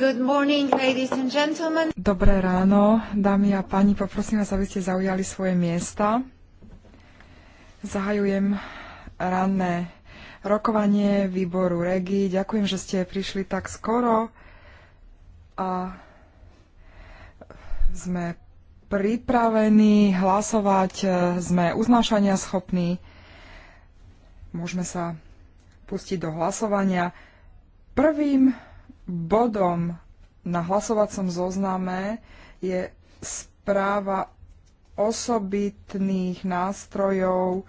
Morning, Dobré ráno, dámy a páni, poprosím vás, aby ste zaujali svoje miesta. Zahajujem ranné rokovanie výboru REGI. Ďakujem, že ste prišli tak skoro a sme pripravení hlasovať, e, sme uznášania schopní. Môžeme sa pustiť do hlasovania. Prvým bodom na hlasovacom zozname je správa osobitných nástrojov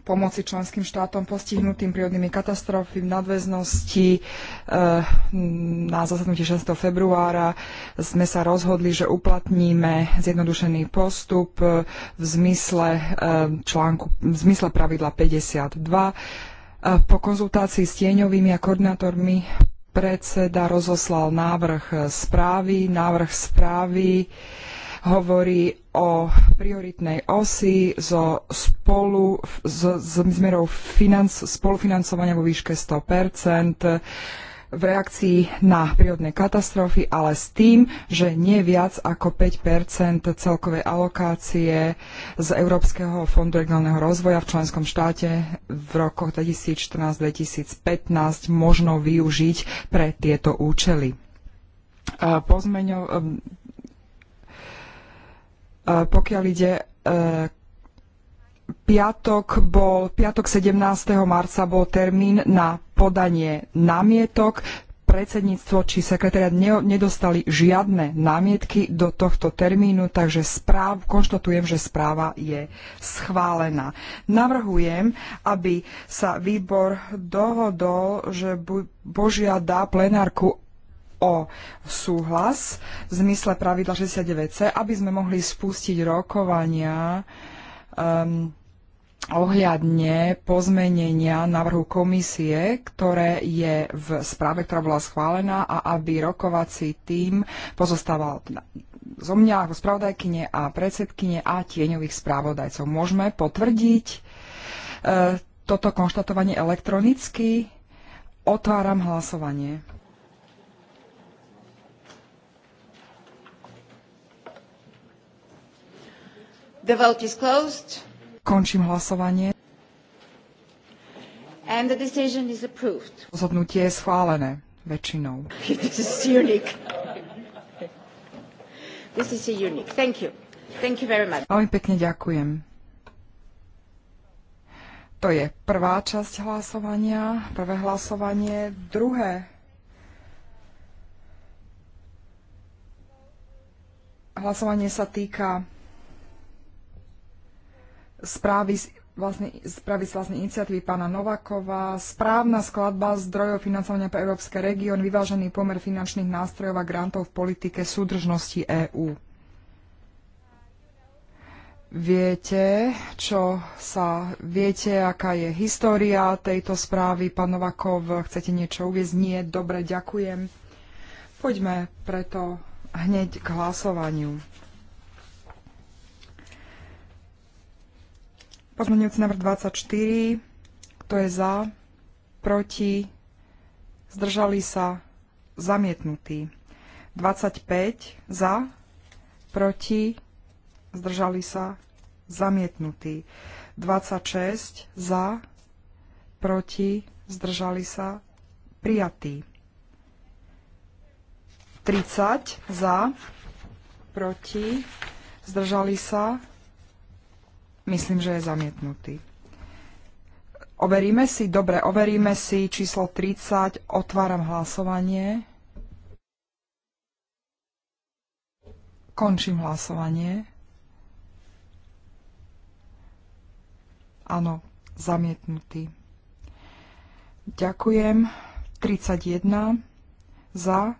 pomoci členským štátom postihnutým prírodnými katastrofy v nadväznosti. Eh, na zasadnutí 6. februára sme sa rozhodli, že uplatníme zjednodušený postup eh, v zmysle, eh, článku, v zmysle pravidla 52 po konzultácii s tieňovými a koordinátormi predseda rozoslal návrh správy. Návrh správy hovorí o prioritnej osi so spolu, s, s financ, spolufinancovania vo výške 100 v reakcii na prírodné katastrofy, ale s tým, že nie viac ako 5 celkovej alokácie z Európskeho fondu regionálneho rozvoja v členskom štáte v rokoch 2014-2015 možno využiť pre tieto účely. E, pozmeňo, e, e, pokiaľ ide piatok, bol, piatok 17. marca bol termín na podanie námietok. Predsedníctvo či sekretariat nedostali žiadne námietky do tohto termínu, takže správ, konštatujem, že správa je schválená. Navrhujem, aby sa výbor dohodol, že požiada plenárku o súhlas v zmysle pravidla 69c, aby sme mohli spustiť rokovania um, ohľadne pozmenenia návrhu komisie, ktoré je v správe, ktorá bola schválená a aby rokovací tým pozostával zo mňa ako spravodajkyne a predsedkyne a tieňových správodajcov. Môžeme potvrdiť e, toto konštatovanie elektronicky. Otváram hlasovanie. The vote is closed. Končím hlasovanie. And the decision is approved. Rozhodnutie je schválené väčšinou. This is unique. This is unique. Thank you. Thank you very much. Veľmi pekne ďakujem. To je prvá časť hlasovania, prvé hlasovanie, druhé. Hlasovanie sa týka správy z vlastne, správy z vlastnej iniciatívy pána Novakova, správna skladba zdrojov financovania pre Európske región, vyvážený pomer finančných nástrojov a grantov v politike súdržnosti EÚ. Viete, čo sa, viete, aká je história tejto správy, pán Novakov, chcete niečo uviezť? Nie, dobre, ďakujem. Poďme preto hneď k hlasovaniu. Pozmeňujúci návrh 24. Kto je za? Proti? Zdržali sa? Zamietnutý. 25. Za? Proti? Zdržali sa? Zamietnutý. 26. Za? Proti? Zdržali sa? Prijatý. 30. Za? Proti? Zdržali sa? Myslím, že je zamietnutý. Overíme si, dobre, overíme si číslo 30, otváram hlasovanie. Končím hlasovanie. Áno, zamietnutý. Ďakujem. 31 za,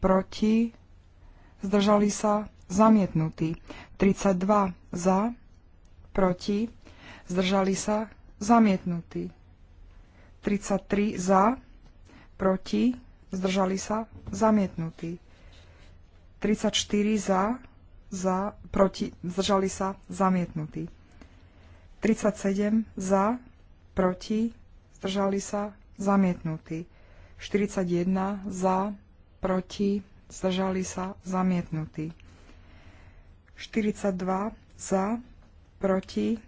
proti, zdržali sa, zamietnutý. 32 za, proti, zdržali sa, zamietnutý. 33 za, proti, zdržali sa, zamietnutý. 34 za, za, proti, zdržali sa, zamietnutý. 37 za, proti, zdržali sa, zamietnutý. 41 za, proti, zdržali sa, zamietnutý. 42 za, proti,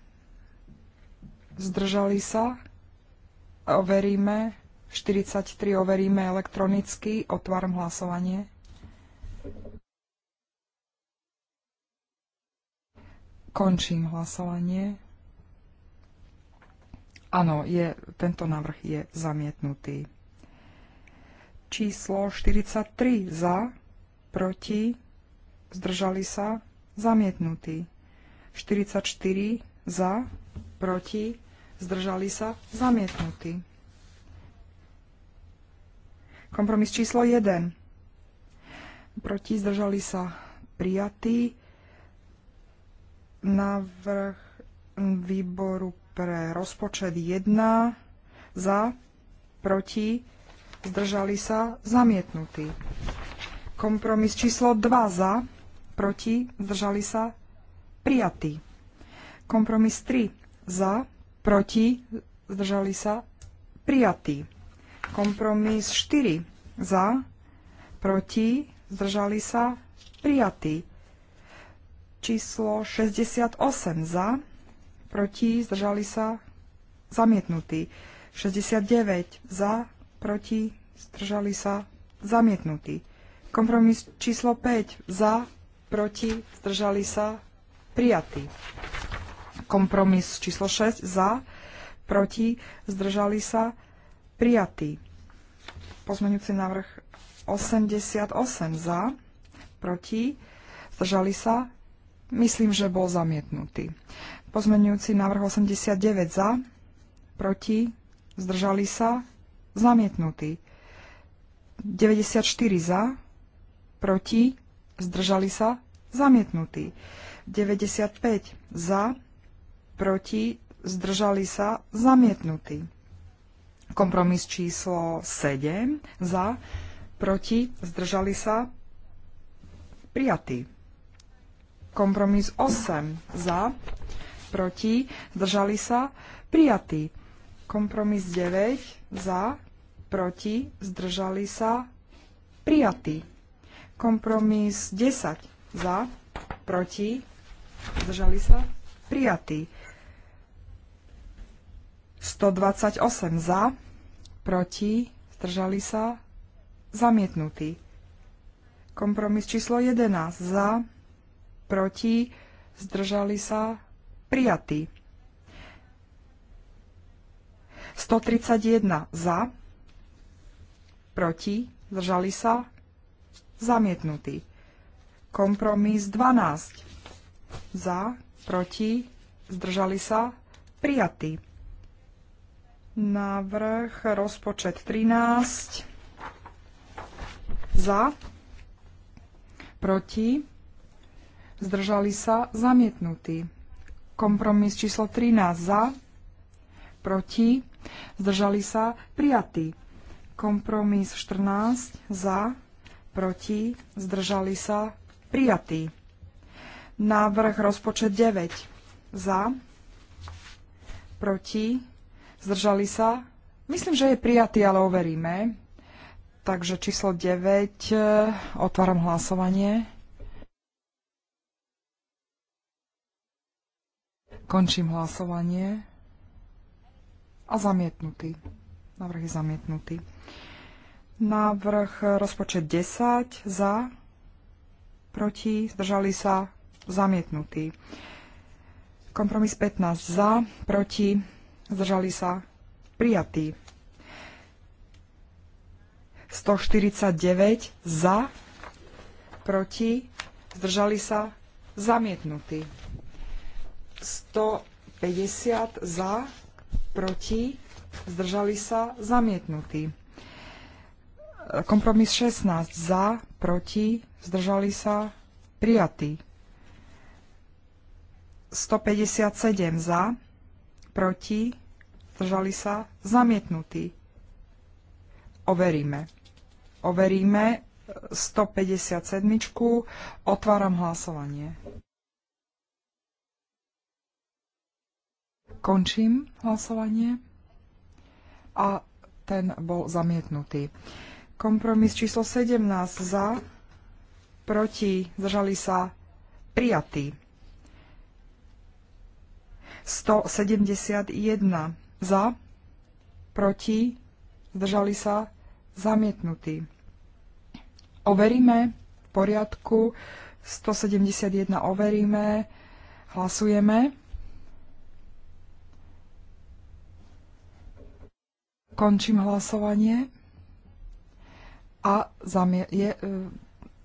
zdržali sa, overíme, 43 overíme elektronicky, otváram hlasovanie. Končím hlasovanie. Áno, je, tento návrh je zamietnutý. Číslo 43 za, proti, zdržali sa, Zamietnutý. 44 za, proti, zdržali sa, zamietnutý. Kompromis číslo 1. Proti, zdržali sa, prijatý. Návrh výboru pre rozpočet 1 za, proti, zdržali sa, zamietnutý. Kompromis číslo 2 za, proti, zdržali sa, prijatý. Kompromis 3 za, proti, zdržali sa, prijatý. Kompromis 4 za, proti, zdržali sa, prijatý. Číslo 68 za, proti, zdržali sa, zamietnutý. 69 za, proti, zdržali sa, zamietnutý. Kompromis číslo 5 za, proti, zdržali sa, prijatý. Kompromis číslo 6 za, proti, zdržali sa, prijatý. Pozmeňujúci návrh 88 za, proti, zdržali sa, myslím, že bol zamietnutý. Pozmeňujúci návrh 89 za, proti, zdržali sa, zamietnutý. 94 za, proti, zdržali sa, zamietnutý. 95 za, proti, zdržali sa, zamietnutý. Kompromis číslo 7 za, proti, zdržali sa, prijatý. Kompromis 8 za, proti, zdržali sa, prijatý. Kompromis 9 za, proti, zdržali sa, prijatý. Kompromis 10 za, proti, zdržali sa, prijatý. 128 za, proti, zdržali sa, zamietnutý. Kompromis číslo 11 za, proti, zdržali sa, prijatý. 131 za, proti, zdržali sa, zamietnutý. Kompromis 12. Za, proti, zdržali sa, prijatý. Návrh rozpočet 13. Za, proti, zdržali sa, zamietnutý. Kompromis číslo 13. Za, proti, zdržali sa, prijatý. Kompromis 14. Za, proti, zdržali sa, prijatý. Návrh rozpočet 9 za, proti, zdržali sa. Myslím, že je prijatý, ale overíme. Takže číslo 9, e, otváram hlasovanie. Končím hlasovanie. A zamietnutý. Návrh je zamietnutý. Návrh rozpočet 10 za, proti, zdržali sa, zamietnutý. Kompromis 15 za, proti, zdržali sa, prijatý. 149 za, proti, zdržali sa, zamietnutý. 150 za, proti, zdržali sa, zamietnutý. Kompromis 16 za, proti, zdržali sa, prijatý. 157 za, proti, zdržali sa, zamietnutý. Overíme. Overíme 157. E, Otváram hlasovanie. Končím hlasovanie. A ten bol zamietnutý. Kompromis číslo 17 za, proti, zdržali sa, prijatý. 171 za, proti, zdržali sa, zamietnutý. Overíme, v poriadku, 171 overíme, hlasujeme. Končím hlasovanie a je e,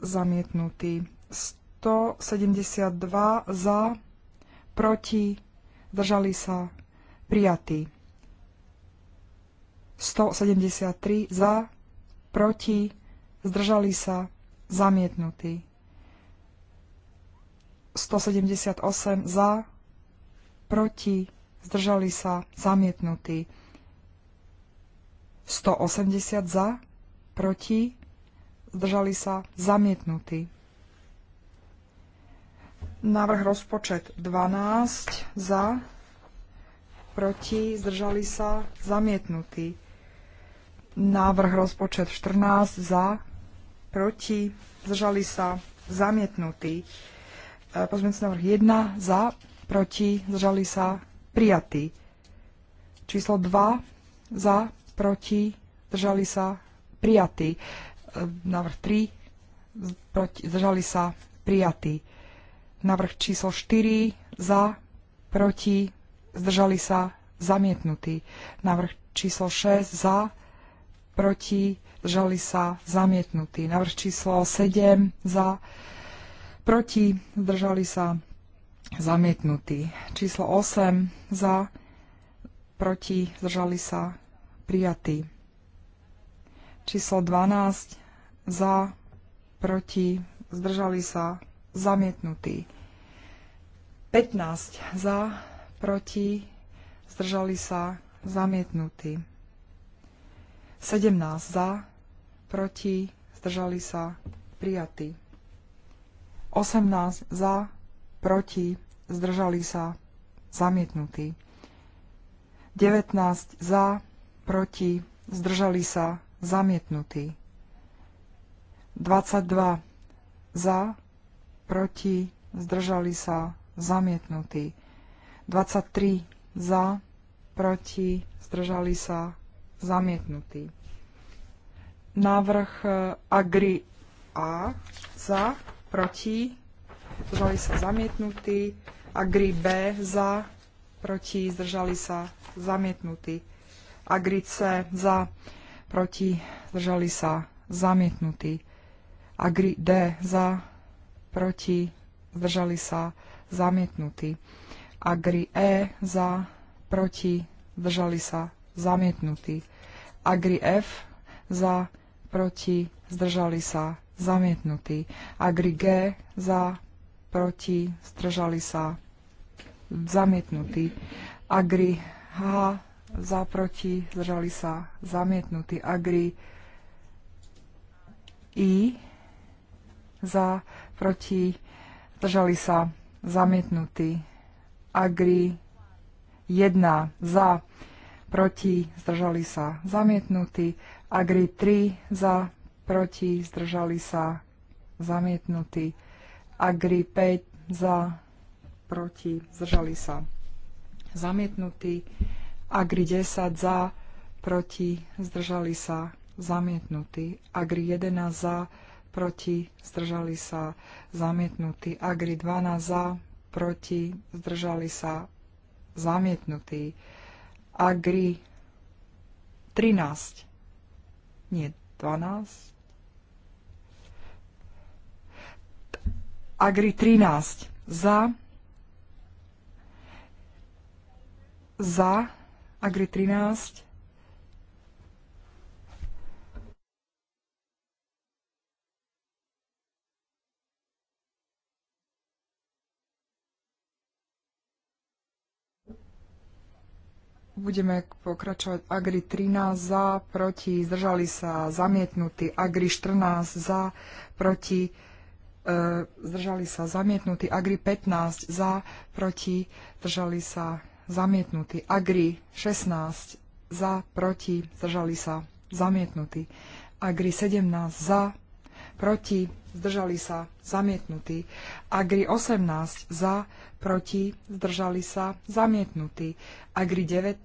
zamietnutý. 172 za, proti, zdržali sa, prijatý. 173 za, proti, zdržali sa, zamietnutý. 178 za, proti, zdržali sa, zamietnutý. 180 za, proti, zdržali sa, zamietnutí. Návrh rozpočet 12 za, proti, zdržali sa, zamietnutí. Návrh rozpočet 14 za, proti, zdržali sa, zamietnutí. E, pozmeňujúci návrh 1 za, proti, zdržali sa, prijatí. Číslo 2 za, proti, zdržali sa, prijatý. E, návrh 3, proti, zdržali sa, prijatý. Návrh číslo 4, za, proti, zdržali sa, zamietnutý. Návrh číslo 6, za, proti, zdržali sa, zamietnutý. Návrh číslo 7, za, proti, zdržali sa, zamietnutý. Číslo 8, za, proti, zdržali sa, prijatý Číslo 12 za, proti, zdržali sa, zamietnutý. 15 za, proti, zdržali sa, zamietnutý. 17 za, proti, zdržali sa, prijatý. 18 za, proti, zdržali sa, zamietnutý. 19 za, proti, zdržali sa, Zamietnutý. 22. Za, proti, zdržali sa, zamietnutý. 23. Za, proti, zdržali sa, zamietnutý. Návrh e, Agri A. Za, proti, zdržali sa, zamietnutý. Agri B. Za, proti, zdržali sa, zamietnutý. Agri C. Za, proti, zdržali sa, zamietnutý. Agri D za, proti, zdržali sa, zamietnutý. Agri E za, proti, zdržali sa, zamietnutý. Agri F za, proti, zdržali sa, zamietnutý. Agri G za, proti, zdržali sa, zamietnutý. Agri H za, proti, zdržali sa, zamietnutý. Agri I, za, proti, zdržali sa, zamietnutý. Agri 1, za, proti, zdržali sa, zamietnutý. Agri 3, za, proti, zdržali sa, zamietnutý. Agri 5, za, proti, zdržali sa, zamietnutý. Agri 10 za, proti, zdržali sa, zamietnutý. Agri 11 za, proti, zdržali sa, zamietnutý. Agri 12 za, proti, zdržali sa, zamietnutý. Agri 13, nie 12. Agri 13 za, za, Agri 13. Budeme pokračovať Agri 13 za, proti, zdržali sa zamietnutí, Agri 14 za, proti, e, zdržali sa zamietnutí, Agri 15 za, proti, zdržali sa zamietnutý. Agri 16 za, proti, zdržali sa, zamietnutý. Agri 17 za, proti, zdržali sa, zamietnutý. Agri 18 za, proti, zdržali sa, zamietnutý. Agri 19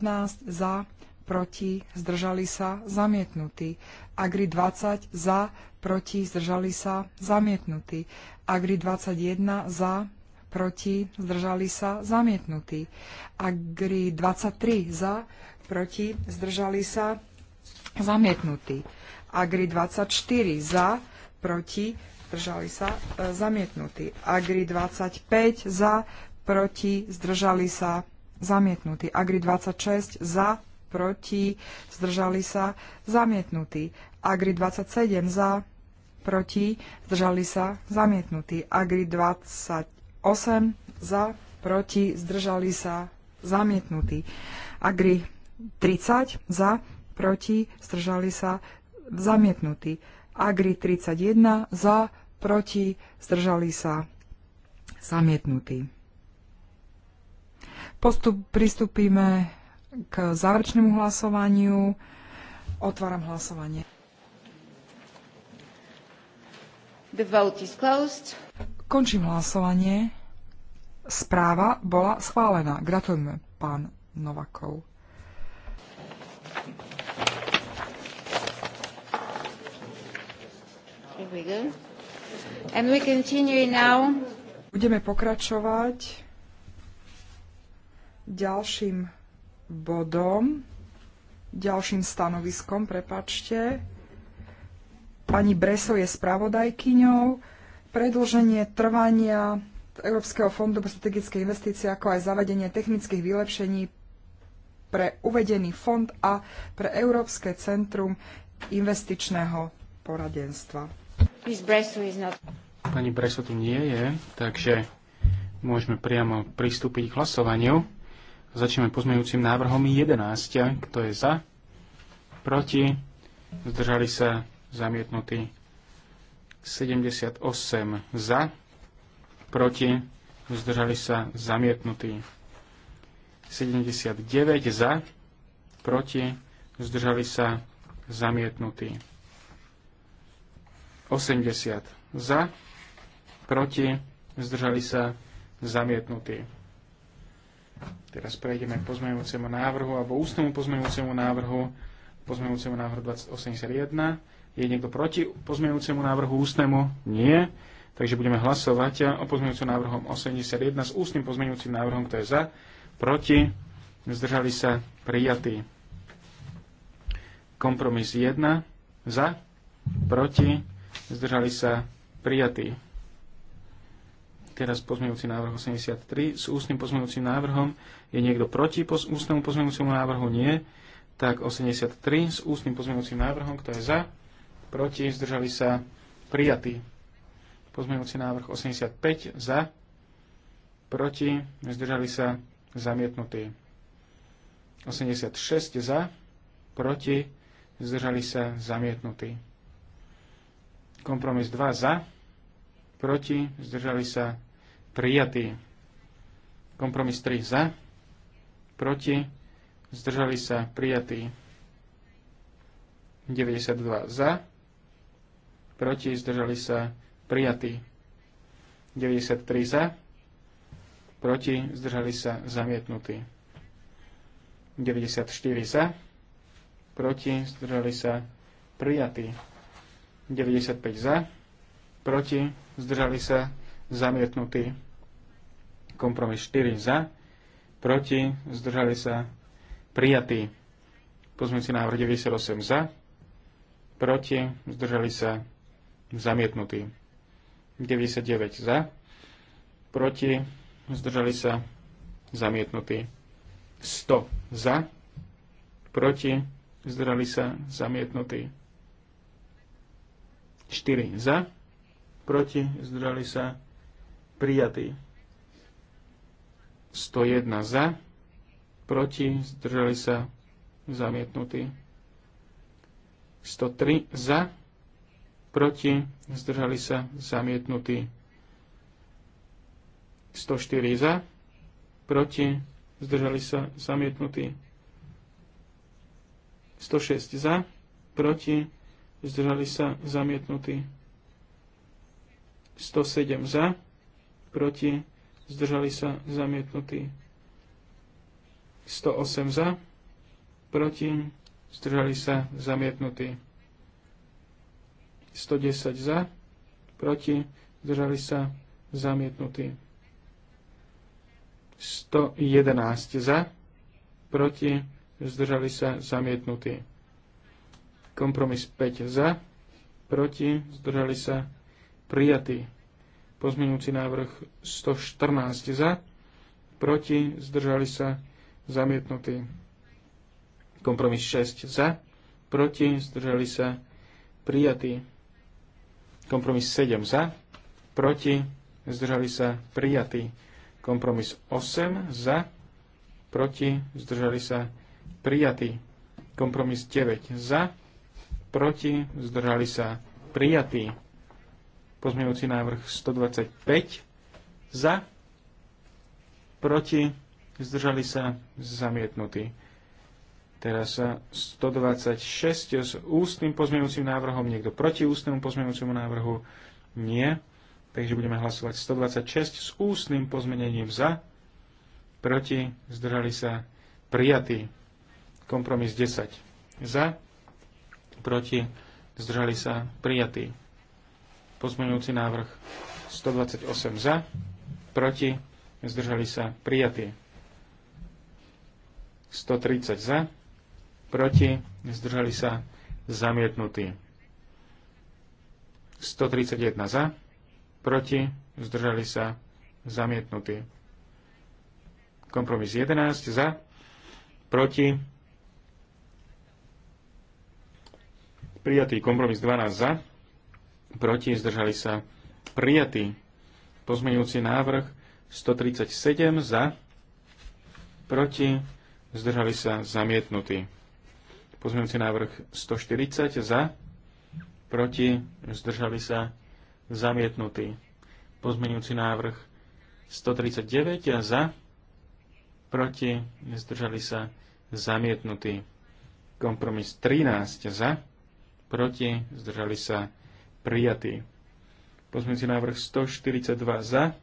za, proti, zdržali sa, zamietnutý. Agri 20 za, proti, zdržali sa, zamietnutý. Agri 21 za, proti, zdržali sa, zamietnutý. Agri 23 za, proti, zdržali sa, zamietnutý. Agri 24 za, proti, zdržali sa, e, zamietnutý. Agri 25 za, proti, zdržali sa, zamietnutý. Agri 26 za, proti, zdržali sa, zamietnutý. Agri 27 za, proti, zdržali sa, zamietnutý. Agri 28 8 za, proti, zdržali sa, zamietnutý. Agri 30 za, proti, zdržali sa, zamietnutý. Agri 31 za, proti, zdržali sa, zamietnutý. Postup, pristúpime k záverečnému hlasovaniu. Otváram hlasovanie. The vote is closed. Končím hlasovanie. Správa bola schválená. Gratulujeme, pán Novakov. Budeme pokračovať ďalším bodom, ďalším stanoviskom, prepačte. Pani Breso je spravodajkyňou predlženie trvania Európskeho fondu pre strategické investície, ako aj zavedenie technických vylepšení pre uvedený fond a pre Európske centrum investičného poradenstva. Pani Breso tu nie je, takže môžeme priamo pristúpiť k hlasovaniu. Začneme pozmejúcim návrhom 11. Kto je za? Proti? Zdržali sa zamietnutí 78 za, proti, zdržali sa zamietnutí. 79 za, proti, zdržali sa zamietnutí. 80 za, proti, zdržali sa zamietnutí. Teraz prejdeme k pozmeňujúcemu návrhu alebo ústnemu pozmeňujúcemu návrhu, pozmeňujúcemu návrhu 281. Je niekto proti pozmeňujúcemu návrhu ústnemu? Nie. Takže budeme hlasovať o pozmeňujúcom návrhom 81 s ústnym pozmeňujúcim návrhom, kto je za, proti, zdržali sa prijatí. Kompromis 1, za, proti, zdržali sa prijatí. Teraz pozmeňujúci návrh 83 s ústnym pozmeňujúcim návrhom. Je niekto proti ústnemu pozmeňujúcemu návrhu? Nie. Tak 83 s ústnym pozmeňujúcim návrhom, kto je za, proti, zdržali sa prijatí. Pozmeňujúci návrh 85 za, proti, zdržali sa zamietnutí. 86 za, proti, zdržali sa zamietnutí. Kompromis 2 za, proti, zdržali sa prijatí. Kompromis 3 za, proti, zdržali sa prijatí. 92 za, proti, zdržali sa prijatí. 93 za, proti, zdržali sa zamietnutí. 94 za, proti, zdržali sa prijatí. 95 za, proti, zdržali sa zamietnutí. Kompromis 4 za, proti, zdržali sa prijatí. si návrh 98 za, proti, zdržali sa zamietnutý. 99 za, proti, zdržali sa, zamietnutý. 100 za, proti, zdržali sa, zamietnutý. 4 za, proti, zdržali sa, prijatý. 101 za, proti, zdržali sa, zamietnutý. 103 za, proti, zdržali sa zamietnutí. 104 za, proti, zdržali sa zamietnutí. 106 za, proti, zdržali sa zamietnutí. 107 za, proti, zdržali sa zamietnutí. 108 za, proti, zdržali sa zamietnutí. 110 za, proti, zdržali sa, zamietnutí. 111 za, proti, zdržali sa, zamietnutí. Kompromis 5 za, proti, zdržali sa, prijatí. pozmenujúci návrh 114 za, proti, zdržali sa, zamietnutí. Kompromis 6 za, proti, zdržali sa, prijatí. Kompromis 7 za, proti, zdržali sa prijatí. Kompromis 8 za, proti, zdržali sa prijatí. Kompromis 9 za, proti, zdržali sa prijatí. Pozmejúci návrh 125 za, proti, zdržali sa zamietnutí. Teraz 126 eh, s ústnym pozmeňujúcim návrhom, niekto proti ústnemu pozmeňujúcemu návrhu? Nie. Takže budeme hlasovať 126 s ústnym pozmenením za, proti, zdržali sa, prijatý. Kompromis 10 za, proti, zdržali sa, prijatý. Pozmeňujúci návrh 128 za, proti, zdržali sa, prijatý. 130 za, proti, zdržali sa zamietnutí. 131 za, proti, zdržali sa zamietnutí. Kompromis 11 za, proti, prijatý kompromis 12 za, proti, zdržali sa prijatý pozmeňujúci návrh 137 za, proti, zdržali sa zamietnutí. Pozmeňujúci návrh 140 za, proti, zdržali sa, zamietnutý. Pozmeňujúci návrh 139 za, proti, zdržali sa, zamietnutý. Kompromis 13 za, proti, zdržali sa, prijatý. Pozmeňujúci návrh 142 za,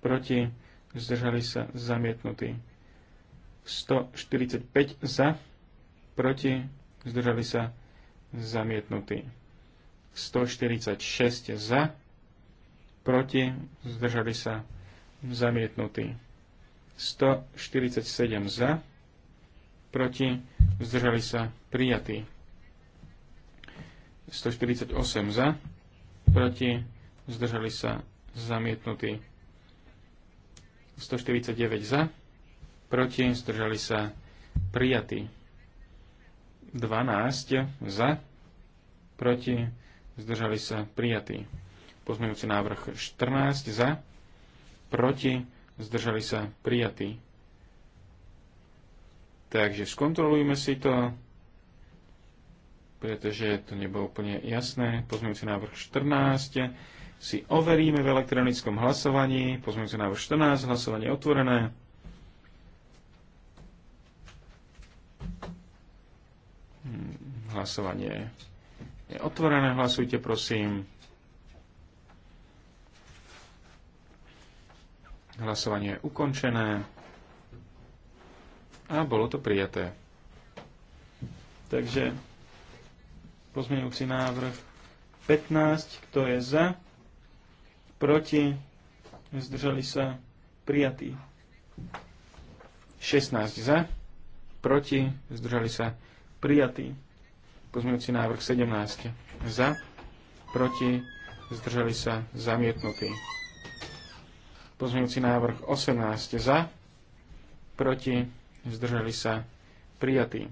proti, zdržali sa, zamietnutý. 145 za, proti, zdržali sa zamietnutí. 146 za, proti, zdržali sa zamietnutí. 147 za, proti, zdržali sa prijatí. 148 za, proti, zdržali sa zamietnutí. 149 za, proti, zdržali sa prijatí. 12 za, proti, zdržali sa prijatí. Pozmeňujúci návrh 14 za, proti, zdržali sa prijatí. Takže skontrolujme si to, pretože to nebolo úplne jasné. Pozmeňujúci návrh 14 si overíme v elektronickom hlasovaní. Pozmeňujúci návrh 14, hlasovanie otvorené. Hlasovanie je otvorené. Hlasujte, prosím. Hlasovanie je ukončené. A bolo to prijaté. Takže pozmeňujúci návrh 15, kto je za, proti, zdržali sa, prijatí. 16 za, proti, zdržali sa, prijatí. Pozmeňujúci návrh 17. Za, proti, zdržali sa, zamietnutí, Pozmeňujúci návrh 18. Za, proti, zdržali sa, prijatí,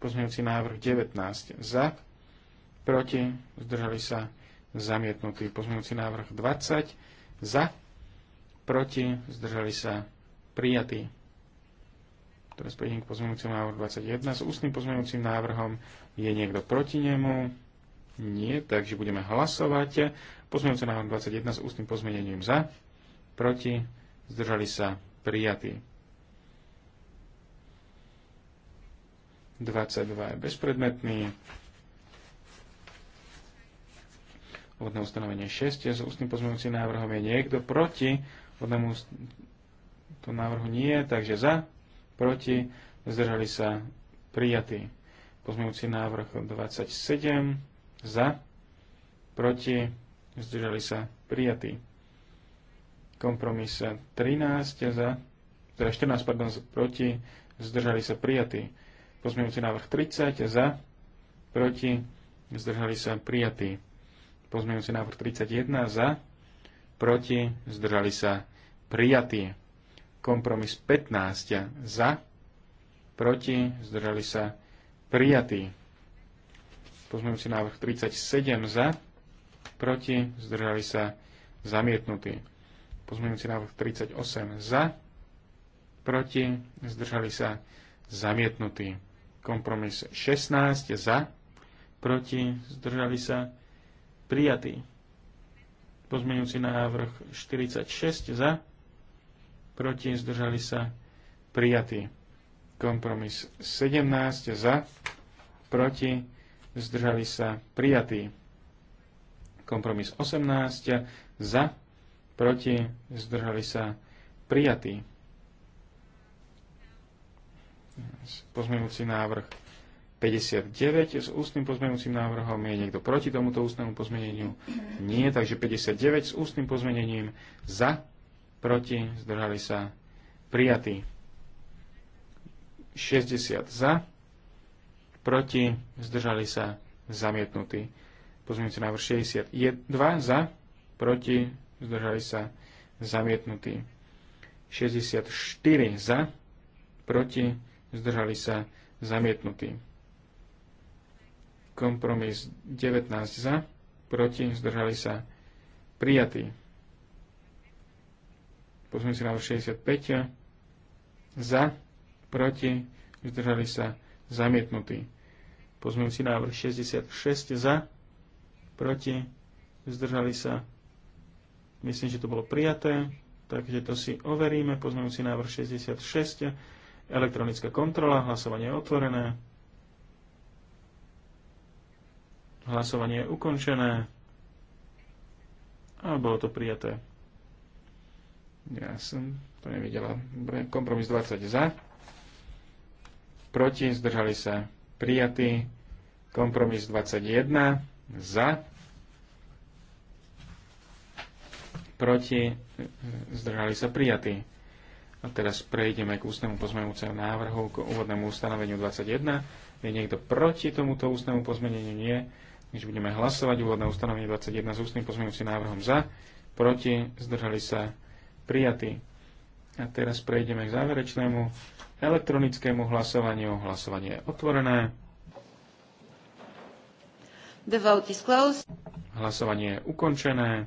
Pozmeňujúci návrh 19. Za, proti, zdržali sa, zamietnutí, Pozmeňujúci návrh 20. Za, proti, zdržali sa, prijatí Teraz prejdem k pozmeňujúcemu návrhu 21 s ústnym pozmeňujúcim návrhom je niekto proti nemu? Nie, takže budeme hlasovať. Pozmeňujúce návrh 21 s ústnym pozmenením za, proti, zdržali sa prijatí. 22 je bezpredmetný. Vodné ustanovenie 6 s ústnym pozmeňujúcim návrhom je niekto proti. Vodnému to návrhu nie, takže za, proti, zdržali sa prijatí. Pozmeňujúci návrh 27 za, proti, zdržali sa prijatí. Kompromis 13 za, teda 14, pardon, proti, zdržali sa prijatí. Pozmeňujúci návrh 30 za, proti, zdržali sa prijatí. Pozmeňujúci návrh 31 za, proti, zdržali sa prijatí. Kompromis 15 za, proti, zdržali sa prijatí prijatý. Pozmeňujúci návrh 37 za, proti, zdržali sa, zamietnutý. Pozmeňujúci návrh 38 za, proti, zdržali sa, zamietnutý. Kompromis 16 za, proti, zdržali sa, prijatý. Pozmeňujúci návrh 46 za, proti, zdržali sa, prijatý. Kompromis 17 za, proti, zdržali sa prijatí. Kompromis 18 za, proti, zdržali sa prijatí. Pozmenujúci návrh 59 s ústnym pozmenujúcim návrhom. Je niekto proti tomuto ústnemu pozmeneniu? Nie, takže 59 s ústnym pozmenením za, proti, zdržali sa prijatí. 60 za, proti, zdržali sa zamietnutí. Pozmeňujúci návrh 62 za, proti, zdržali sa zamietnutí. 64 za, proti, zdržali sa zamietnutí. Kompromis 19 za, proti, zdržali sa prijatí. Pozmeňujúci návrh 65 za, proti, zdržali sa zamietnutí. Pozmeňujúci návrh 66 za, proti, zdržali sa. Myslím, že to bolo prijaté, takže to si overíme. Pozmeňujúci návrh 66, elektronická kontrola, hlasovanie je otvorené. Hlasovanie je ukončené. A bolo to prijaté. Ja som to nevidela. kompromis 20 za proti, zdržali sa prijatí. Kompromis 21 za, proti, zdržali sa prijatí. A teraz prejdeme k ústnemu pozmenujúcemu návrhu, k úvodnému ustanoveniu 21. Je niekto proti tomuto ústnemu pozmeneniu? Nie. Než budeme hlasovať, úvodné ustanovenie 21 s ústnym pozmenujúcim návrhom za, proti, zdržali sa prijatí. A teraz prejdeme k záverečnému elektronickému hlasovaniu. Hlasovanie je otvorené. The vote is closed. Hlasovanie je ukončené.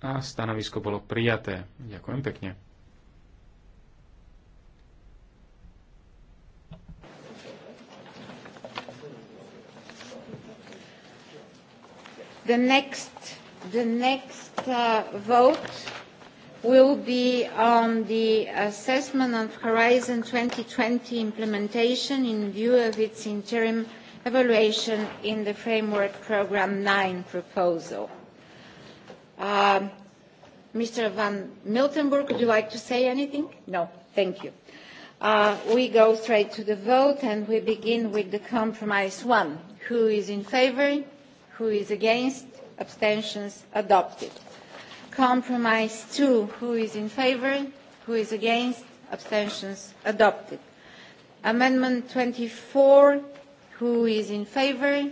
A stanovisko bolo prijaté. Ďakujem pekne. The next, the next uh, vote will be on the assessment of Horizon 2020 implementation in view of its interim evaluation in the Framework Programme 9 proposal. Um, Mr. van Miltenburg, would you like to say anything? No, thank you. Uh, we go straight to the vote and we begin with the compromise one. Who is in favour? Who is against? Abstentions adopted. Compromise two Who is in favor? Who is against? Abstentions adopted. Amendment 24. Who is in favor?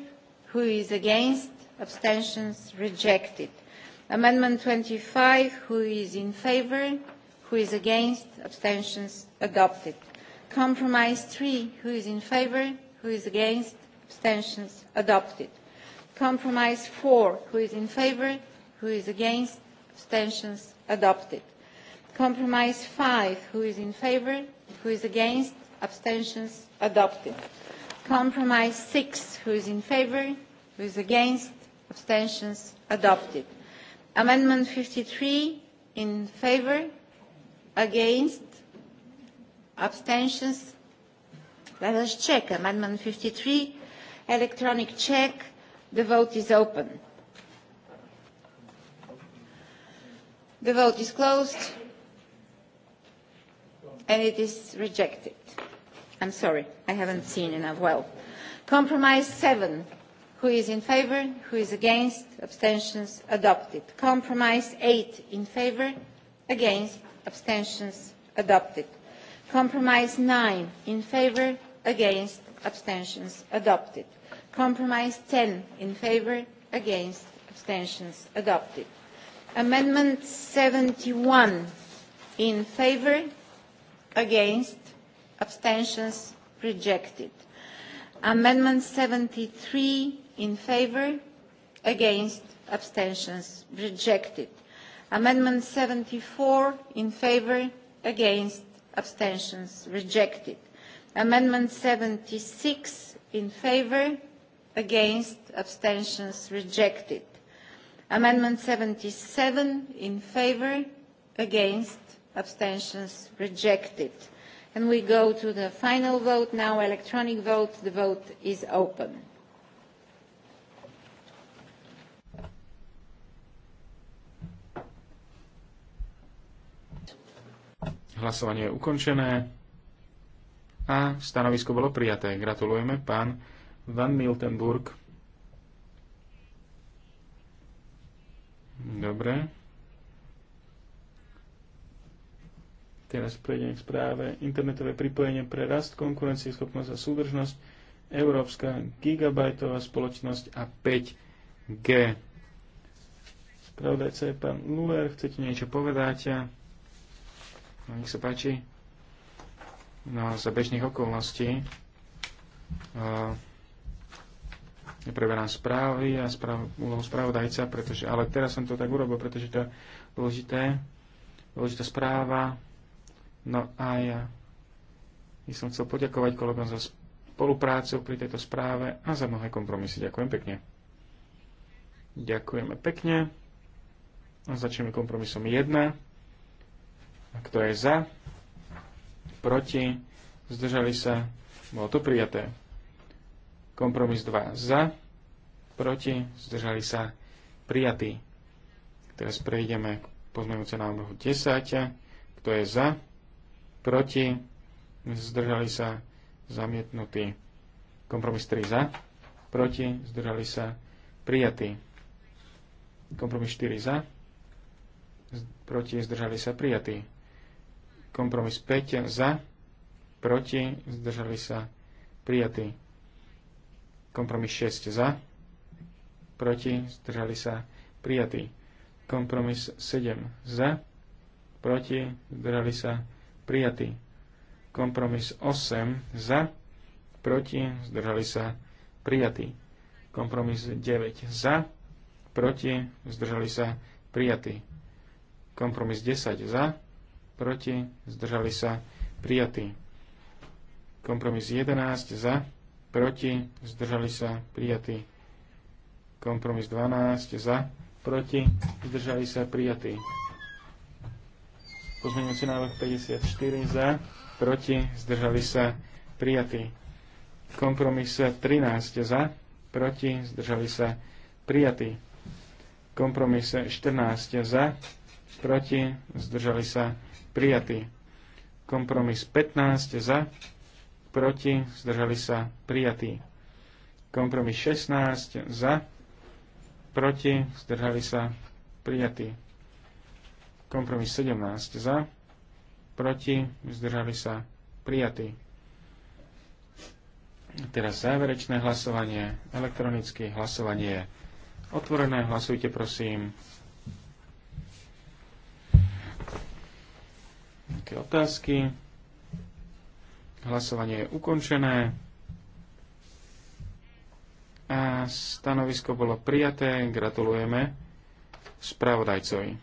Who is against? Abstentions rejected. Amendment 25. Who is in favor? Who is against? Abstentions adopted. Compromise 3. Who is in favor? Who is against? Abstentions adopted. Compromise 4. Who is in favor? Who is against? abstentions adopted compromise five who is in favor who is against abstentions adopted compromise six who is in favor who is against abstentions adopted amendment fifty three in favor against abstentions let us check amendment fifty three electronic check the vote is open The vote is closed. And it is rejected. I'm sorry, I haven't seen enough well. Compromise seven Who is in favor? Who is against? Abstentions adopted. Compromise eight In favor? Against? Abstentions adopted. Compromise nine In favor? Against? Abstentions adopted. Compromise ten In favor? Against? Abstentions adopted Amendment 71 in favor, against, abstentions rejected. Amendment 73 in favor, against, abstentions rejected. Amendment 74 in favor, against, abstentions rejected. Amendment 76 in favor, against, abstentions rejected. Amendment 77 in favor, against, abstentions rejected. And we go to the final vote now, electronic vote. The vote is open. Hlasovanie je ukončené a stanovisko bolo prijaté. Gratulujeme, pán Van Miltenburg. Dobre. Teraz prejdeme k správe. Internetové pripojenie pre rast, konkurencieschopnosť a súdržnosť. Európska gigabajtová spoločnosť a 5G. Spravodajca je pán Luer. Chcete niečo povedať? No, nech sa páči. No, za bežných okolností. Uh, Nepreberám správy a správ, úlohu správodajca, pretože, ale teraz som to tak urobil, pretože to je dôležité, dôležitá správa. No a ja, by som chcel poďakovať kolegom za spoluprácu pri tejto správe a za mnohé kompromisy. Ďakujem pekne. Ďakujeme pekne. A začneme kompromisom 1. A kto je za? Proti? Zdržali sa? Bolo to prijaté. Kompromis 2 za, proti, zdržali sa prijatí. Teraz prejdeme k pozmeňujúce návrhu 10. Kto je za, proti, zdržali sa zamietnutí. Kompromis 3 za, proti, zdržali sa prijatí. Kompromis 4 za, proti, zdržali sa prijatí. Kompromis 5 za, proti, zdržali sa prijatí Kompromis 6 za, proti, zdržali sa prijatí. Kompromis 7 za, proti, zdržali sa prijatí. Kompromis 8 za, proti, zdržali sa prijatí. Kompromis 9 za, proti, zdržali sa prijatí. Kompromis 10 za, proti, zdržali sa prijatí. Kompromis 11 za, proti, zdržali sa, prijatý. Kompromis 12, za, proti, zdržali sa, prijatý. Pozmeňujúci návrh 54, za, proti, zdržali sa, prijatý. Kompromis 13, za, proti, zdržali sa, prijatý. Kompromis 14, za, proti, zdržali sa, prijatý. Kompromis 15, za, proti, zdržali sa prijatí. Kompromis 16 za, proti, zdržali sa prijatí. Kompromis 17 za, proti, zdržali sa prijatí. Teraz záverečné hlasovanie, elektronické hlasovanie je otvorené. Hlasujte prosím. Nejaké otázky? Hlasovanie je ukončené. A stanovisko bolo prijaté. Gratulujeme spravodajcovi.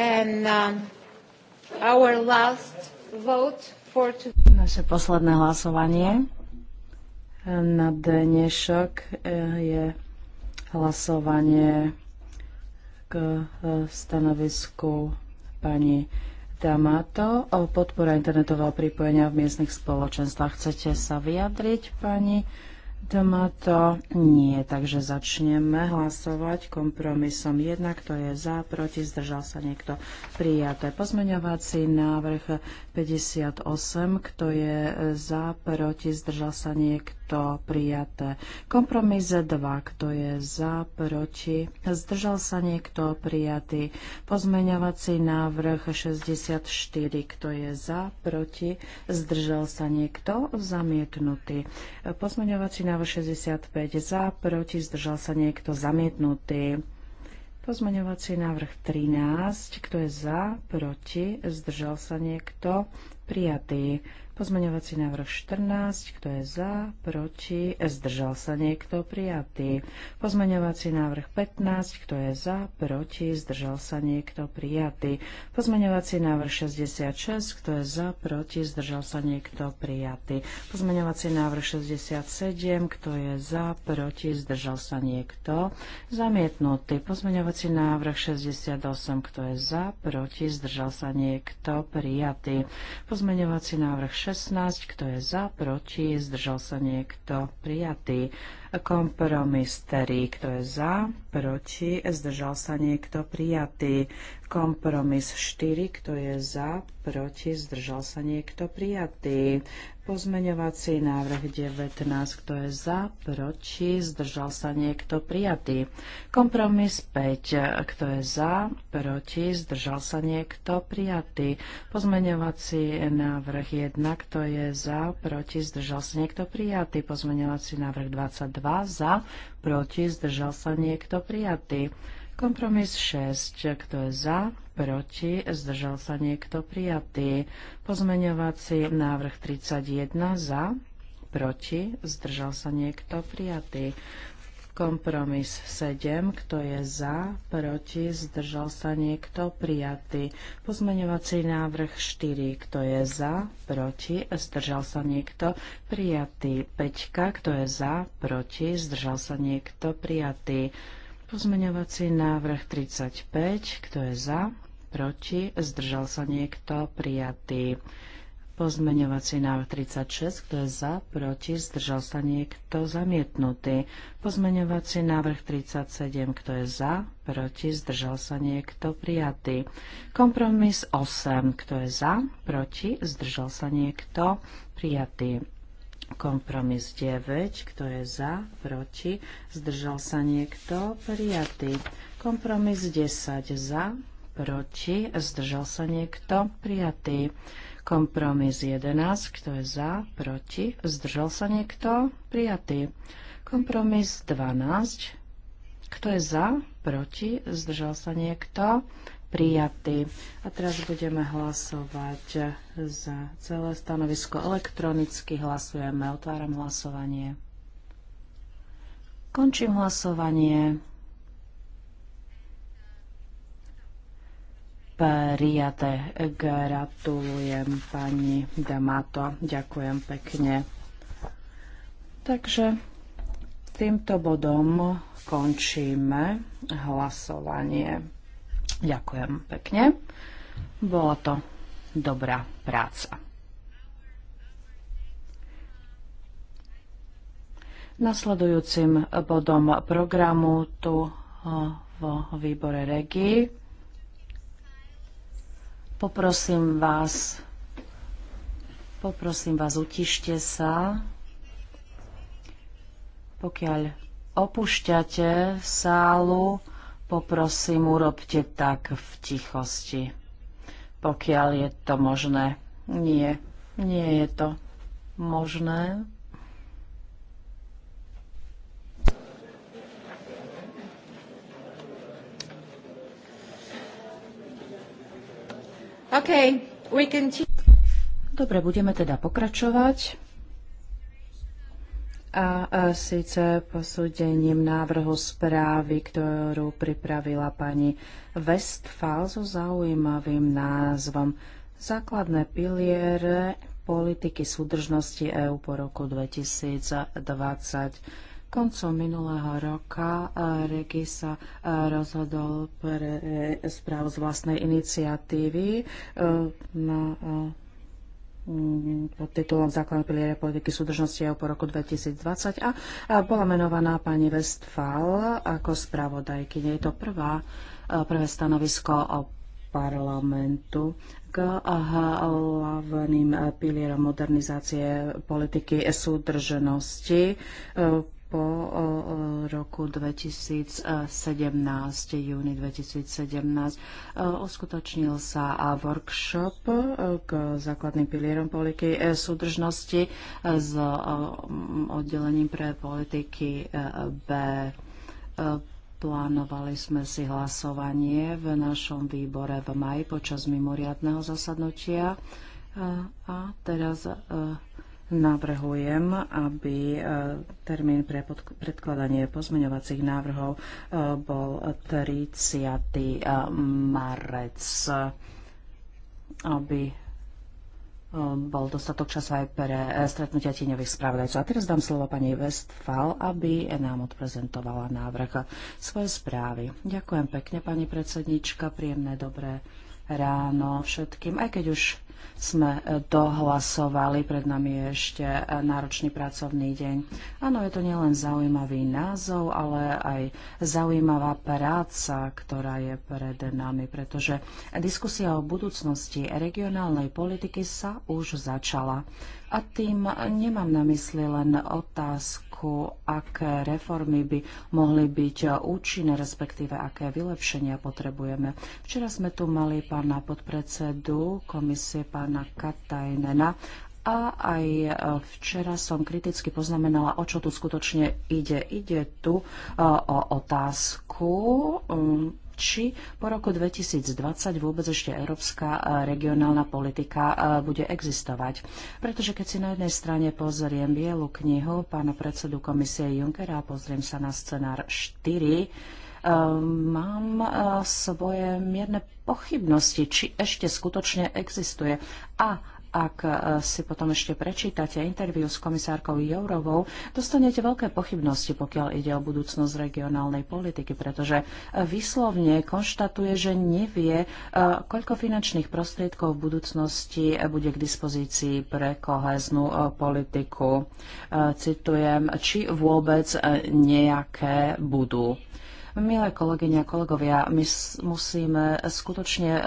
And uh, our last vote for to... Naše posledné hlasovanie na dnešok eh, je hlasovanie k e, stanovisku pani Damato o podpore internetového pripojenia v miestnych spoločenstvách. Chcete sa vyjadriť, pani Damato? Nie, takže začneme hlasovať kompromisom. Jednak to je za, proti, zdržal sa niekto prijaté. Pozmeňovací návrh 58, kto je za, proti, zdržal sa niekto to prijaté. Kompromis 2, kto je za, proti, zdržal sa niekto prijatý. Pozmeňovací návrh 64, kto je za, proti, zdržal sa niekto zamietnutý. Pozmeňovací návrh 65, za, proti, zdržal sa niekto zamietnutý. Pozmeňovací návrh 13, kto je za, proti, zdržal sa niekto, prijatý. Pozmeňovací návrh 14, kto je za, proti, zdržal sa niekto, prijatý. Pozmeňovací návrh 15, kto je za, proti, zdržal sa niekto, prijatý. Pozmeňovací návrh 66, kto je za, proti, zdržal sa niekto, prijatý. Pozmeňovací návrh 67, kto je za, proti, zdržal sa niekto, zamietnutý. Pozmeňovací návrh 68, kto je za, proti, zdržal sa niekto, prijatý. Pozmeňovací návrh 16, kto je za, proti, zdržal sa niekto, prijatý. Kompromis 3, kto je za, proti, zdržal sa niekto prijatý. Kompromis 4, kto je za, proti, zdržal sa niekto prijatý. Pozmeňovací návrh 19, kto je za, proti, zdržal sa niekto prijatý. Kompromis 5, kto je za, proti, zdržal sa niekto prijatý. Pozmeňovací návrh 1, kto je za, proti, zdržal sa niekto prijatý. Pozmeňovací návrh 22, 2 za, proti, zdržal sa niekto prijatý. Kompromis 6, kto je za, proti, zdržal sa niekto prijatý. Pozmeňovací návrh 31 za, proti, zdržal sa niekto prijatý. Kompromis 7, kto je za, proti, zdržal sa niekto, prijatý. Pozmeňovací návrh 4, kto je za, proti, zdržal sa niekto, prijatý. 5, kto je za, proti, zdržal sa niekto, prijatý. Pozmeňovací návrh 35, kto je za, proti, zdržal sa niekto, prijatý. Pozmeňovací návrh 36, kto je za, proti, zdržal sa niekto, zamietnutý. Pozmeňovací návrh 37, kto je za, proti, zdržal sa niekto, prijatý. Kompromis 8, kto je za, proti, zdržal sa niekto, prijatý. Kompromis 9, kto je za, proti, zdržal sa niekto, prijatý. Kompromis 10, za, proti, zdržal sa niekto, prijatý. Kompromis 11, kto je za, proti, zdržal sa niekto, prijatý. Kompromis 12, kto je za, proti, zdržal sa niekto, prijatý. A teraz budeme hlasovať za celé stanovisko elektronicky. Hlasujeme, otváram hlasovanie. Končím hlasovanie. prijaté. Gratulujem pani Damato. Ďakujem pekne. Takže týmto bodom končíme hlasovanie. Ďakujem pekne. Bola to dobrá práca. Nasledujúcim bodom programu tu v výbore Regii Poprosím vás, poprosím vás, utište sa. Pokiaľ opúšťate sálu, poprosím, urobte tak v tichosti. Pokiaľ je to možné. Nie, nie je to možné. Okay, we continue. Dobre, budeme teda pokračovať. A, a síce posúdením návrhu správy, ktorú pripravila pani Westphal so zaujímavým názvom Základné piliere politiky súdržnosti EÚ po roku 2020. Koncom minulého roka eh, Regi sa eh, rozhodol pre eh, správu z vlastnej iniciatívy na mm, pod titulom Základ piliere politiky súdržnosti EU po roku 2020 a bola menovaná pani Westphal ako spravodajky. Je to prvá, prvé stanovisko o parlamentu k hlavným pilierom modernizácie politiky súdržnosti po roku 2017, júni 2017, uskutočnil sa workshop k základným pilierom politiky e, súdržnosti e, s oddelením pre politiky e, B. Plánovali sme si hlasovanie v našom výbore v maji počas mimoriadného zasadnutia. A teraz Navrhujem, aby e, termín pre predkladanie pozmeňovacích návrhov e, bol 30. E, marec, aby bol dostatok času aj pre stretnutia tieňových spravodajcov. A teraz dám slovo pani Westfal, aby nám odprezentovala návrh svoje správy. Ďakujem pekne, pani predsednička, príjemné dobré ráno všetkým, aj keď už sme e, dohlasovali. Pred nami je ešte e, náročný pracovný deň. Áno, je to nielen zaujímavý názov, ale aj zaujímavá práca, ktorá je pred nami, pretože diskusia o budúcnosti regionálnej politiky sa už začala. A tým e, nemám na mysli len otázku, roku, aké reformy by mohli byť účinné, respektíve aké vylepšenia potrebujeme. Včera sme tu mali pána podpredsedu komisie, pána Katajnena, a aj včera som kriticky poznamenala, o čo tu skutočne ide. Ide tu e, o otázku um, či po roku 2020 vôbec ešte európska e, regionálna politika e, bude existovať. Pretože keď si na jednej strane pozriem bielu knihu pána predsedu komisie Junckera a pozriem sa na scenár 4, e, mám svoje mierne pochybnosti, či ešte skutočne existuje. A ak e, si potom ešte prečítate interviu s komisárkou Jourovou, dostanete veľké pochybnosti, pokiaľ ide o budúcnosť regionálnej politiky, pretože e, vyslovne konštatuje, že nevie, e, koľko finančných prostriedkov v budúcnosti bude k dispozícii pre koheznú politiku. Citujem, či vôbec nejaké budú. Milé kolegyne a kolegovia, my musíme skutočne e,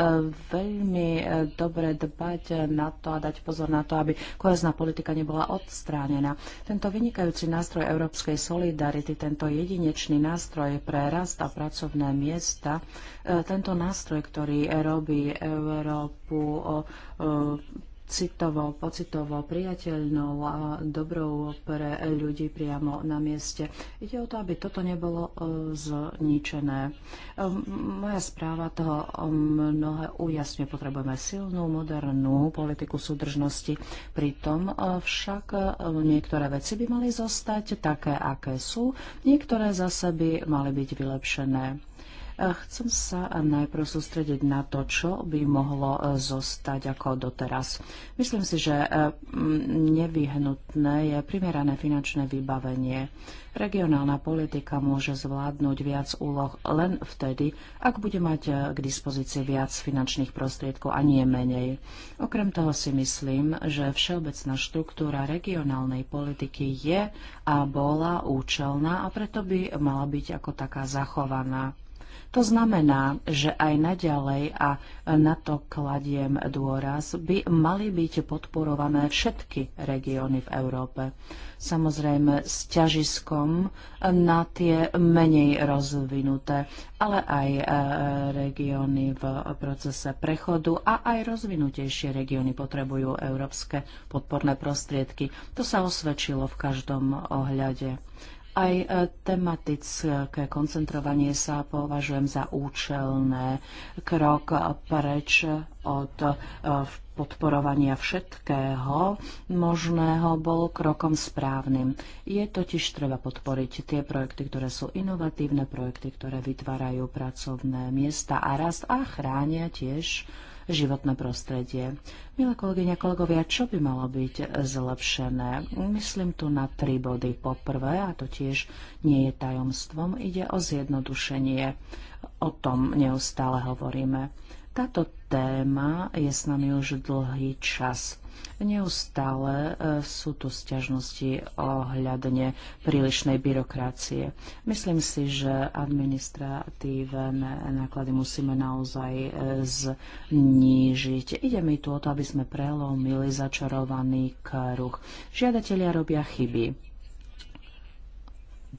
veľmi e, dobre dbať na to a dať pozor na to, aby kohezná politika nebola odstránená. Tento vynikajúci nástroj európskej solidarity, tento jedinečný nástroj pre rast a pracovné miesta, e, tento nástroj, ktorý robí Európu citovo, pocitovo priateľnou a dobrou pre ľudí priamo na mieste. Ide o to, aby toto nebolo e, zničené. E, moja správa toho e, mnohé ujasňuje. Potrebujeme silnú, modernú politiku súdržnosti. Pritom však niektoré veci by mali zostať také, aké sú, niektoré zase by mali byť vylepšené. E, chcem sa najprv sústrediť na to, čo by mohlo e, zostať ako doteraz. Myslím si, že e, nevyhnutné je primerané finančné vybavenie. Regionálna politika môže zvládnuť viac úloh len vtedy, ak bude mať k dispozícii viac finančných prostriedkov a nie menej. Okrem toho si myslím, že všeobecná štruktúra regionálnej politiky je a bola účelná a preto by mala byť ako taká zachovaná. To znamená, že aj naďalej, a na to kladiem dôraz, by mali byť podporované všetky regióny v Európe. Samozrejme s ťažiskom na tie menej rozvinuté, ale aj e, regióny v procese prechodu a aj rozvinutejšie regióny potrebujú európske podporné prostriedky. To sa osvedčilo v každom ohľade. Aj e, tematické koncentrovanie sa považujem za účelné. Krok preč od e, podporovania všetkého možného bol krokom správnym. Je totiž treba podporiť tie projekty, ktoré sú inovatívne, projekty, ktoré vytvárajú pracovné miesta a rast a chránia tiež životné prostredie. Milé kolegyne, kolegovia, čo by malo byť zlepšené? Myslím tu na tri body. Po prvé, a to tiež nie je tajomstvom, ide o zjednodušenie. O tom neustále hovoríme. Táto téma je s nami už dlhý čas Neustále e, sú tu sťažnosti ohľadne prílišnej byrokracie. Myslím si, že administratívne náklady musíme naozaj e, znížiť. Ide mi tu o to, aby sme prelomili začarovaný kruh. Žiadatelia robia chyby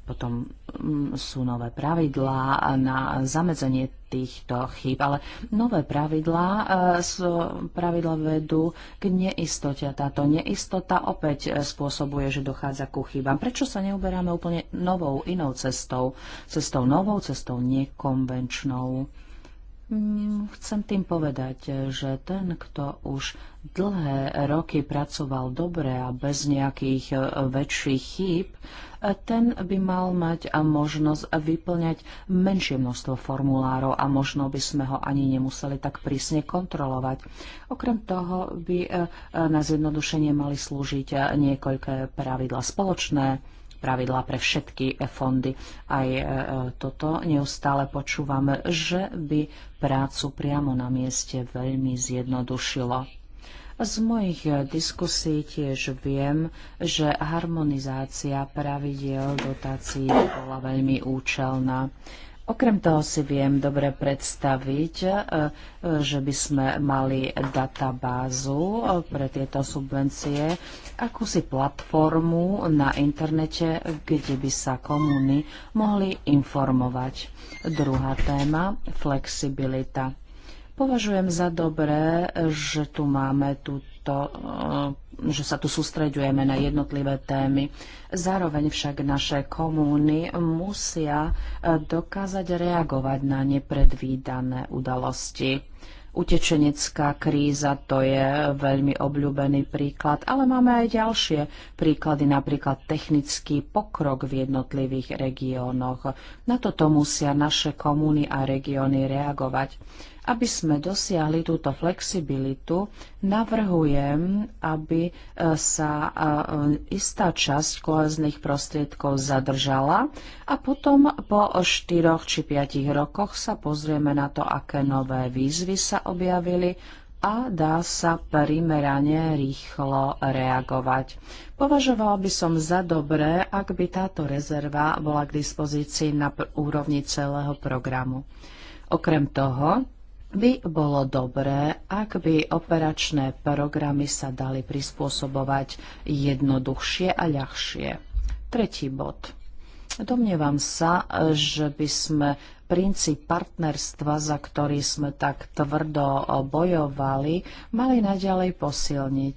potom mm, sú nové pravidlá na zamedzenie týchto chýb, ale nové pravidlá, e, pravidla vedú k neistote. Táto neistota opäť e, spôsobuje, že dochádza ku chybám. Prečo sa neuberáme úplne novou, inou cestou? Cestou novou, cestou nekonvenčnou? Mm, chcem tým povedať, že ten, kto už dlhé roky pracoval dobre a bez nejakých e, väčších chýb, e, ten by mal mať e, možnosť vyplňať menšie množstvo formulárov a možno by sme ho ani nemuseli tak prísne kontrolovať. Okrem toho by na zjednodušenie mali slúžiť niekoľké pravidla spoločné pravidlá pre všetky fondy. Aj e, e, toto neustále počúvame, že by prácu priamo na mieste veľmi zjednodušilo. Z mojich e, diskusí tiež viem, že harmonizácia pravidiel dotácií bola veľmi účelná. Okrem toho si viem dobre predstaviť, e, že by sme mali databázu e, pre tieto subvencie, akúsi platformu na internete, kde by sa komúny mohli informovať. Druhá téma, flexibilita. Považujem za dobré, že tu máme túto e, že sa tu sústreďujeme na jednotlivé témy. Zároveň však naše komúny musia e, dokázať reagovať na nepredvídané udalosti. Utečenecká kríza to je veľmi obľúbený príklad, ale máme aj ďalšie príklady, napríklad technický pokrok v jednotlivých regiónoch. Na toto musia naše komúny a regióny reagovať. Aby sme dosiahli túto flexibilitu, navrhujem, aby e, sa e, istá časť kohezných prostriedkov zadržala a potom po 4 či 5 rokoch sa pozrieme na to, aké nové výzvy sa objavili a dá sa primerane rýchlo reagovať. Považovala by som za dobré, ak by táto rezerva bola k dispozícii na úrovni celého programu. Okrem toho, by bolo dobré, ak by operačné programy sa dali prispôsobovať jednoduchšie a ľahšie. Tretí bod. Domnievam sa, že by sme princíp partnerstva, za ktorý sme tak tvrdo bojovali, mali naďalej posilniť.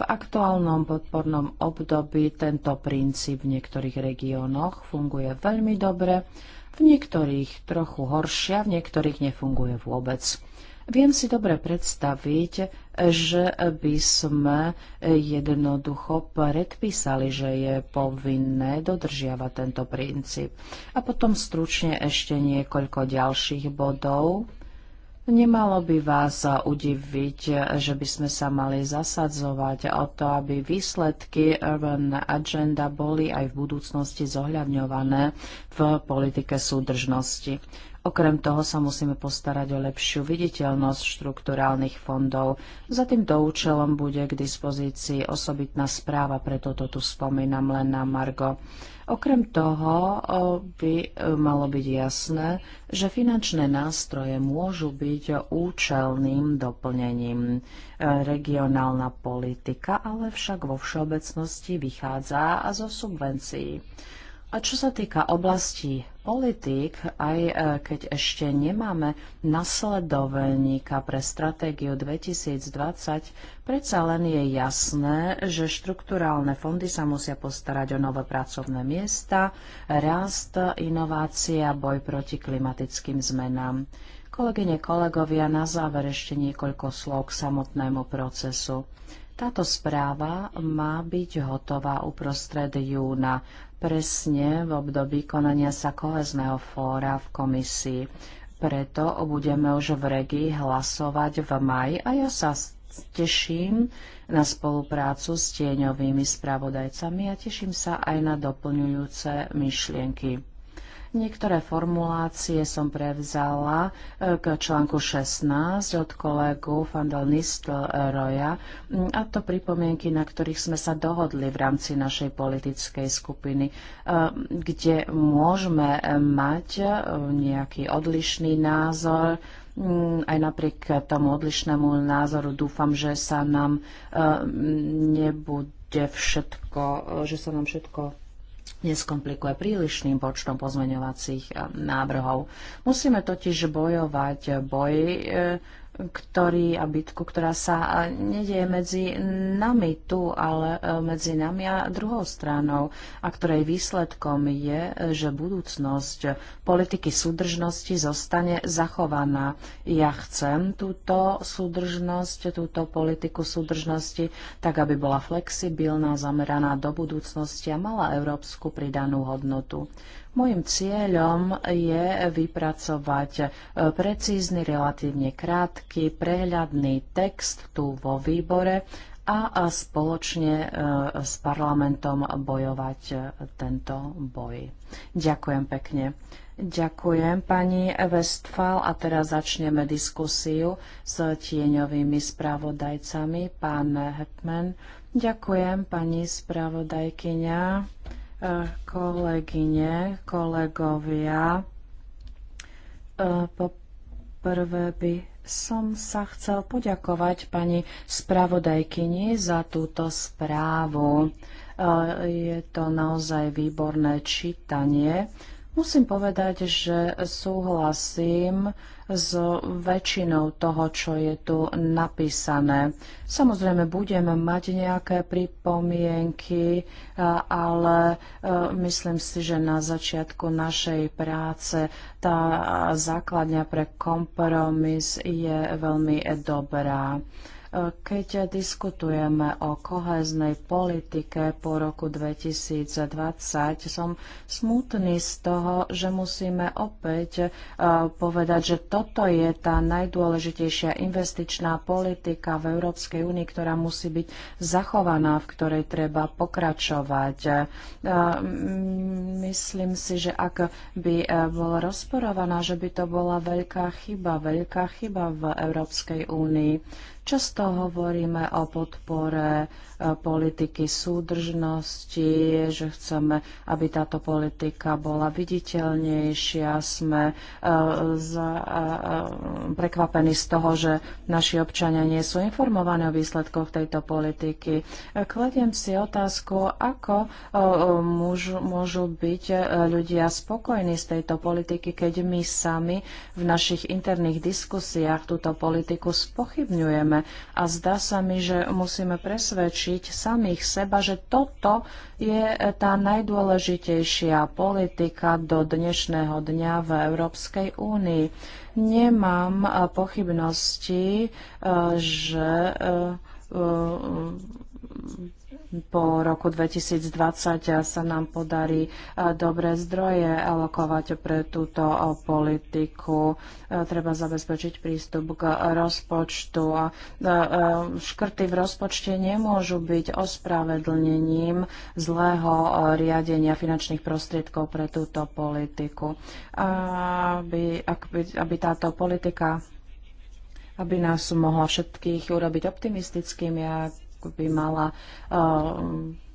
V aktuálnom podpornom období tento princíp v niektorých regiónoch funguje veľmi dobre v niektorých trochu horšia, v niektorých nefunguje vôbec. Viem si dobre predstaviť, že by sme jednoducho predpísali, že je povinné dodržiavať tento princíp. A potom stručne ešte niekoľko ďalších bodov. Nemalo by vás udiviť, že by sme sa mali zasadzovať o to, aby výsledky Urban Agenda boli aj v budúcnosti zohľadňované v politike súdržnosti. Okrem toho sa musíme postarať o lepšiu viditeľnosť štrukturálnych fondov. Za týmto účelom bude k dispozícii osobitná správa, preto to tu spomínam len na Margo. Okrem toho by e, malo byť jasné, že finančné nástroje môžu byť účelným doplnením. E, regionálna politika ale však vo všeobecnosti vychádza zo subvencií. A čo sa týka oblastí politík, aj e, keď ešte nemáme nasledovníka pre stratégiu 2020, predsa len je jasné, že štrukturálne fondy sa musia postarať o nové pracovné miesta, rast, inovácia, boj proti klimatickým zmenám. Kolegyne, kolegovia, na záver ešte niekoľko slov k samotnému procesu. Táto správa má byť hotová uprostred júna presne v období konania sa kohezného fóra v komisii. Preto budeme už v regii hlasovať v maji a ja sa teším na spoluprácu s tieňovými spravodajcami a teším sa aj na doplňujúce myšlienky. Niektoré formulácie som prevzala e, k článku 16 od kolegu van del Nistelroja mm, a to pripomienky, na ktorých sme sa dohodli v rámci našej politickej skupiny, e, kde môžeme e, mať nejaký odlišný názor, mm, aj napriek tomu odlišnému názoru dúfam, že sa nám nebude všetko, že sa nám všetko neskomplikuje prílišným počtom pozmeňovacích eh, návrhov. Musíme totiž bojovať boj eh, ktorý a bitku, ktorá sa nedieje medzi nami tu, ale e, medzi nami a druhou stranou a ktorej výsledkom je, že budúcnosť politiky súdržnosti zostane zachovaná. Ja chcem túto súdržnosť, túto politiku súdržnosti, tak aby bola flexibilná, zameraná do budúcnosti a mala európsku pridanú hodnotu. Mojím cieľom je vypracovať e, precízny, relatívne krátky, prehľadný text tu vo výbore a spoločne e, s parlamentom bojovať e, tento boj. Ďakujem pekne. Ďakujem pani Westfal a teraz začneme diskusiu s tieňovými spravodajcami. Pán Hetman, ďakujem pani spravodajkyňa kolegyne, kolegovia. E, poprvé by som sa chcel poďakovať pani spravodajkyni za túto správu. E, je to naozaj výborné čítanie. Musím povedať, že súhlasím s väčšinou toho, čo je tu napísané. Samozrejme, budem mať nejaké pripomienky, ale e, myslím si, že na začiatku našej práce tá základňa pre kompromis je veľmi dobrá. Keď diskutujeme o koheznej politike po roku 2020, som smutný z toho, že musíme opäť e, povedať, že toto je tá najdôležitejšia investičná politika v Európskej únii, ktorá musí byť zachovaná, v ktorej treba pokračovať. E, myslím si, že ak by e, bola rozporovaná, že by to bola veľká chyba, veľká chyba v Európskej únii. Často hovoríme o podpore e, politiky súdržnosti, že chceme, aby táto politika bola viditeľnejšia. Sme e, e, prekvapení z toho, že naši občania nie sú informovaní o výsledkoch tejto politiky. Kladiem si otázku, ako môžu, môžu byť ľudia spokojní z tejto politiky, keď my sami v našich interných diskusiách túto politiku spochybňujeme potrebujeme. A zdá sa mi, že musíme presvedčiť samých seba, že toto je tá najdôležitejšia politika do dnešného dňa v Európskej únii. Nemám e, pochybnosti, e, že e, po roku 2020 sa nám podarí e, dobré zdroje alokovať pre túto e, politiku. E, treba zabezpečiť prístup k rozpočtu. Škrty v rozpočte nemôžu byť ospravedlnením zlého riadenia finančných prostriedkov pre túto politiku. Aby, aby, aby táto politika aby nás mohla všetkých urobiť optimistickými a by mala eh,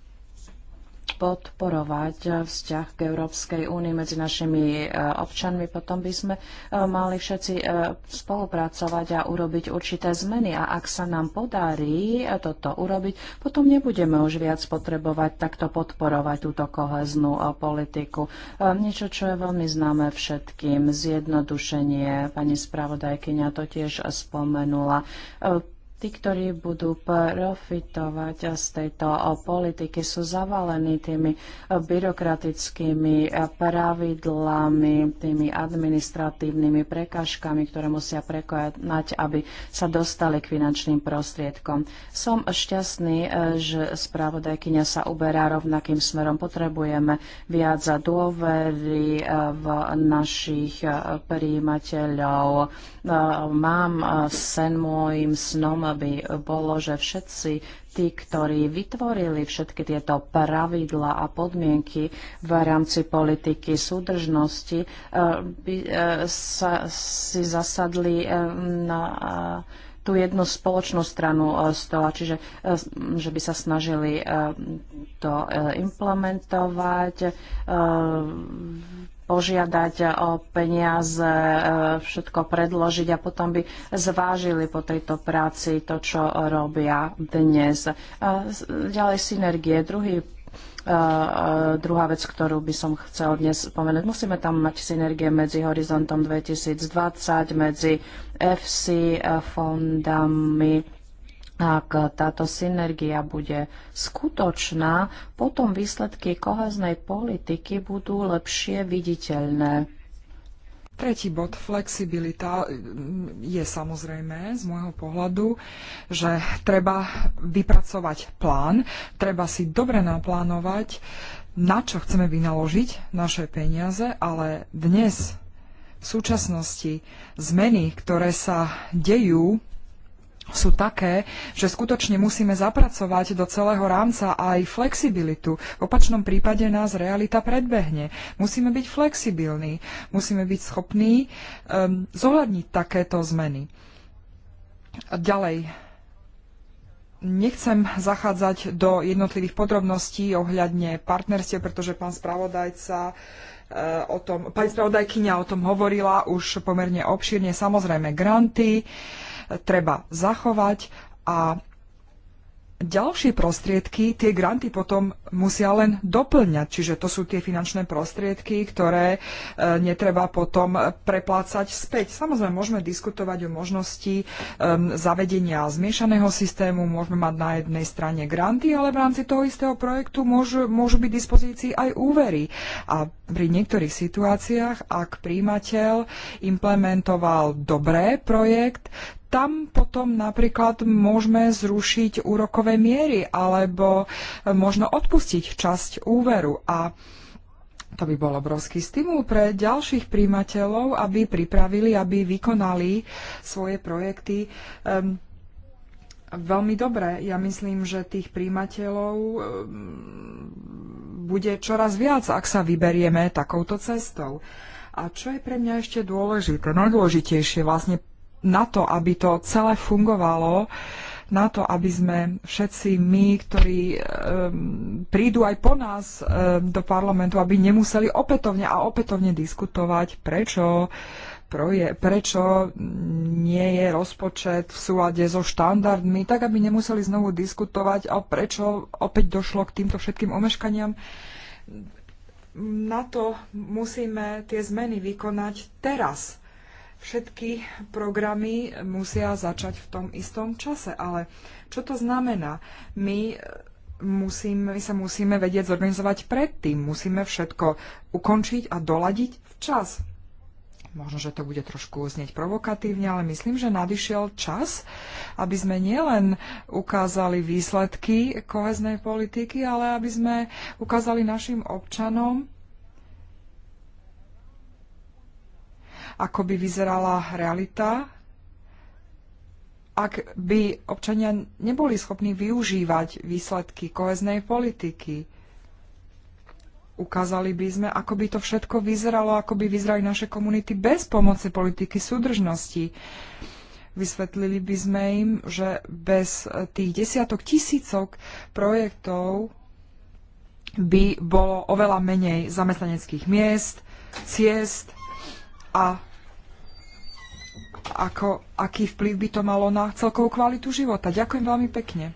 podporovať vzťah k Európskej únii medzi našimi eh, občanmi. Potom by sme eh, mali všetci spolupracovať a urobiť určité zmeny. A ak sa nám podarí toto urobiť, potom nebudeme už viac potrebovať takto podporovať túto koheznú politiku. Niečo, čo je veľmi známe všetkým, zjednodušenie. Pani spravodajkyňa to tiež spomenula. Tí, ktorí budú profitovať z tejto politiky, sú zavalení tými byrokratickými e, pravidlami, tými administratívnymi prekažkami, ktoré musia prekonať, aby sa dostali k finančným prostriedkom. Som šťastný, e, že spravodajkyňa sa uberá rovnakým smerom. Potrebujeme viac dôvery e, v našich príjimateľov. Mám sen môjim snom by bolo, že všetci tí, ktorí vytvorili všetky tieto pravidla a podmienky v rámci politiky súdržnosti, eh, by eh, sa, si zasadli eh, na tú jednu spoločnú stranu stola, čiže že by sa snažili to implementovať, požiadať o peniaze, e, všetko predložiť a potom by zvážili po tejto práci to, čo robia dnes. E, ďalej synergie. Druhý e, druhá vec, ktorú by som chcel dnes spomenúť. Musíme tam mať synergie medzi Horizontom 2020, medzi FC fondami ak táto synergia bude skutočná, potom výsledky koheznej politiky budú lepšie viditeľné. Tretí bod, flexibilita, je samozrejme z môjho pohľadu, že treba vypracovať plán, treba si dobre naplánovať, na čo chceme vynaložiť naše peniaze, ale dnes v súčasnosti zmeny, ktoré sa dejú sú také, že skutočne musíme zapracovať do celého rámca aj flexibilitu. V opačnom prípade nás realita predbehne. Musíme byť flexibilní, musíme byť schopní um, zohľadniť takéto zmeny. A ďalej, nechcem zachádzať do jednotlivých podrobností ohľadne partnerstiev, pretože pán spravodajca eh, o tom, pani spravodajkyňa o tom hovorila už pomerne obšírne. Samozrejme, granty. Uh, treba zachovať a ďalšie prostriedky, tie granty potom musia len doplňať. Čiže to sú tie finančné prostriedky, ktoré e, netreba potom preplácať späť. Samozrejme, môžeme diskutovať o možnosti e, zavedenia zmiešaného systému. Môžeme mať na jednej strane granty, ale v rámci toho istého projektu môžu, môžu byť dispozícii aj úvery. A pri niektorých situáciách, ak príjimateľ implementoval dobré projekt, tam potom napríklad môžeme zrušiť úrokové miery alebo možno odpustiť časť úveru a to by bol obrovský stimul pre ďalších príjimateľov, aby pripravili, aby vykonali svoje projekty um, veľmi dobre. Ja myslím, že tých príjimateľov um, bude čoraz viac, ak sa vyberieme takouto cestou. A čo je pre mňa ešte dôležité, najdôležitejšie vlastne na to, aby to celé fungovalo, na to, aby sme všetci my, ktorí e, prídu aj po nás e, do parlamentu, aby nemuseli opätovne a opätovne diskutovať, prečo, proje, prečo nie je rozpočet v súlade so štandardmi, tak aby nemuseli znovu diskutovať a prečo opäť došlo k týmto všetkým omeškaniam. Na to musíme tie zmeny vykonať teraz všetky programy musia začať v tom istom čase. Ale čo to znamená? My, e, musím, my sa musíme vedieť zorganizovať predtým. Musíme všetko ukončiť a doladiť včas. Možno, že to bude trošku znieť provokatívne, ale myslím, že nadišiel čas, aby sme nielen ukázali výsledky koheznej politiky, ale aby sme ukázali našim občanom, ako by vyzerala realita, ak by občania neboli schopní využívať výsledky koheznej politiky. Ukázali by sme, ako by to všetko vyzeralo, ako by vyzerali naše komunity bez pomoci politiky súdržnosti. Vysvetlili by sme im, že bez tých desiatok tisícok projektov by bolo oveľa menej zamestnaneckých miest, ciest, a ako, aký vplyv by to malo na celkovú kvalitu života. Ďakujem veľmi pekne.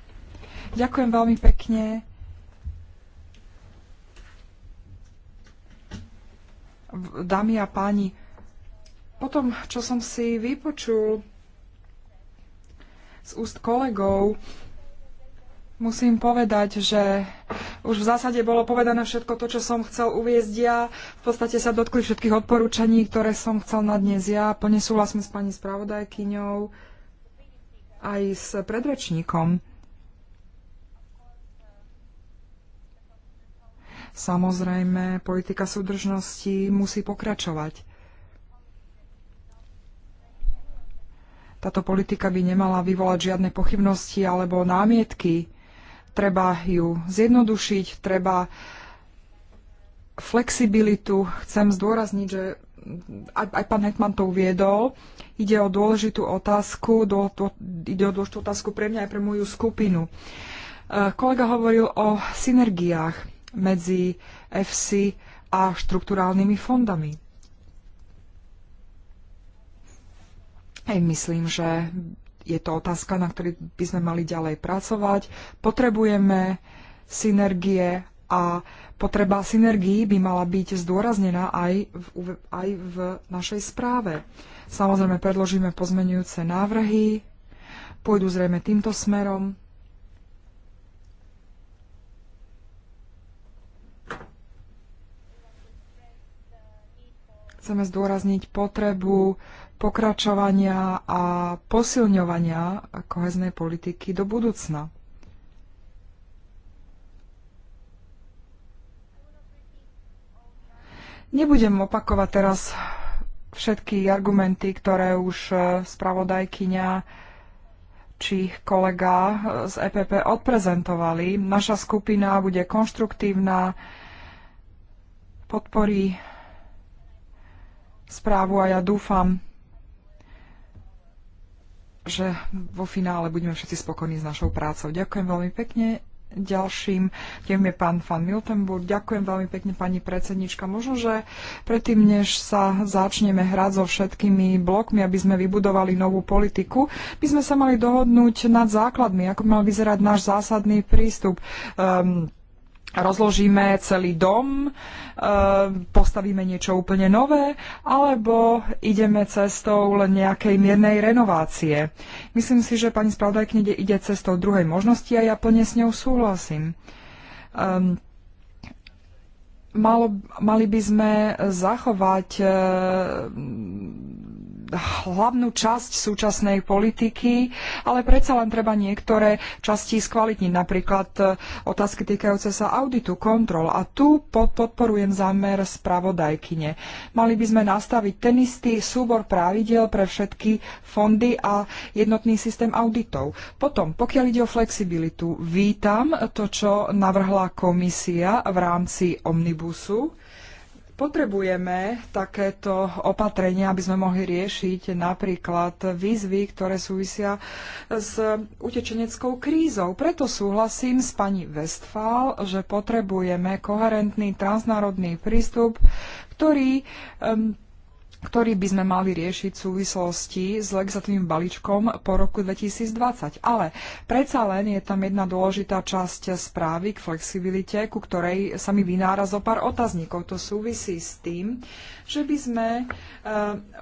Ďakujem veľmi pekne. Dámy a páni, po tom, čo som si vypočul z úst kolegov, Musím povedať, že už v zásade bolo povedané všetko to, čo som chcel uviezť ja. V podstate sa dotkli všetkých odporúčaní, ktoré som chcel na dnes ja. Plne súhlasím s pani spravodajkyňou aj s predrečníkom. Samozrejme, politika súdržnosti musí pokračovať. Táto politika by nemala vyvolať žiadne pochybnosti alebo námietky treba ju zjednodušiť, treba flexibilitu. Chcem zdôrazniť, že aj, aj pán Hetman to uviedol, ide o dôležitú otázku, do, do, ide o dôležitú otázku pre mňa aj pre moju skupinu. E, kolega hovoril o synergiách medzi FC a štruktúrálnymi fondami. Aj myslím, že je to otázka, na ktorej by sme mali ďalej pracovať. Potrebujeme synergie a potreba synergií by mala byť zdôraznená aj v, aj v našej správe. Samozrejme, predložíme pozmenujúce návrhy, pôjdu zrejme týmto smerom. Chceme zdôrazniť potrebu pokračovania a posilňovania koheznej politiky do budúcna. Nebudem opakovať teraz všetky argumenty, ktoré už e, spravodajkyňa či kolega e, z EPP odprezentovali. Naša skupina bude konštruktívna, podporí správu a ja dúfam, že vo finále budeme všetci spokojní s našou prácou. Ďakujem veľmi pekne. Ďalším tým je pán Fan Miltenburg. Ďakujem veľmi pekne, pani predsednička. Možno, že predtým, než sa začneme hrať so všetkými blokmi, aby sme vybudovali novú politiku, by sme sa mali dohodnúť nad základmi, ako mal vyzerať náš zásadný prístup. Um, rozložíme celý dom, e, postavíme niečo úplne nové, alebo ideme cestou len nejakej miernej renovácie. Myslím si, že pani spravodajkne ide cestou druhej možnosti a ja plne s ňou súhlasím. Ehm, malo, mali by sme zachovať e, hlavnú časť súčasnej politiky, ale predsa len treba niektoré časti skvalitniť, napríklad e, otázky týkajúce sa auditu, kontrol. A tu podporujem zámer spravodajkyne. Mali by sme nastaviť ten istý súbor pravidel pre všetky fondy a jednotný systém auditov. Potom, pokiaľ ide o flexibilitu, vítam to, čo navrhla komisia v rámci omnibusu Potrebujeme takéto opatrenia, aby sme mohli riešiť napríklad výzvy, ktoré súvisia s utečeneckou krízou. Preto súhlasím s pani Westphal, že potrebujeme koherentný transnárodný prístup, ktorý um, ktorý by sme mali riešiť v súvislosti s legislatívnym balíčkom po roku 2020. Ale predsa len je tam jedna dôležitá časť správy k flexibilite, ku ktorej sa mi vynára zo pár otazníkov. To súvisí s tým, že by sme e,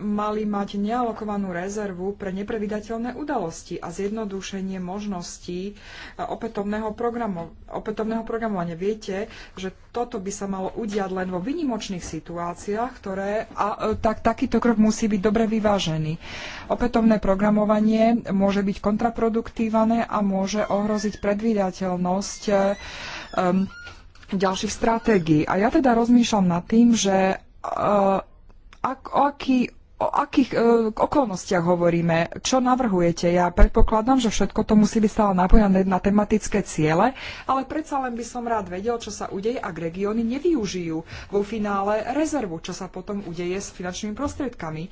mali mať nealokovanú rezervu pre nepredvídateľné udalosti a zjednodušenie možností e, opätovného, programu, opätovného programovania. Viete, že toto by sa malo udiať len vo vynimočných situáciách, ktoré, a, e, tak, takýto krok musí byť dobre vyvážený. Opätovné programovanie môže byť kontraproduktívne a môže ohroziť predvídateľnosť e, um, ďalších stratégií. A ja teda rozmýšľam nad tým, že ak, o, aký, o akých uh, okolnostiach hovoríme? Čo navrhujete? Ja predpokladám, že všetko to musí byť stále napojené na tematické ciele, ale predsa len by som rád vedel, čo sa udeje, ak regióny nevyužijú vo finále rezervu, čo sa potom udeje s finančnými prostriedkami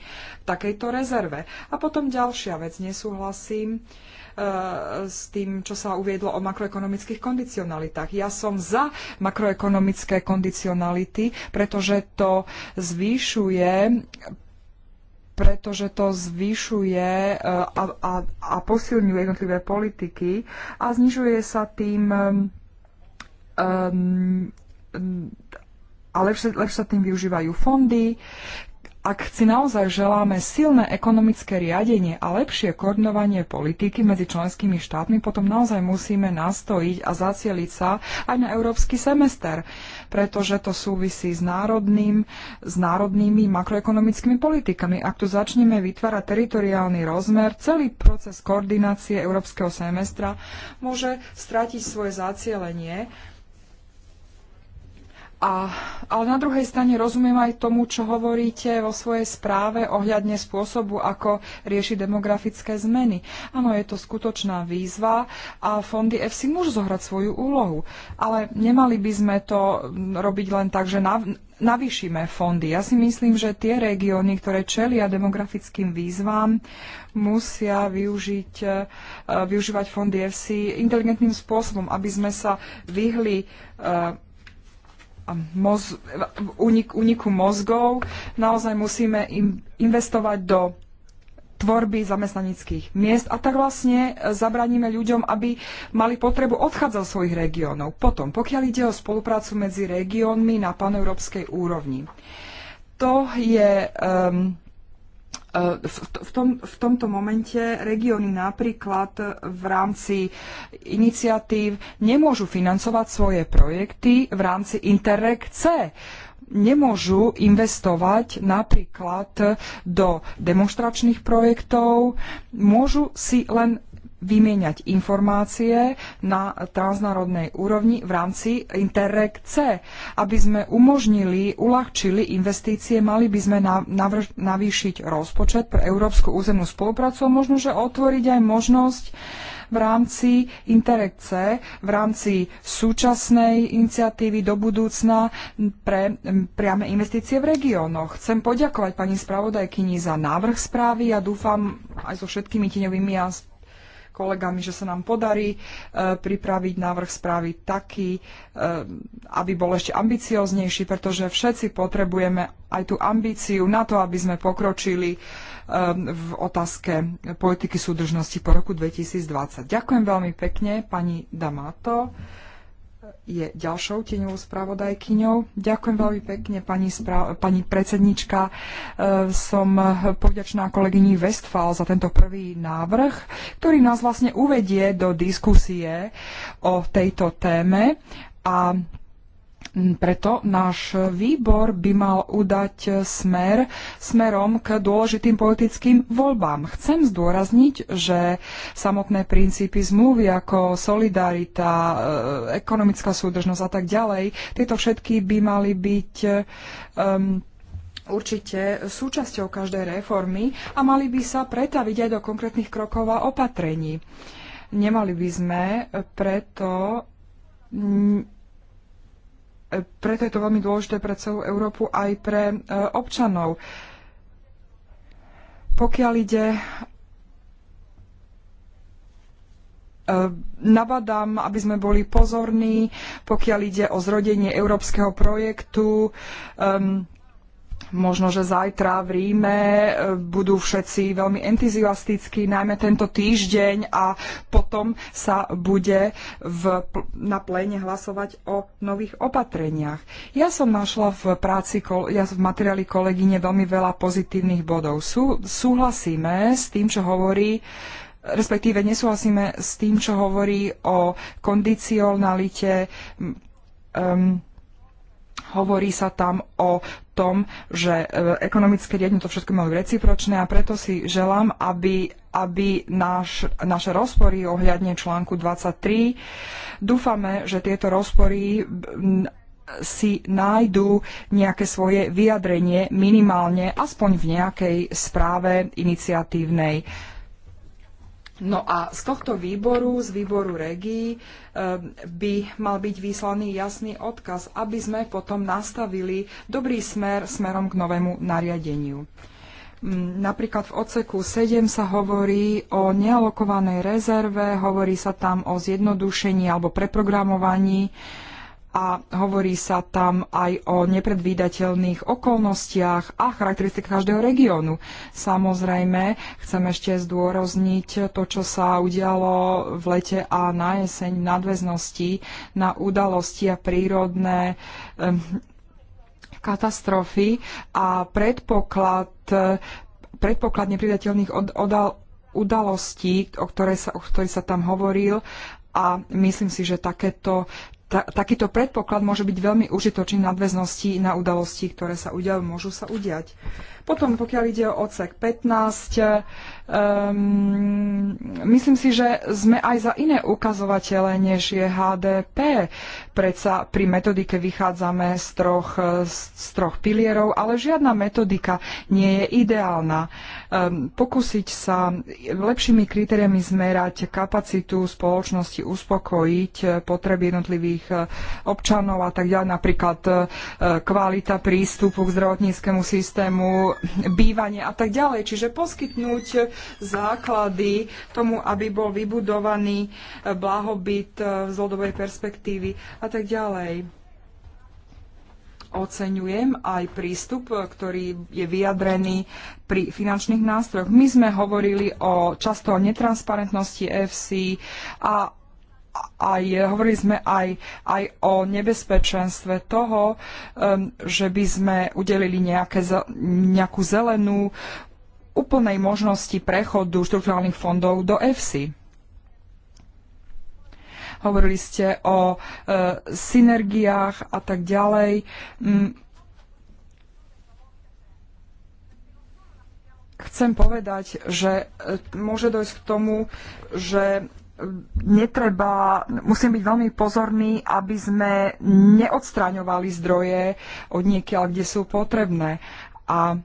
v takejto rezerve. A potom ďalšia vec, nesúhlasím. Uh, Eh, s tým, čo sa uviedlo o makroekonomických kondicionalitách. Ja som za makroekonomické kondicionality, pretože to zvýšuje pretože to zvyšuje eh, a, a, a posilňuje jednotlivé politiky a znižuje sa tým um, eh, a lepšie, lepšie sa tým využívajú fondy. Ak si naozaj želáme silné ekonomické riadenie a lepšie koordinovanie politiky medzi členskými štátmi, potom naozaj musíme nastojiť a zacieliť sa aj na európsky semester, pretože to súvisí s, národným, s národnými makroekonomickými politikami. Ak tu začneme vytvárať teritoriálny rozmer, celý proces koordinácie európskeho semestra môže stratiť svoje zacielenie a, ale na druhej strane rozumiem aj tomu, čo hovoríte vo svojej správe ohľadne spôsobu, ako rieši demografické zmeny. Áno, je to skutočná výzva a fondy si môžu zohrať svoju úlohu, ale nemali by sme to robiť len tak, že nav- navýšime fondy. Ja si myslím, že tie regióny, ktoré čelia demografickým výzvam, musia využiť, e, využívať fondy FC inteligentným spôsobom, aby sme sa vyhli e, moz, unik, uniku mozgov. Naozaj musíme im investovať do tvorby zamestnanických miest a tak vlastne e, zabraníme ľuďom, aby mali potrebu odchádzať zo svojich regiónov. Potom, pokiaľ ide o spoluprácu medzi regiónmi na paneurópskej úrovni, to je um, Eh, v, tom, v tomto momente regióny napríklad v rámci iniciatív nemôžu financovať svoje projekty v rámci Interreg C. Nemôžu investovať napríklad do demonstračných projektov, môžu si len vymieňať informácie na transnárodnej úrovni v rámci Interreg C. Aby sme umožnili, uľahčili investície, mali by sme navýšiť rozpočet pre Európsku územnú spoluprácu a možno, že otvoriť aj možnosť v rámci Interreg C, v rámci súčasnej iniciatívy do budúcna pre priame investície v regiónoch. Chcem poďakovať pani spravodajkyni za návrh správy a ja dúfam aj so všetkými tieňovými a kolegami, že sa nám podarí e, pripraviť návrh správy taký, e, aby bol ešte ambicioznejší, pretože všetci potrebujeme aj tú ambíciu na to, aby sme pokročili e, v otázke politiky súdržnosti po roku 2020. Ďakujem veľmi pekne, pani Damato je ďalšou tieňovou spravodajkyňou. Ďakujem veľmi pekne, pani, spra- pani predsednička. E, som povďačná kolegyni Westfall za tento prvý návrh, ktorý nás vlastne uvedie do diskusie o tejto téme. A preto náš výbor by mal udať smer smerom k dôležitým politickým voľbám. Chcem zdôrazniť, že samotné princípy zmluvy ako solidarita, e, ekonomická súdržnosť a tak ďalej, tieto všetky by mali byť um, určite súčasťou každej reformy a mali by sa pretaviť aj do konkrétnych krokov a opatrení. Nemali by sme preto preto je to veľmi dôležité pre celú Európu aj pre e, občanov. Pokiaľ ide e, nabadám, aby sme boli pozorní, pokiaľ ide o zrodenie európskeho projektu. Um, Možno, že zajtra v Ríme e, budú všetci veľmi entuziastickí, najmä tento týždeň a potom sa bude v, na pléne hlasovať o nových opatreniach. Ja som našla v práci, ja v materiáli kolegyne veľmi veľa pozitívnych bodov. Sú, súhlasíme s tým, čo hovorí respektíve nesúhlasíme s tým, čo hovorí o kondicionalite um, Hovorí sa tam o tom, že e, ekonomické riadne to všetko malo recipročné a preto si želám, aby, aby naš, naše rozpory ohľadne článku 23, dúfame, že tieto rozpory si nájdú nejaké svoje vyjadrenie minimálne aspoň v nejakej správe iniciatívnej No a z tohto výboru, z výboru regií, eh, by mal byť vyslaný jasný odkaz, aby sme potom nastavili dobrý smer smerom k novému nariadeniu. Mm, napríklad v odseku 7 sa hovorí o nealokovanej rezerve, hovorí sa tam o zjednodušení alebo preprogramovaní a hovorí sa tam aj o nepredvídateľných okolnostiach a charakteristikách každého regiónu. Samozrejme, chcem ešte zdôrazniť to, čo sa udialo v lete a na jeseň v nadväznosti na udalosti a prírodné um, katastrofy a predpoklad, predpoklad nepridateľných udalostí, o, ktoré sa, o ktorých sa tam hovoril, a myslím si, že takéto ta, takýto predpoklad môže byť veľmi užitočný nadväznosti na udalosti, ktoré sa udiajú, môžu sa udiať. Potom, pokiaľ ide o odsek 15, Um, myslím si, že sme aj za iné ukazovatele, než je HDP. Predsa pri metodike vychádzame z troch, z troch pilierov, ale žiadna metodika nie je ideálna. Um, pokúsiť sa lepšími kritériami zmerať kapacitu spoločnosti, uspokojiť eh, potreby jednotlivých eh, občanov a tak ďalej, napríklad eh, kvalita prístupu k zdravotníckému systému, bývanie a tak ďalej. Čiže poskytnúť základy tomu, aby bol vybudovaný e, blahobyt e, z ľudovej perspektívy a tak ďalej. Oceňujem aj prístup, e, ktorý je vyjadrený pri finančných nástrojoch. My sme hovorili o často o netransparentnosti FC a aj, hovorili sme aj, aj o nebezpečenstve toho, um, že by sme udelili nejaké, nejakú zelenú úplnej možnosti prechodu štrukturálnych fondov do EFSI. Hovorili ste o e, synergiách a tak ďalej. Mm. Chcem povedať, že e, môže dojsť k tomu, že e, netreba, musím byť veľmi pozorný, aby sme neodstraňovali zdroje od niekiaľ, kde sú potrebné. A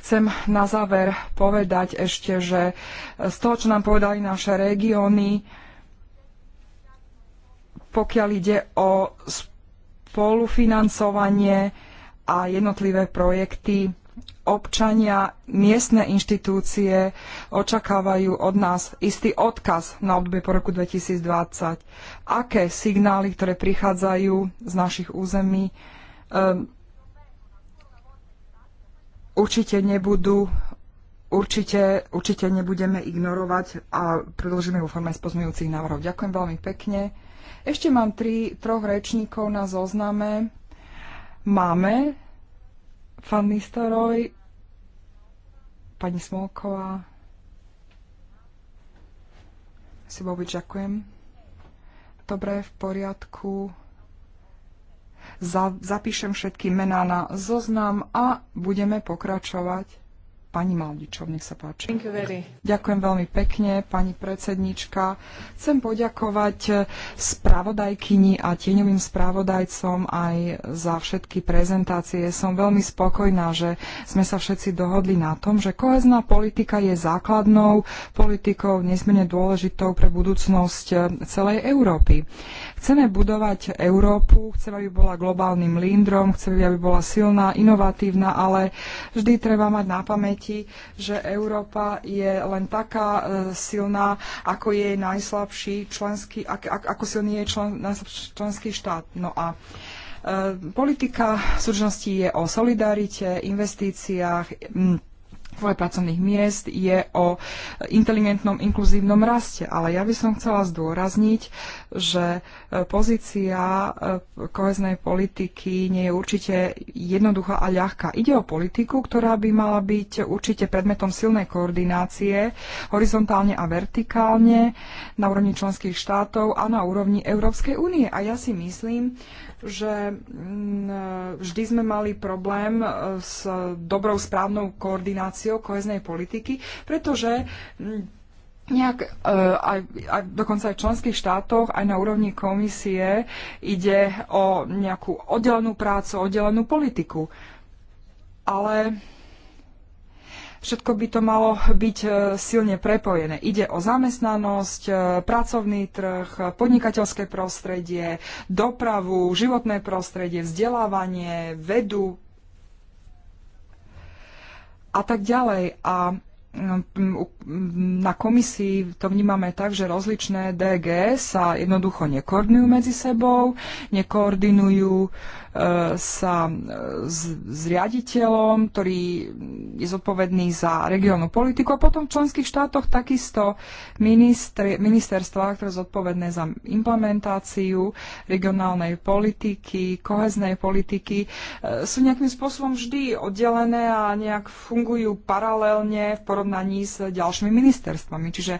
Chcem na záver povedať ešte, že z toho, čo nám povedali naše regióny, pokiaľ ide o spolufinancovanie a jednotlivé projekty, občania, miestne inštitúcie očakávajú od nás istý odkaz na obdobie po roku 2020. Aké signály, ktoré prichádzajú z našich území, ehm, určite nebudú Určite, určite nebudeme ignorovať a predložíme vo forme spozmejúcich návrhov. Ďakujem veľmi pekne. Ešte mám tri, troch rečníkov na zozname. Máme Fan Nistoroj, pani Smolková, Sibovič, ďakujem. Dobre, v poriadku zapíšem všetky mená na zoznam a budeme pokračovať. Pani Maldičov, nech sa páči. Ďakujem veľmi pekne, pani predsednička. Chcem poďakovať spravodajkyni a tieňovým spravodajcom aj za všetky prezentácie. Som veľmi spokojná, že sme sa všetci dohodli na tom, že kohezná politika je základnou politikou, nesmierne dôležitou pre budúcnosť eh, celej Európy. Chceme budovať Európu, chceme, aby bola globálnym lídrom, chceme, aby bola silná, inovatívna, ale vždy treba mať na pamäti, že Európa je len taká e, silná, ako je jej najslabší členský, ako silný je člen, najslabší členský štát. No a e, politika v súčasnosti je o solidarite, investíciách, tvorbe pracovných miest, je o inteligentnom inkluzívnom raste. Ale ja by som chcela zdôrazniť, že e, pozícia e, koheznej politiky nie je určite jednoduchá a ľahká. Ide o politiku, ktorá by mala byť určite predmetom silnej koordinácie horizontálne a vertikálne na úrovni členských štátov a na úrovni Európskej únie. A ja si myslím, že mm, vždy sme mali problém e, s dobrou správnou koordináciou koheznej politiky, pretože mm, nejak e, aj, aj, dokonca aj v členských štátoch, aj na úrovni komisie ide o nejakú oddelenú prácu, oddelenú politiku. Ale Všetko by to malo byť e, silne prepojené. Ide o zamestnanosť, e, pracovný trh, podnikateľské prostredie, dopravu, životné prostredie, vzdelávanie, vedu a tak ďalej. A na komisii to vnímame tak, že rozličné DG sa jednoducho nekoordinujú medzi sebou, nekoordinujú sa e, s riaditeľom, ktorý je zodpovedný za regionálnu politiku a potom v členských štátoch takisto minister, ministerstva, ktoré je zodpovedné za implementáciu regionálnej politiky, koheznej politiky, e, sú nejakým spôsobom vždy oddelené a nejak fungujú paralelne v porovnaní s ďalšími ministerstvami. Čiže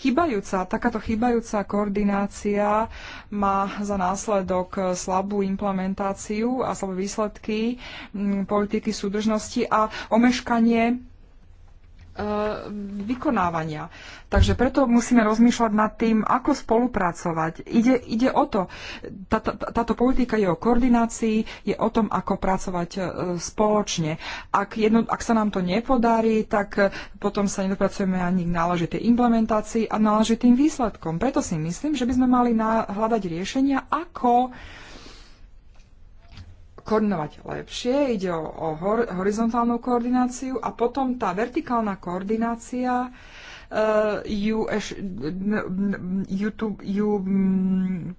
chybajúca, takáto chybajúca koordinácia má za následok slabú implementáciu a slabé výsledky politiky súdržnosti a omeškanie E, vykonávania. Takže preto musíme rozmýšľať nad tým, ako spolupracovať. Ide, ide o to. Tá, tá, táto politika je o koordinácii, je o tom, ako pracovať e, spoločne. Ak, jedno, ak sa nám to nepodarí, tak e, potom sa nedopracujeme ani k náležitej implementácii a náležitým výsledkom. Preto si myslím, že by sme mali hľadať riešenia, ako koordinovať lepšie, ide o, o hor, horizontálnu koordináciu a potom tá vertikálna koordinácia uh, ju, eš, ju, tu, ju m,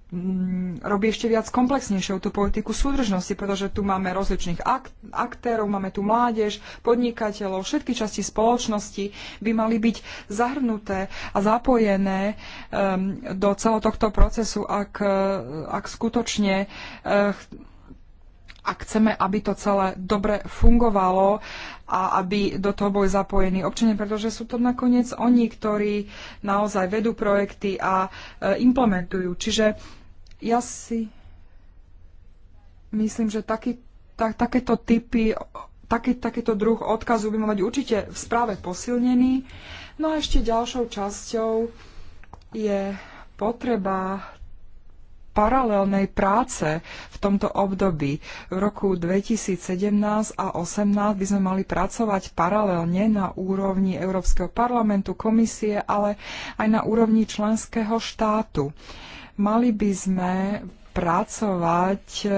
mm, m, robí ešte viac komplexnejšou tú politiku súdržnosti, pretože tu máme rozličných ak, aktérov, máme tu mládež, podnikateľov, všetky časti spoločnosti by mali byť zahrnuté a zapojené um, do celého tohto procesu, ak, ak skutočne uh, ak chceme, aby to celé dobre fungovalo a aby do toho boli zapojení občania, pretože sú to nakoniec oni, ktorí naozaj vedú projekty a e, implementujú. Čiže ja si myslím, že taký, tak, takéto typy, taký, takýto druh odkazu by mal mať určite v správe posilnený. No a ešte ďalšou časťou je potreba paralelnej práce v tomto období. V roku 2017 a 2018 by sme mali pracovať paralelne na úrovni Európskeho parlamentu, komisie, ale aj na úrovni členského štátu. Mali by sme pracovať e,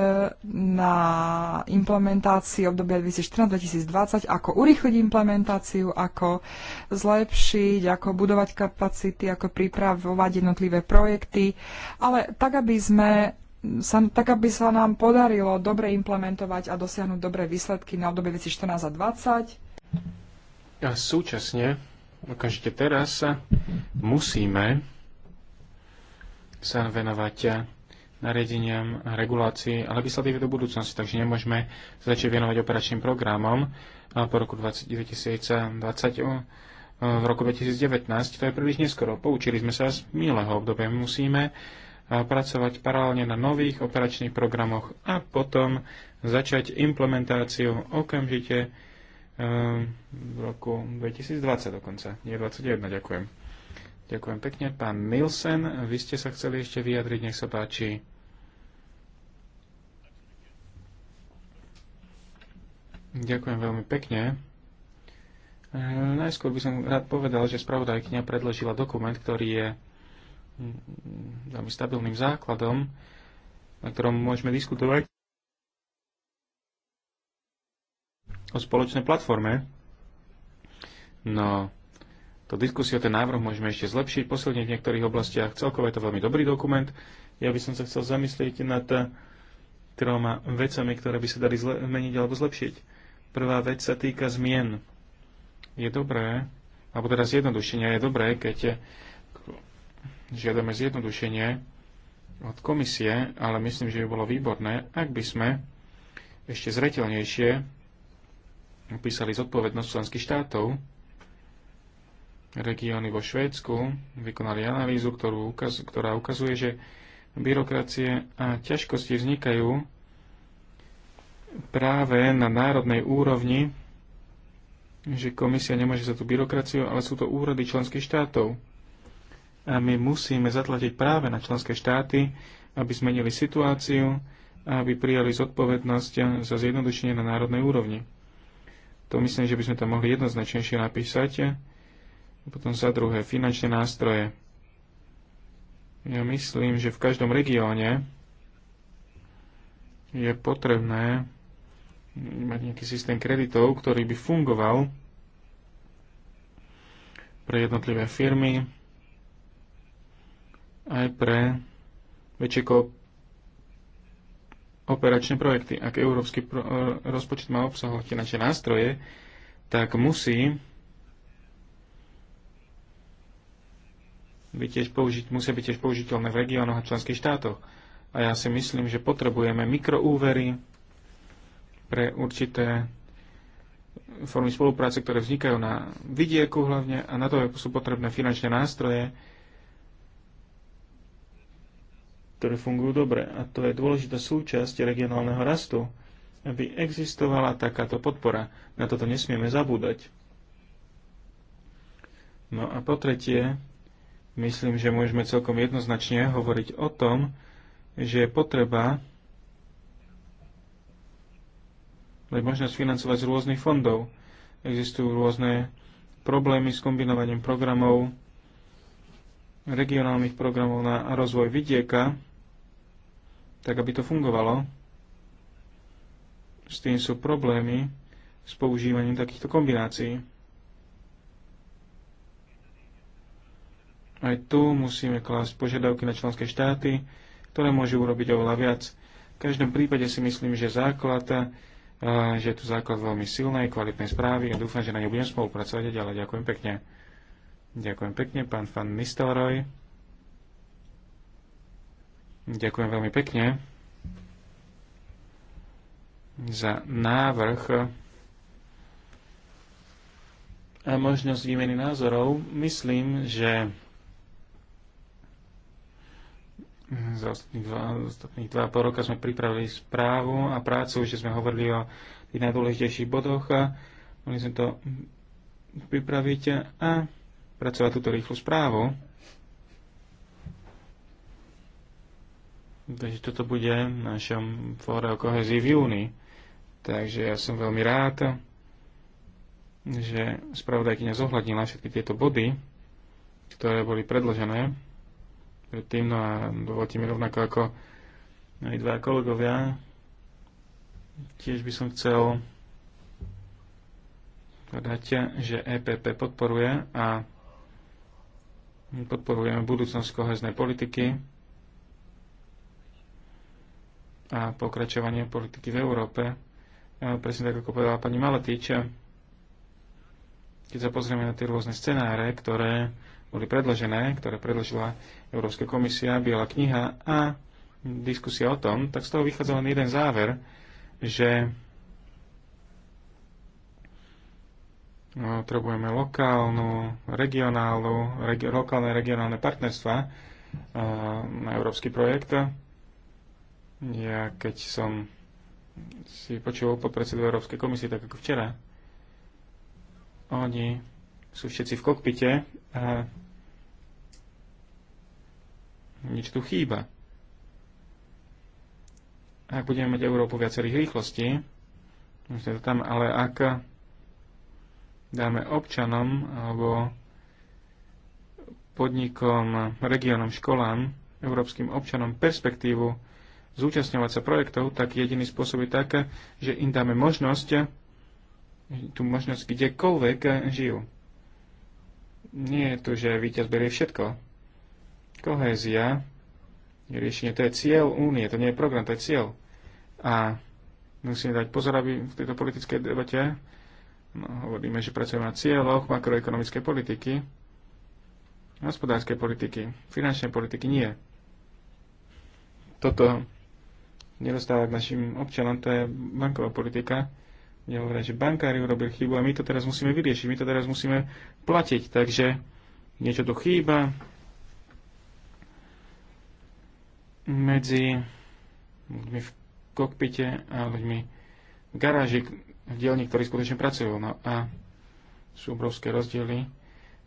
na implementácii obdobia 2014-2020, ako urychliť implementáciu, ako zlepšiť, ako budovať kapacity, ako pripravovať jednotlivé projekty, ale tak, aby sme sa, tak aby sa nám podarilo dobre implementovať a dosiahnuť dobré výsledky na obdobie 2014 a 2020. A súčasne, okamžite teraz, musíme sa venovať nariadeniam, regulácii a legislatíve do budúcnosti, takže nemôžeme začať venovať operačným programom po roku 2020 v roku 2019. To je príliš neskoro. Poučili sme sa z minulého obdobia. Musíme pracovať paralelne na nových operačných programoch a potom začať implementáciu okamžite v roku 2020 dokonca, nie 2021, ďakujem. Ďakujem pekne. Pán Nilsen, vy ste sa chceli ešte vyjadriť, nech sa páči. Ďakujem veľmi pekne. E, najskôr by som rád povedal, že spravodajkňa predložila dokument, ktorý je mm, veľmi stabilným základom, na ktorom môžeme diskutovať o spoločnej platforme. No, to diskusiu o ten návrh môžeme ešte zlepšiť, posilniť v niektorých oblastiach. Celkovo je to veľmi dobrý dokument. Ja by som sa chcel zamyslieť nad troma vecami, ktoré by sa dali zmeniť alebo zlepšiť Prvá vec sa týka zmien. Je dobré, alebo teraz zjednodušenia, je dobré, keď žiadame zjednodušenie od komisie, ale myslím, že by bolo výborné, ak by sme ešte zretelnejšie opísali zodpovednosť členských štátov. Regióny vo Švédsku vykonali analýzu, ktorú, ktorá ukazuje, že byrokracie a ťažkosti vznikajú práve na národnej úrovni, že komisia nemôže za tú byrokraciu, ale sú to úrady členských štátov. A my musíme zatlačiť práve na členské štáty, aby zmenili situáciu a aby prijali zodpovednosť za zjednodušenie na národnej úrovni. To myslím, že by sme tam mohli jednoznačnejšie napísať. Potom za druhé, finančné nástroje. Ja myslím, že v každom regióne je potrebné mať nejaký systém kreditov, ktorý by fungoval pre jednotlivé firmy, aj pre väčšie operačné projekty. Ak európsky pro- rozpočet má obsahovať finančné nástroje, tak musí by tiež použiť, musia byť tiež použiteľné v regiónoch a členských štátoch. A ja si myslím, že potrebujeme mikroúvery, pre určité formy spolupráce, ktoré vznikajú na vidieku hlavne a na to sú potrebné finančné nástroje, ktoré fungujú dobre. A to je dôležitá súčasť regionálneho rastu, aby existovala takáto podpora. Na toto nesmieme zabúdať. No a po tretie, myslím, že môžeme celkom jednoznačne hovoriť o tom, že je potreba mať možnosť financovať z rôznych fondov. Existujú rôzne problémy s kombinovaním programov, regionálnych programov na rozvoj vidieka, tak aby to fungovalo. S tým sú problémy s používaním takýchto kombinácií. Aj tu musíme klásť požiadavky na členské štáty, ktoré môžu urobiť oveľa viac. V každom prípade si myslím, že základ že je tu základ veľmi silnej, kvalitnej správy a dúfam, že na nej budem spolupracovať ďalej. Ďakujem pekne. Ďakujem pekne, pán Fan Nistelroj. Ďakujem veľmi pekne za návrh a možnosť výmeny názorov. Myslím, že Mhm, za ostatných, dva, ostatných dva pol roka sme pripravili správu a prácu, že sme hovorili o tých najdôležitejších bodoch a mohli sme to pripraviť a pracovať túto rýchlu správu. Takže toto bude v našom fóre o kohezii v júni. Takže ja som veľmi rád, že spravodajkyňa zohľadnila všetky tieto body, ktoré boli predložené predtým, no a dovolte mi rovnako ako aj dva kolegovia, tiež by som chcel povedať, že EPP podporuje a podporujeme budúcnosť koheznej politiky a pokračovanie politiky v Európe. presne tak, ako povedala pani Maletíče, keď sa pozrieme na tie rôzne scenáre, ktoré boli predložené, ktoré predložila Európska komisia, Biela kniha a diskusia o tom, tak z toho vychádza len jeden záver, že no, potrebujeme lokálnu, regionálnu, regi- lokálne regionálne partnerstva na európsky projekt. Ja keď som si počul podpredsedu Európskej komisie, tak ako včera, oni sú všetci v kokpite a nič tu chýba. Ak budeme mať Európu viacerých rýchlostí, to tam, ale ak dáme občanom alebo podnikom, regiónom, školám, európskym občanom perspektívu zúčastňovať sa projektov, tak jediný spôsob je tak, že im dáme možnosť, tú možnosť kdekoľvek žijú. Nie je to, že víťaz berie všetko kohézia je riešenie, to je cieľ únie, to nie je program, to je cieľ. A musíme dať pozor, aby v tejto politickej debate no, hovoríme, že pracujeme na cieľoch makroekonomickej politiky, hospodárskej politiky, finančnej politiky nie. Toto nedostáva k našim občanom, to je banková politika. hovorím, že bankári urobili chybu a my to teraz musíme vyriešiť, my to teraz musíme platiť, takže niečo tu chýba, medzi ľuďmi v kokpite a ľuďmi v garáži, v dielni, ktorí skutočne pracujú. No a sú obrovské rozdiely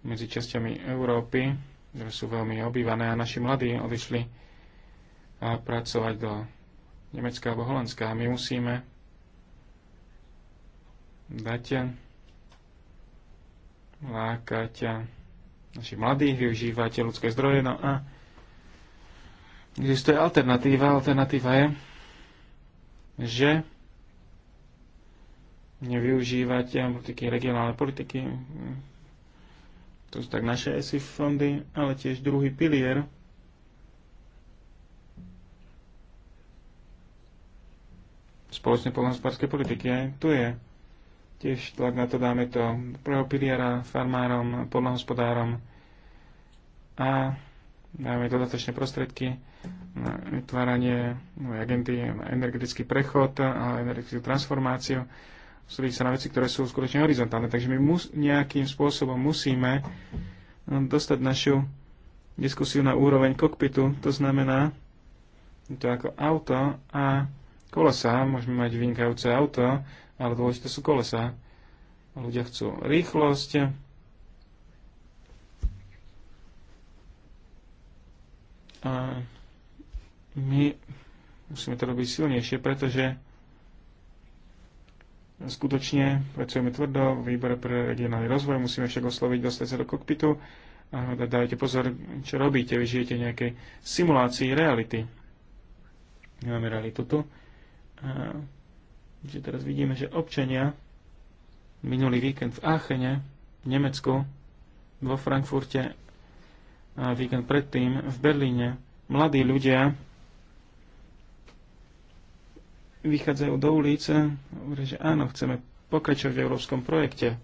medzi časťami Európy, ktoré sú veľmi obývané a naši mladí odišli a pracovať do Nemecka alebo Holandska. A my musíme dať lákať našich mladých, využívať ľudské zdroje. No a Existuje alternatíva. Alternatíva je, že nevyužívať politiky, regionálne politiky, to sú tak naše ESIF fondy, ale tiež druhý pilier, spoločnej poľnohospodárskej politiky. Aj tu je tiež tlak na to, dáme to prvého piliera farmárom, poľnohospodárom a dáme dodatočné prostriedky vytváranie novej agendy na energetický prechod a energetickú transformáciu. Súdiť sa na veci, ktoré sú skutočne horizontálne. Takže my mus, nejakým spôsobom musíme no, dostať našu diskusiu na úroveň kokpitu. To znamená, to ako auto a kolesa. Môžeme mať vynikajúce auto, ale dôležité sú kolesa. Ľudia chcú rýchlosť, Uh my musíme to robiť silnejšie, pretože skutočne pracujeme tvrdo v výbore pre regionálny rozvoj, musíme však osloviť, dostať sa do kokpitu a dávajte pozor, čo robíte, vy žijete nejakej simulácii reality. Nemáme realitu tu. A, že teraz vidíme, že občania minulý víkend v Aachene, v Nemecku, vo Frankfurte a víkend predtým v Berlíne, mladí ľudia vychádzajú do ulice, že áno, chceme pokračovať v európskom projekte.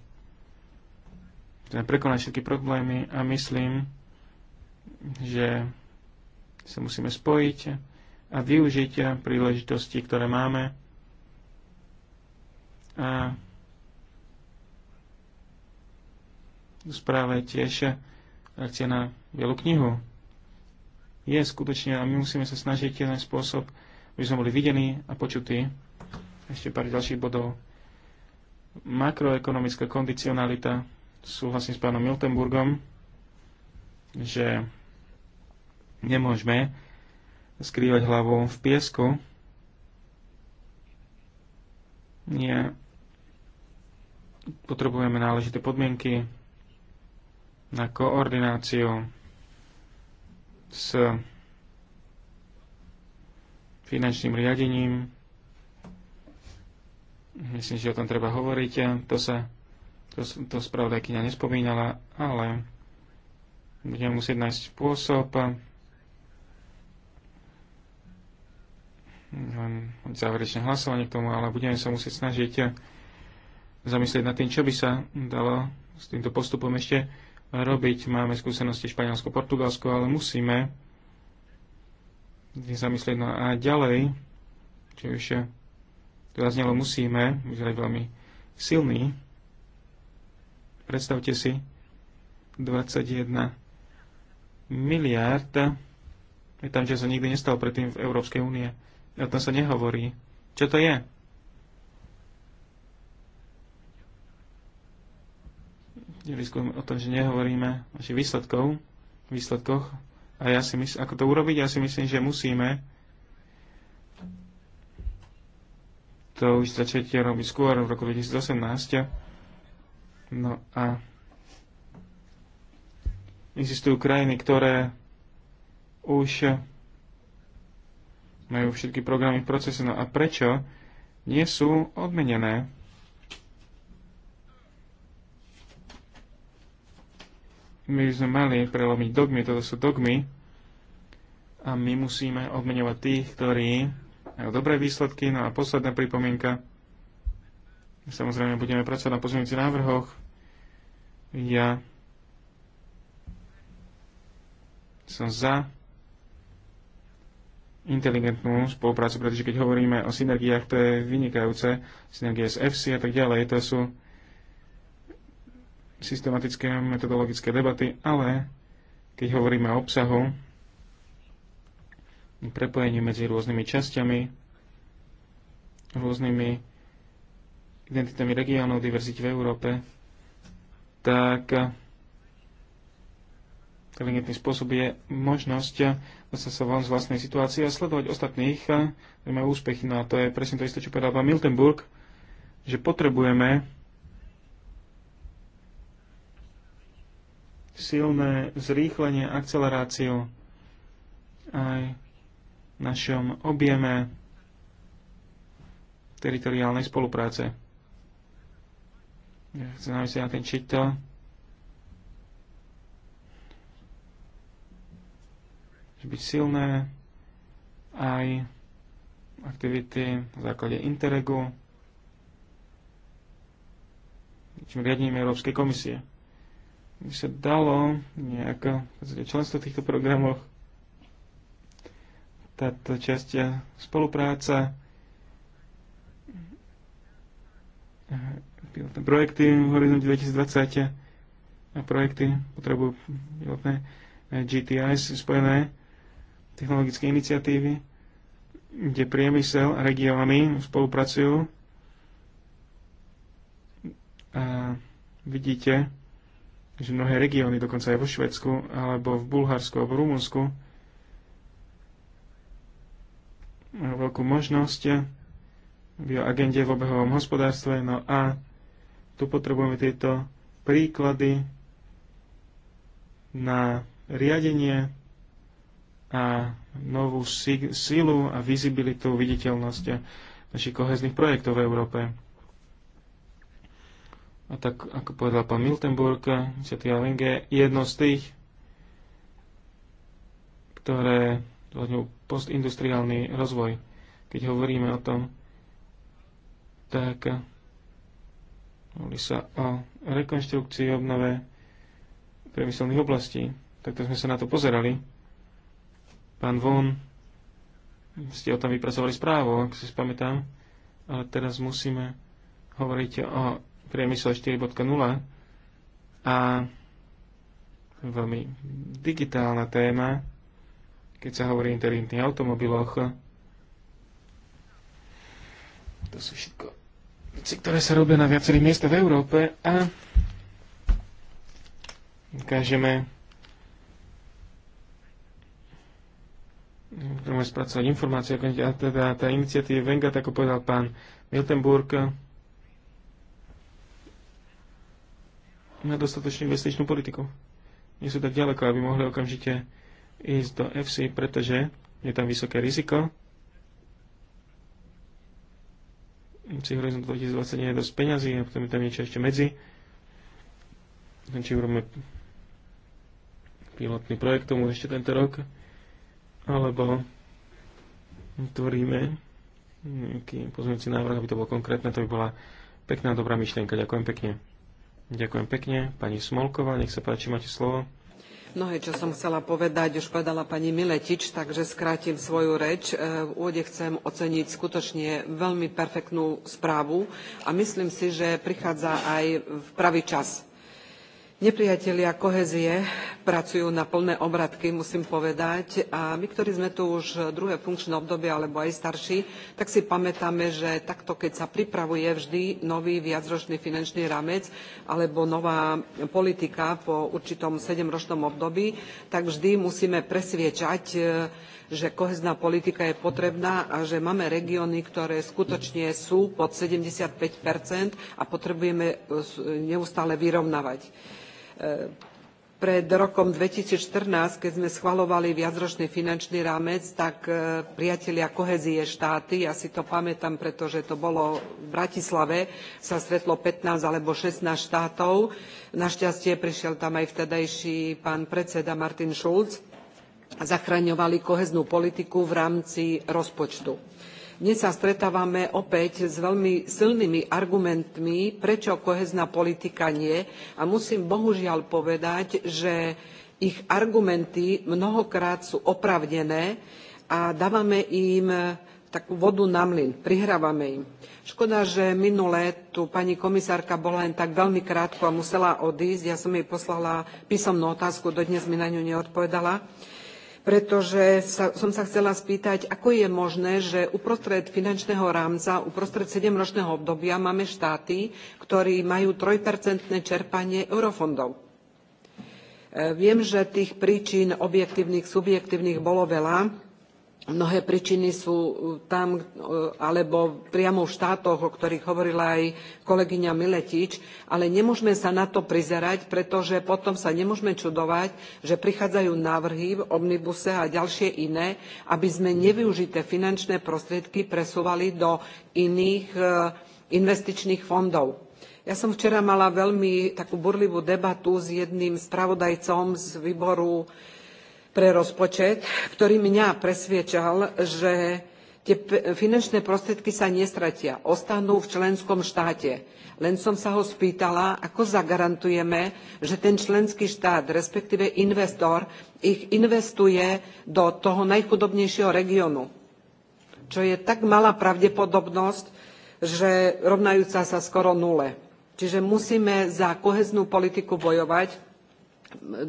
Chceme prekonať všetky problémy a myslím, že sa musíme spojiť a využiť príležitosti, ktoré máme. A správe tiež reakcia na Bielu knihu. Je skutočne, a my musíme sa snažiť ten spôsob aby sme boli videní a počutí. Ešte pár ďalších bodov. Makroekonomická kondicionalita. Súhlasím s pánom Miltenburgom, že nemôžeme skrývať hlavu v piesku. Nie. Potrebujeme náležité podmienky na koordináciu s finančným riadením. Myslím, že o tom treba hovoriť. To sa to, to spravodajkyňa nespomínala, ale budeme musieť nájsť spôsob. záverečné hlasovanie k tomu, ale budeme sa musieť snažiť zamyslieť nad tým, čo by sa dalo s týmto postupom ešte robiť. Máme skúsenosti Španielsko-Portugalsko, ale musíme zamyslieť no a ďalej, čo ešte tu zaznelo, musíme byť veľmi silní. Predstavte si 21 miliard. je tam, že sa nikdy nestalo predtým v Európskej únie. O tom sa nehovorí. Čo to je? Riskujeme o tom, že nehovoríme o našich výsledkov, výsledkoch a ja si myslím, ako to urobiť? Ja si myslím, že musíme to už začať robiť skôr v roku 2018. No a existujú krajiny, ktoré už majú všetky programy v procese. No a prečo nie sú odmenené? my sme mali prelomiť dogmy, toto sú dogmy, a my musíme obmeňovať tých, ktorí majú dobré výsledky. No a posledná pripomienka, samozrejme budeme pracovať na pozmeňujúcich návrhoch. Ja som za inteligentnú spoluprácu, pretože keď hovoríme o synergiách, to je vynikajúce, synergie z FC a tak ďalej, to sú systematické metodologické debaty, ale keď hovoríme o obsahu, prepojení medzi rôznymi časťami, rôznymi identitami regiónov, diverzite v Európe, tak inteligentný spôsob je možnosť dostať sa von z vlastnej situácie a sledovať ostatných, ktorí majú úspechy. No a to je presne to isté, čo povedal pán Miltenburg, že potrebujeme silné zrýchlenie, akceleráciu aj v našom objeme teritoriálnej spolupráce. Ja chcem navisť na ten čito. byť silné aj aktivity na základe Interregu, čím riadením Európskej komisie by sa dalo nejako členstvo v týchto programoch táto časť spolupráca pilotné projekty v horizonte 2020 a projekty potrebujú pilotné eh, GTI spojené technologické iniciatívy, kde priemysel a regióny spolupracujú a vidíte, že mnohé regióny, dokonca aj vo Švedsku, alebo v Bulharsku, alebo v Rumunsku, majú veľkú možnosť v agende v obehovom hospodárstve. No a tu potrebujeme tieto príklady na riadenie a novú sílu a vizibilitu, viditeľnosť našich kohezných projektov v Európe. A tak, ako povedal pán Miltenburg, Sv. LNG je jedno z tých, ktoré zvládňujú postindustriálny rozvoj. Keď hovoríme o tom, tak hovorí sa o rekonštrukcii obnove priemyselných oblastí. Takto sme sa na to pozerali. Pán Von, ste o tom vypracovali správu, ak si spamätám, ale teraz musíme hovoriť o priemysel 4.0 a veľmi digitálna téma, keď sa hovorí o inteligentných automobiloch. To sú všetko veci, ktoré sa robia na viacerých miestach v Európe a dokážeme budeme spracovať informácie, a teda tá iniciatíva Vengat, ako povedal pán Miltenburg, na dostatočnú investičnú politiku. Nie sú tak ďaleko, aby mohli okamžite ísť do FC, pretože je tam vysoké riziko. Či horizont 2020 nie je dosť peňazí a potom je tam niečo ešte medzi. Či urobíme pilotný projekt tomu ešte tento rok, alebo tvoríme nejaký pozmeňujúci návrh, aby to bolo konkrétne, to by bola pekná, dobrá myšlienka. Ďakujem pekne. Ďakujem pekne. Pani Smolková, nech sa páči, máte slovo. Mnohé, čo som chcela povedať, už povedala pani Miletič, takže skrátim svoju reč. E, v úvode chcem oceniť skutočne veľmi perfektnú správu a myslím si, že prichádza aj v pravý čas Nepriatelia kohézie pracujú na plné obratky, musím povedať. A my, ktorí sme tu už druhé funkčné obdobie, alebo aj starší, tak si pamätáme, že takto, keď sa pripravuje vždy nový viacročný finančný ramec alebo nová politika po určitom sedemročnom období, tak vždy musíme presviečať že kohezná politika je potrebná a že máme regióny, ktoré skutočne sú pod 75 a potrebujeme neustále vyrovnávať E, pred rokom fourteen keď sme schvalovali viacročný finančný rámec, tak e, priatelia kohézie štáty, ja si to pamätám, pretože to bolo v Bratislave, sa stretlo fifteen alebo sixteen štátov. Našťastie prišiel tam aj vtedajší pán predseda Martin Schulz. Zachraňovali kohéznu politiku v rámci rozpočtu dnes sa stretávame opäť s veľmi silnými argumentmi, prečo kohézna politika nie. A musím bohužiaľ povedať, že ich argumenty mnohokrát sú oprávnené a dávame im takú vodu na mlyn, prihrávame im. Škoda, že minule tu pani komisárka bola len tak veľmi krátko a musela odísť. Ja som jej poslala písomnú otázku, dodnes mi na ňu neodpovedala pretože sa, som sa chcela spýtať, ako je možné, že uprostred finančného rámca, uprostred sedemročného obdobia máme štáty, ktorí majú trojpercentné čerpanie eurofondov. E, viem, že tých príčin objektívnych, subjektívnych bolo veľa, mnohé príčiny sú e, tam, e, alebo priamo v štátoch, o ktorých hovorila aj kolegyňa Miletič, ale nemôžeme sa na to prizerať, pretože potom sa nemôžeme čudovať, že prichádzajú návrhy v omnibuse a ďalšie iné, aby sme nevyužité finančné prostriedky presúvali do iných e, investičných fondov. Ja som včera mala veľmi takú burlivú debatu s jedným spravodajcom z výboru pre rozpočet, ktorý mňa presviečal, že tie finančné prostriedky sa nestratia, ostanú v členskom štáte. Len som sa ho spýtala, ako zagarantujeme, že ten členský štát, respektíve investor, ich investuje do toho najchudobnejšieho regiónu. Čo je tak malá pravdepodobnosť, že rovnajúca sa skoro nule. Čiže musíme za koheznú politiku bojovať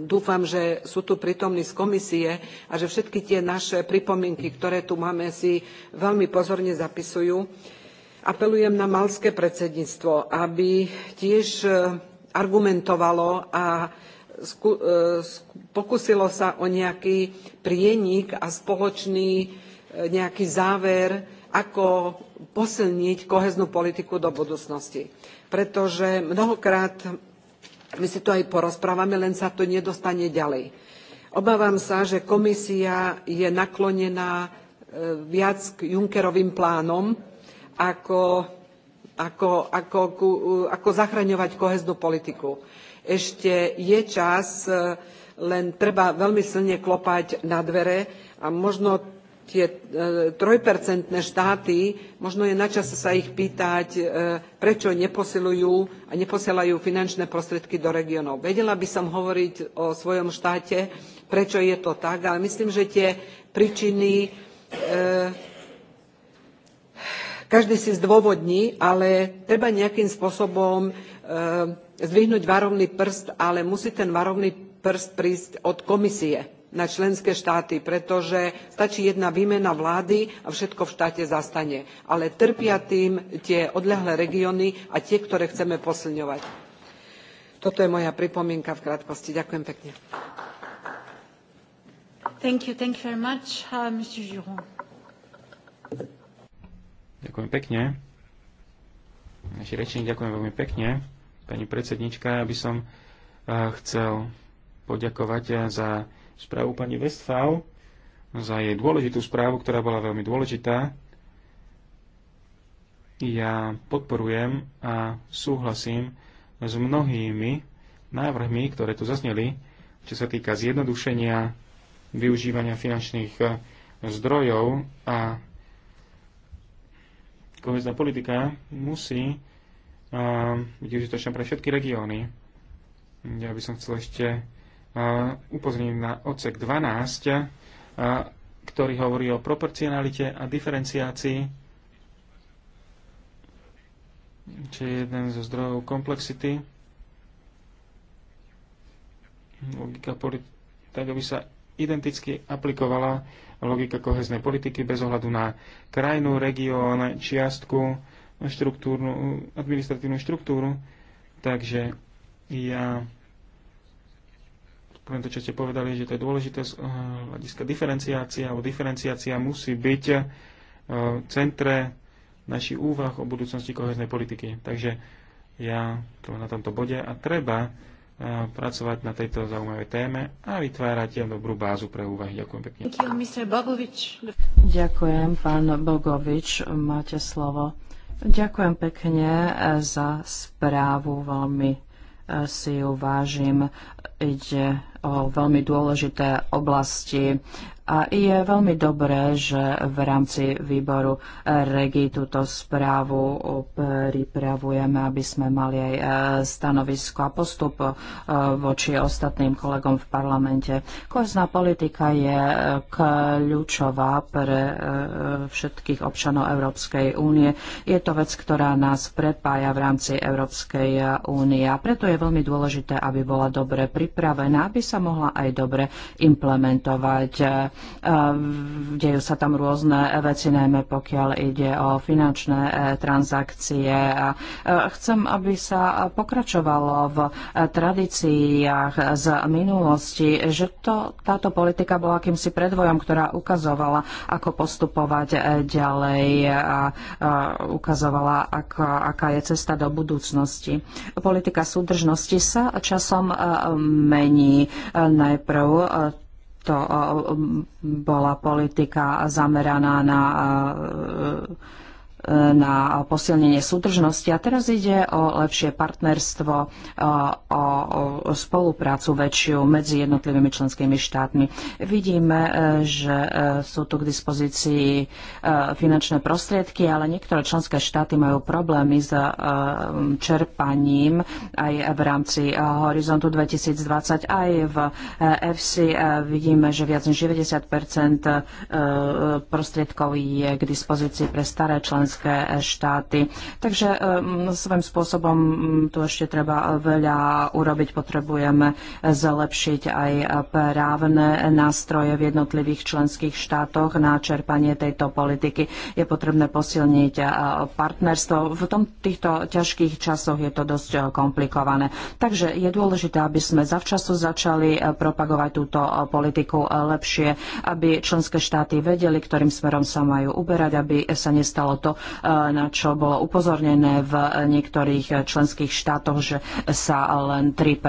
dúfam, že sú tu prítomní z komisie a že všetky tie naše pripomienky, ktoré tu máme, si veľmi pozorne zapisujú. Apelujem na malské predsedníctvo, aby tiež e, argumentovalo a e, pokúsilo sa o nejaký prienik a spoločný e, nejaký záver, ako posilniť koheznú politiku do budúcnosti. Pretože mnohokrát my si to aj porozprávame, len sa to nedostane ďalej. Obávam sa, že komisia je naklonená e, viac k Junckerovým plánom, ako, ako, ako, ako zachraňovať koheznú politiku. Ešte je čas, e, len treba veľmi silne klopať na dvere a možno tie e, trojpercentné štáty, možno je načas sa ich pýtať, e, prečo neposilujú a neposielajú finančné prostriedky do regiónov. Vedela by som hovoriť o svojom štáte, prečo je to tak, ale myslím, že tie príčiny e, každý si zdôvodní, ale treba nejakým spôsobom zdvihnúť varovný prst, ale musí ten varovný prst prísť od komisie na členské štáty, pretože stačí jedna výmena vlády a všetko v štáte zastane. Ale trpia tým tie odľahlé regióny a tie, ktoré chceme posilňovať. Toto je moja pripomienka v krátkosti. Ďakujem pekne. Thank you, thank you much, uh, ďakujem pekne. Naši ďakujem veľmi pekne. Pani predsednička, ja by som uh, chcel poďakovať uh, za správu pani Westphal za jej dôležitú správu, ktorá bola veľmi dôležitá. Ja podporujem a súhlasím s mnohými návrhmi, ktoré tu zazneli, čo sa týka zjednodušenia využívania finančných eh, zdrojov a kohezná politika musí eh, byť užitočná pre všetky regióny. Ja by som chcel ešte upozorním na odsek 12, ktorý hovorí o proporcionalite a diferenciácii, čo je jeden zo zdrojov komplexity. Logika tak, aby sa identicky aplikovala logika koheznej politiky bez ohľadu na krajinu, región, čiastku, štruktúru administratívnu štruktúru. Takže ja poviem to, čo ste povedali, že to je dôležité z eh, hľadiska diferenciácia, alebo diferenciácia musí byť eh, v centre našich úvah o budúcnosti koheznej politiky. Takže ja to na tomto bode a treba eh, pracovať na tejto zaujímavej téme a vytvárať dobrú bázu pre úvahy. Ďakujem pekne. Ďakujem, pán Bogovič. Máte slovo. Ďakujem pekne za správu. Veľmi si ju vážim. Ide o veľmi dôležité oblasti a je veľmi dobré, že v rámci výboru REGI túto správu pripravujeme, aby sme mali aj e, stanovisko a postup e, voči ostatným kolegom v parlamente. Kozná politika je e, kľúčová pre všetkých občanov Európskej únie. Je to vec, ktorá nás prepája v rámci Európskej únie a preto je veľmi dôležité, aby bola dobre pripravená, aby sa mohla aj dobre implementovať Ehm, dejú sa tam rôzne veci, najmä pokiaľ ide o finančné e, transakcie. A e, chcem, aby sa pokračovalo v e, tradíciách z minulosti, že to, táto politika bola akýmsi predvojom, ktorá ukazovala, ako postupovať ďalej a ukazovala, ako, aká je cesta do budúcnosti. Politika súdržnosti sa časom mení. Najprv to eh, bola politika zameraná na eh, na posilnenie súdržnosti a teraz ide o lepšie partnerstvo, o spoluprácu väčšiu medzi jednotlivými členskými štátmi. Vidíme, e, že e, sú tu k dispozícii e, finančné prostriedky, ale niektoré členské štáty majú problémy s čerpaním aj v rámci Horizontu 2020, aj v EFSI. Vidíme, že viac než 90 prostriedkov je k dispozícii pre staré členské členské štáty. Takže mm, svojím spôsobom mm, tu ešte treba veľa urobiť. Potrebujeme zlepšiť aj právne nástroje v jednotlivých členských štátoch na čerpanie tejto politiky. Je potrebné posilniť e, partnerstvo. V tom, týchto ťažkých časoch je to dosť e, komplikované. Takže je dôležité, aby sme zavčasu začali e, propagovať túto politiku lepšie, aby členské štáty vedeli, ktorým smerom sa majú uberať, aby sa nestalo to, na čo bolo upozornené v niektorých členských štátoch, že sa len 3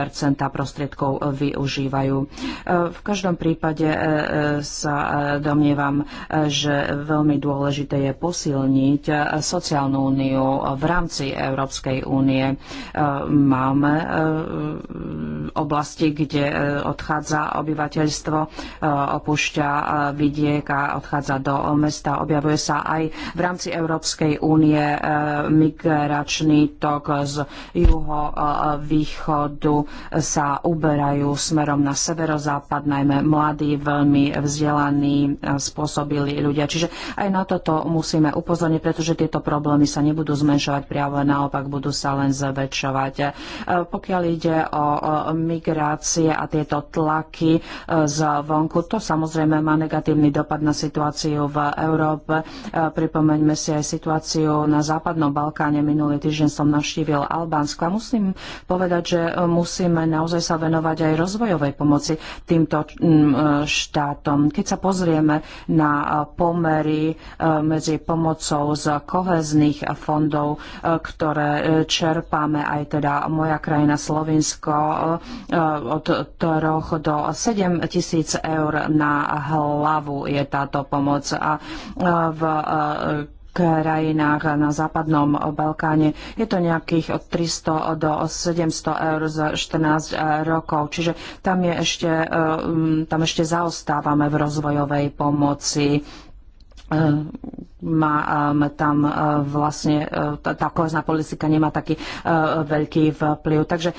prostriedkov využívajú. V každom prípade e, e, sa e, domnievam, že veľmi dôležité je posilniť sociálnu úniu v rámci Európskej únie. Máme oblasti, kde odchádza obyvateľstvo, opúšťa vidiek a odchádza do mesta. Objavuje sa aj v rámci Európskej Európskej únie e, migračný tok z juho-východu e, sa uberajú smerom na severozápad, najmä mladí, veľmi vzdelaní, e, spôsobili ľudia. Čiže aj na toto musíme upozorniť, pretože tieto problémy sa nebudú zmenšovať priamo, naopak budú sa len zväčšovať. Pokiaľ ide o migrácie a tieto tlaky z vonku, to samozrejme má negatívny dopad na situáciu v Európe. Pripomeňme si aj situáciu na Západnom Balkáne. Minulý týždeň som navštívil Albánsko a musím povedať, že e, musíme naozaj sa venovať aj rozvojovej pomoci týmto e, štátom. Keď sa pozrieme na e, pomery medzi pomocou z kohezných fondov, ktoré čerpáme aj teda moja krajina Slovinsko od 3 do 7 tisíc eur na hlavu je táto pomoc. A v krajinách na západnom Balkáne. Je to nejakých od 300 do 700 eur za 14 e, rokov, čiže tam, je ešte, e, tam ešte zaostávame v rozvojovej pomoci má um, tam uh, vlastne uh, tá kohezná politika nemá taký uh, veľký vplyv. Takže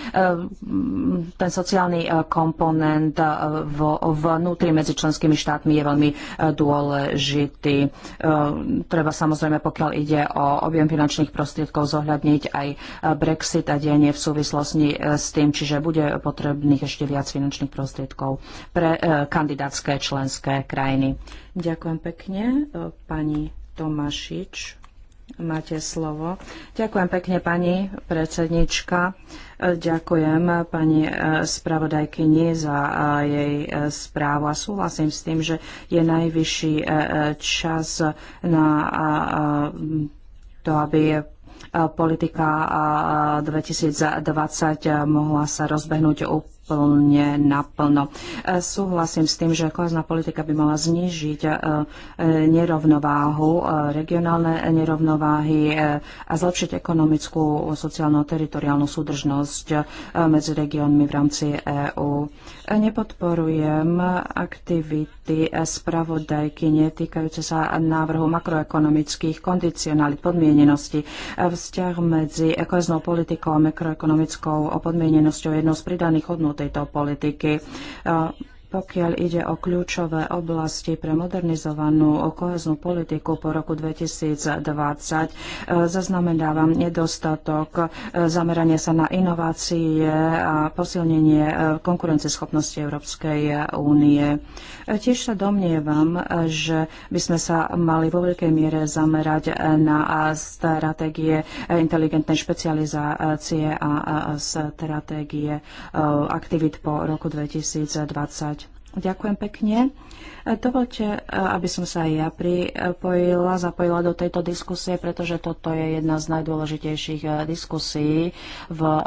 ten sociálny komponent vnútri medzi členskými štátmi je veľmi dôležitý. Treba samozrejme, pokiaľ ide o objem finančných prostriedkov, zohľadniť aj Brexit a dianie v súvislosti s tým, čiže bude potrebných ešte viac finančných prostriedkov pre kandidátske členské krajiny. Ďakujem pekne. E, pani Tomašič, máte slovo. Ďakujem pekne, pani predsednička. E, ďakujem pani e, spravodajkyni za jej správu a súhlasím s tým, že je najvyšší čas na to, aby politika 2020 mohla sa rozbehnúť úplne plne naplno. E, súhlasím s tým, že kohezná politika by mala znižiť e, e, nerovnováhu, regionálne nerovnováhy a zlepšiť ekonomickú, sociálnu a teritoriálnu súdržnosť medzi regiónmi v rámci EÚ. Nepodporujem aktivity spravodajky netýkajúce sa návrhu makroekonomických kondicionálit podmienenosti. Vzťah medzi kohezná politikou a makroekonomickou podmienenosťou je jednou z pridaných hodnot tejto politiky. Pokiaľ ide o kľúčové oblasti pre modernizovanú koheznú politiku po roku 2020, e, zaznamenávam nedostatok e, zamerania sa na inovácie a posilnenie e, konkurenceschopnosti Európskej únie. Tiež sa domnievam, že by sme sa mali vo veľkej miere zamerať na stratégie inteligentnej špecializácie a stratégie aktivít po roku 2020. Ďakujem pekne. Dovolte, e, aby som sa aj ja pripojila, zapojila do tejto diskusie, pretože toto je jedna z najdôležitejších e, diskusí v e,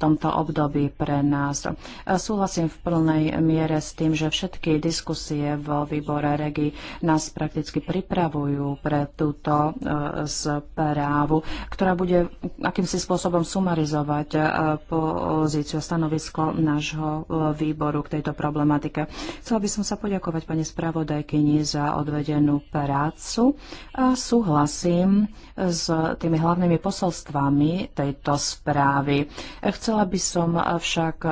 tomto období pre nás. Súhlasím v plnej miere s tým, že všetky diskusie v výbore regi nás prakticky pripravujú pre túto správu, ktorá bude akýmsi spôsobom sumarizovať pozíciu, stanovisko nášho výboru k tejto problematike. Chcela by som sa poďakovať pani spravodajkyni za odvedenú prácu a súhlasím s tými hlavnými posolstvami tejto správy. Chcela by som však e,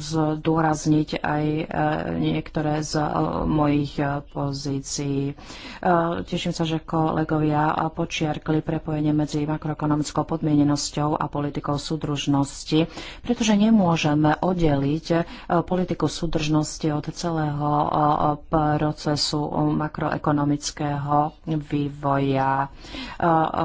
zdôrazniť aj e, niektoré z e, mojich pozícií. Teším sa, že kolegovia počiarkli prepojenie medzi makroekonomickou podmienenosťou a politikou súdružnosti, pretože nemôžeme oddeliť politiku súdržnosti od celého procesu makroekonomického vývoja.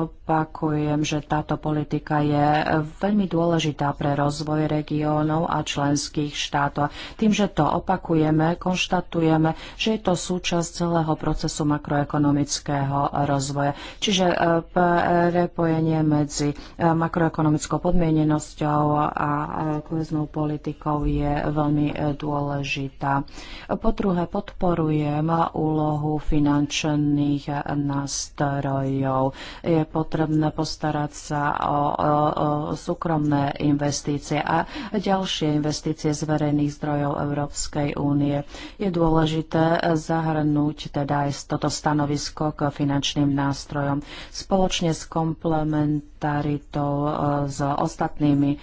Opakujem, že táto politika je veľmi dôležitá pre rozvoj regiónov a členských štátov. Tým, že to opakujeme, konštatujeme, že je to súčasť celého procesu makroekonomického rozvoja. Čiže e, prepojenie medzi e, makroekonomickou podmienenosťou a koheznou politikou je veľmi e, dôležitá. Po druhé, pod podporujem úlohu finančných nástrojov. Je potrebné postarať sa o, o, o súkromné investície a ďalšie investície z verejných zdrojov Európskej únie. Je dôležité zahrnúť teda aj toto stanovisko k finančným nástrojom. Spoločne s komplementaritou e, s ostatnými e,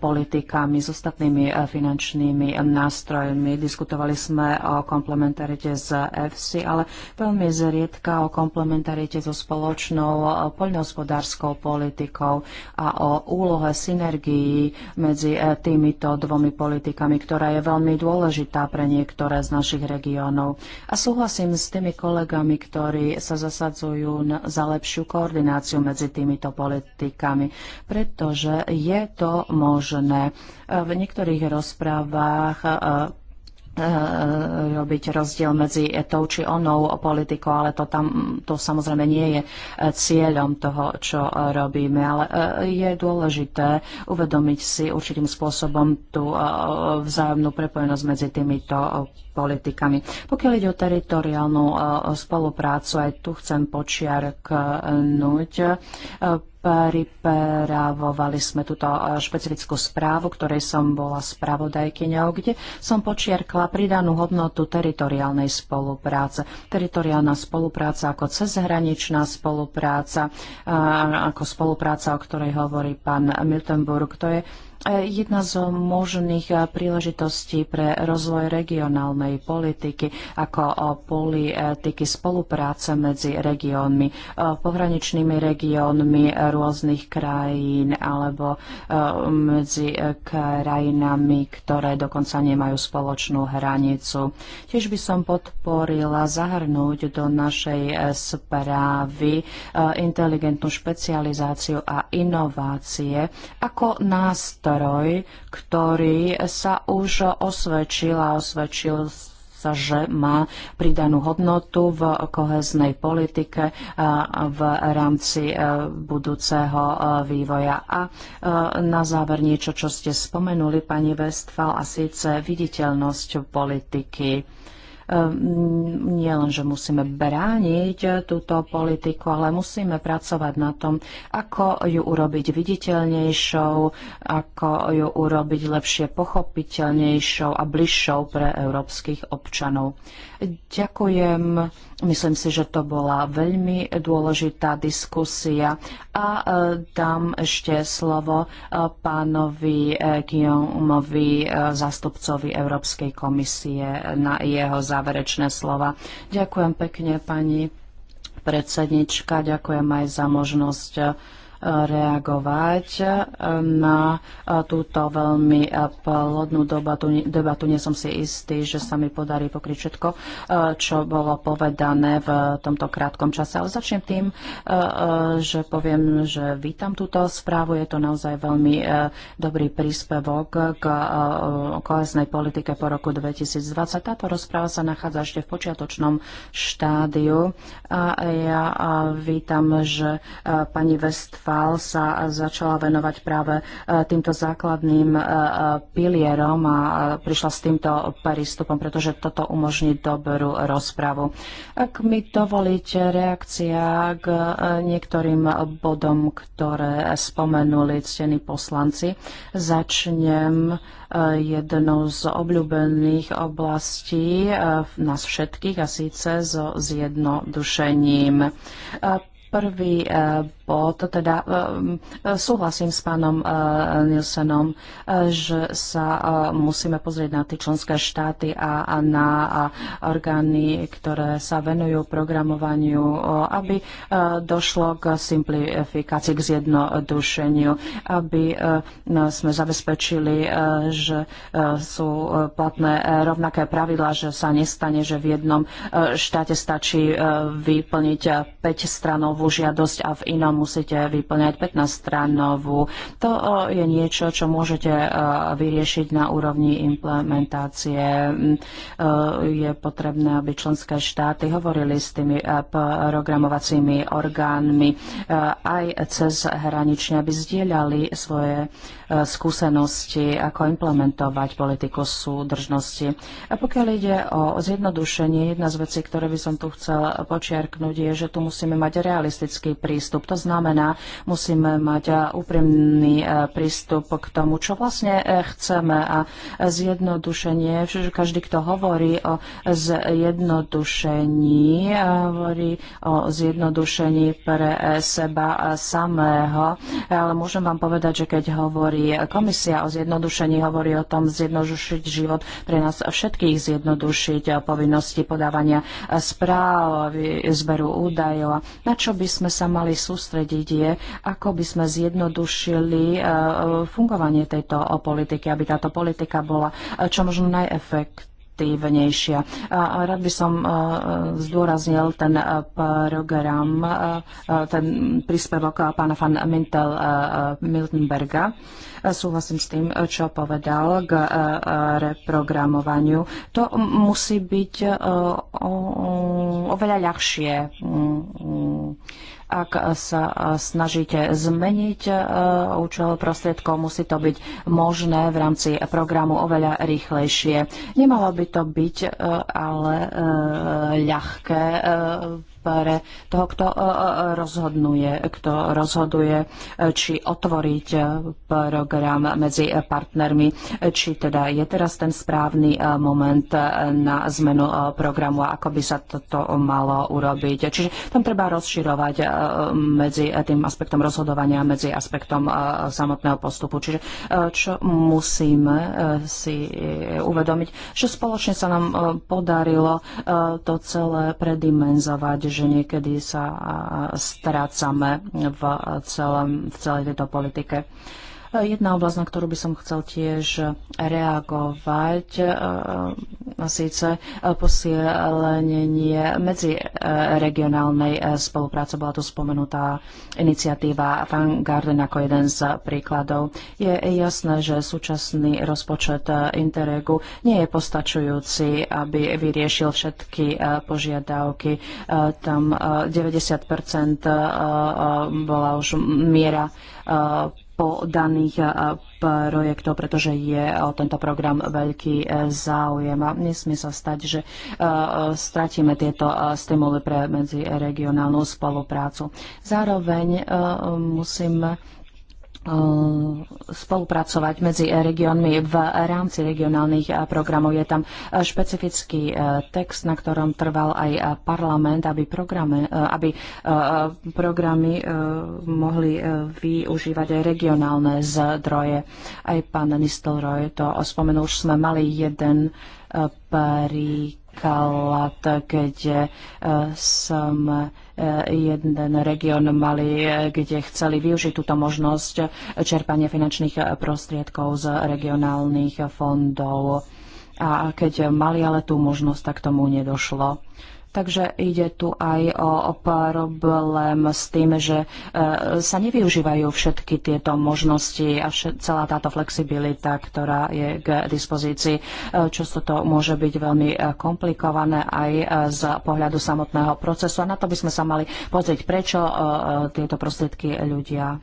politikami, s ostatnými e, finančnými nástrojmi. Diskutovali sme o komplementaritou komplementarite s EFSI, ale veľmi zriedka o komplementarite so spoločnou e, poľnohospodárskou politikou a o úlohe synergií medzi e, týmito dvomi politikami, ktorá je veľmi dôležitá pre niektoré z našich regiónov. A súhlasím s tými kolegami, ktorí sa zasadzujú za lepšiu koordináciu medzi týmito politikami, pretože je to možné. E, v niektorých rozprávach Eh, robiť rozdiel medzi tou či onou politikou, ale to tam to samozrejme nie je eh, cieľom toho, čo eh, robíme, ale je dôležité uvedomiť si určitým spôsobom tú vzájomnú prepojenosť medzi týmito politikami. Pokiaľ ide o teritoriálnu spoluprácu, aj tu chcem počiarknúť Pripravovali sme túto eh, špecifickú správu, ktorej som bola spravodajkyňou, kde som počiarkla pridanú hodnotu teritoriálnej spolupráce. Teritoriálna spolupráca ako cezhraničná spolupráca, eh, ako spolupráca, o ktorej hovorí pán Miltenburg, to je jedna z možných eh, príležitostí pre rozvoj regionálnej politiky ako eh, politiky spolupráce medzi regiónmi, eh, pohraničnými regiónmi rôznych krajín alebo medzi krajinami, ktoré dokonca nemajú spoločnú hranicu. Tiež by som podporila zahrnúť do našej správy inteligentnú špecializáciu a inovácie ako nástroj nástroj, ktorý sa už osvedčil a osvedčil sa, že má pridanú hodnotu v koheznej politike v rámci e, budúceho e, vývoja. A e, na záver niečo, čo ste spomenuli, pani Westphal, a síce viditeľnosť politiky. Ehm, nie len, že musíme brániť túto politiku, ale musíme pracovať na tom, ako ju urobiť viditeľnejšou, ako ju urobiť lepšie pochopiteľnejšou a bližšou pre európskych občanov. Ďakujem. Myslím si, že to bola veľmi dôležitá diskusia. A e, dám ešte slovo e, pánovi e, Guillaumeovi, zástupcovi Európskej komisie, na jeho záverečné slova. Ďakujem pekne, pani predsednička. Ďakujem aj za možnosť reagovať eh, na eh, túto veľmi eh, plodnú debatu. debatu. Nie som si istý, že sa mi podarí pokryť všetko, čo bolo povedané v tomto krátkom čase. Ale začnem tým, že poviem, že vítam túto správu. Je to naozaj veľmi dobrý príspevok k kohesnej politike po roku 2020. Táto rozpráva sa nachádza ešte v počiatočnom štádiu. A ja vítam, že pani Vestfa Westphal sa začala venovať práve e, týmto základným e, e, pilierom a prišla s týmto prístupom, pretože toto umožní dobrú rozpravu. Ak mi dovolíte reakcia k niektorým bodom, ktoré spomenuli ctení poslanci, začnem jednou z obľúbených oblastí nás všetkých a síce so zjednodušením. Prvý bod. Teda ehm, súhlasím s pánom eh, Nilsenom, eh, že sa eh, musíme pozrieť na tie členské štáty a na orgány, ktoré sa venujú programovaniu, aby došlo k simplifikácii, k zjednodušeniu, aby sme zabezpečili, že sú platné rovnaké pravidlá, že sa nestane, že v jednom štáte stačí vyplniť 5 stranovú žiadosť a v inom musíte vyplňať 15-stranovú. To e, je niečo, čo môžete e, vyriešiť na úrovni implementácie. Mm, e, je potrebné, aby členské štáty hovorili s tými programovacími orgánmi aj cez hranične, aby zdieľali svoje skúsenosti, ako implementovať politiku súdržnosti. A pokiaľ ide o zjednodušenie, jedna z vecí, ktoré by som tu chcel počiarknúť, je, že tu musíme mať realistický prístup. To znamená, musíme mať e, úprimný e, prístup k tomu, čo vlastne e, chceme a zjednodušenie. Každý, kto hovorí o zjednodušení, hovorí o zjednodušení pre seba samého. Ale môžem vám povedať, že keď hovorí komisia o zjednodušení, hovorí o tom zjednodušiť život pre nás všetkých zjednodušiť povinnosti podávania správ, zberu údajov. Na čo by sme sa mali sústrediť? sústrediť, ako by sme zjednodušili eh, fungovanie tejto eh, politiky, aby táto politika bola eh, čo možno najefektívnejšia A rád by som zdôraznil ten program, ten príspevok pána van Mintel Miltenberga. Súhlasím s tým, čo povedal k reprogramovaniu. To musí byť oveľa ľahšie mm, mm, ak sa e, snažíte zmeniť e, účel prostriedkov, musí to byť možné v rámci programu oveľa rýchlejšie. Nemalo by to byť e, ale ľahké pre toho, kto e, e, rozhodnuje, kto rozhoduje, e, či otvoriť program medzi partnermi, či teda je teraz ten správny moment na zmenu programu a ako by sa toto malo urobiť. Čiže tam treba rozširovať medzi tým aspektom rozhodovania, medzi aspektom samotného postupu. Čiže čo musíme si uvedomiť, že spoločne sa nám podarilo to celé predimenzovať, že niekedy sa strácame v, celom, v celej tejto politike. Jedna oblasť, na ktorú by som chcel tiež reagovať, e, e, síce posielenie medziregionálnej e, spolupráce. Bola tu spomenutá iniciatíva Vanguarden ako jeden z príkladov. Je jasné, že súčasný rozpočet Interregu nie je postačujúci, aby vyriešil všetky požiadavky. Tam 90 bola už miera po daných eh, projektov, pretože je eh, o tento program veľký eh, záujem. A nesmie sa stať, že stratíme tieto stimuly pre medziregionálnu spoluprácu. Zároveň musíme Eh, spolupracovať medzi regiónmi v rámci regionálnych eh, programov. Je tam eh, špecifický text, na ktorom trval aj parlament, aby, programe, aby programy mohli využívať aj regionálne zdroje. Aj pán Nistelroj to spomenul, už sme mali jeden príklad, kde som jeden región mali, kde chceli využiť túto možnosť čerpania finančných prostriedkov z regionálnych fondov. A keď mali ale tú možnosť, tak tomu nedošlo. Takže ide tu aj o problém s tým, že e, sa nevyužívajú všetky tieto možnosti a celá táto flexibilita, ktorá je k dispozícii. E, Často to môže byť veľmi e, komplikované aj z pohľadu samotného procesu a na to by sme sa mali pozrieť, prečo tieto prostriedky ľudia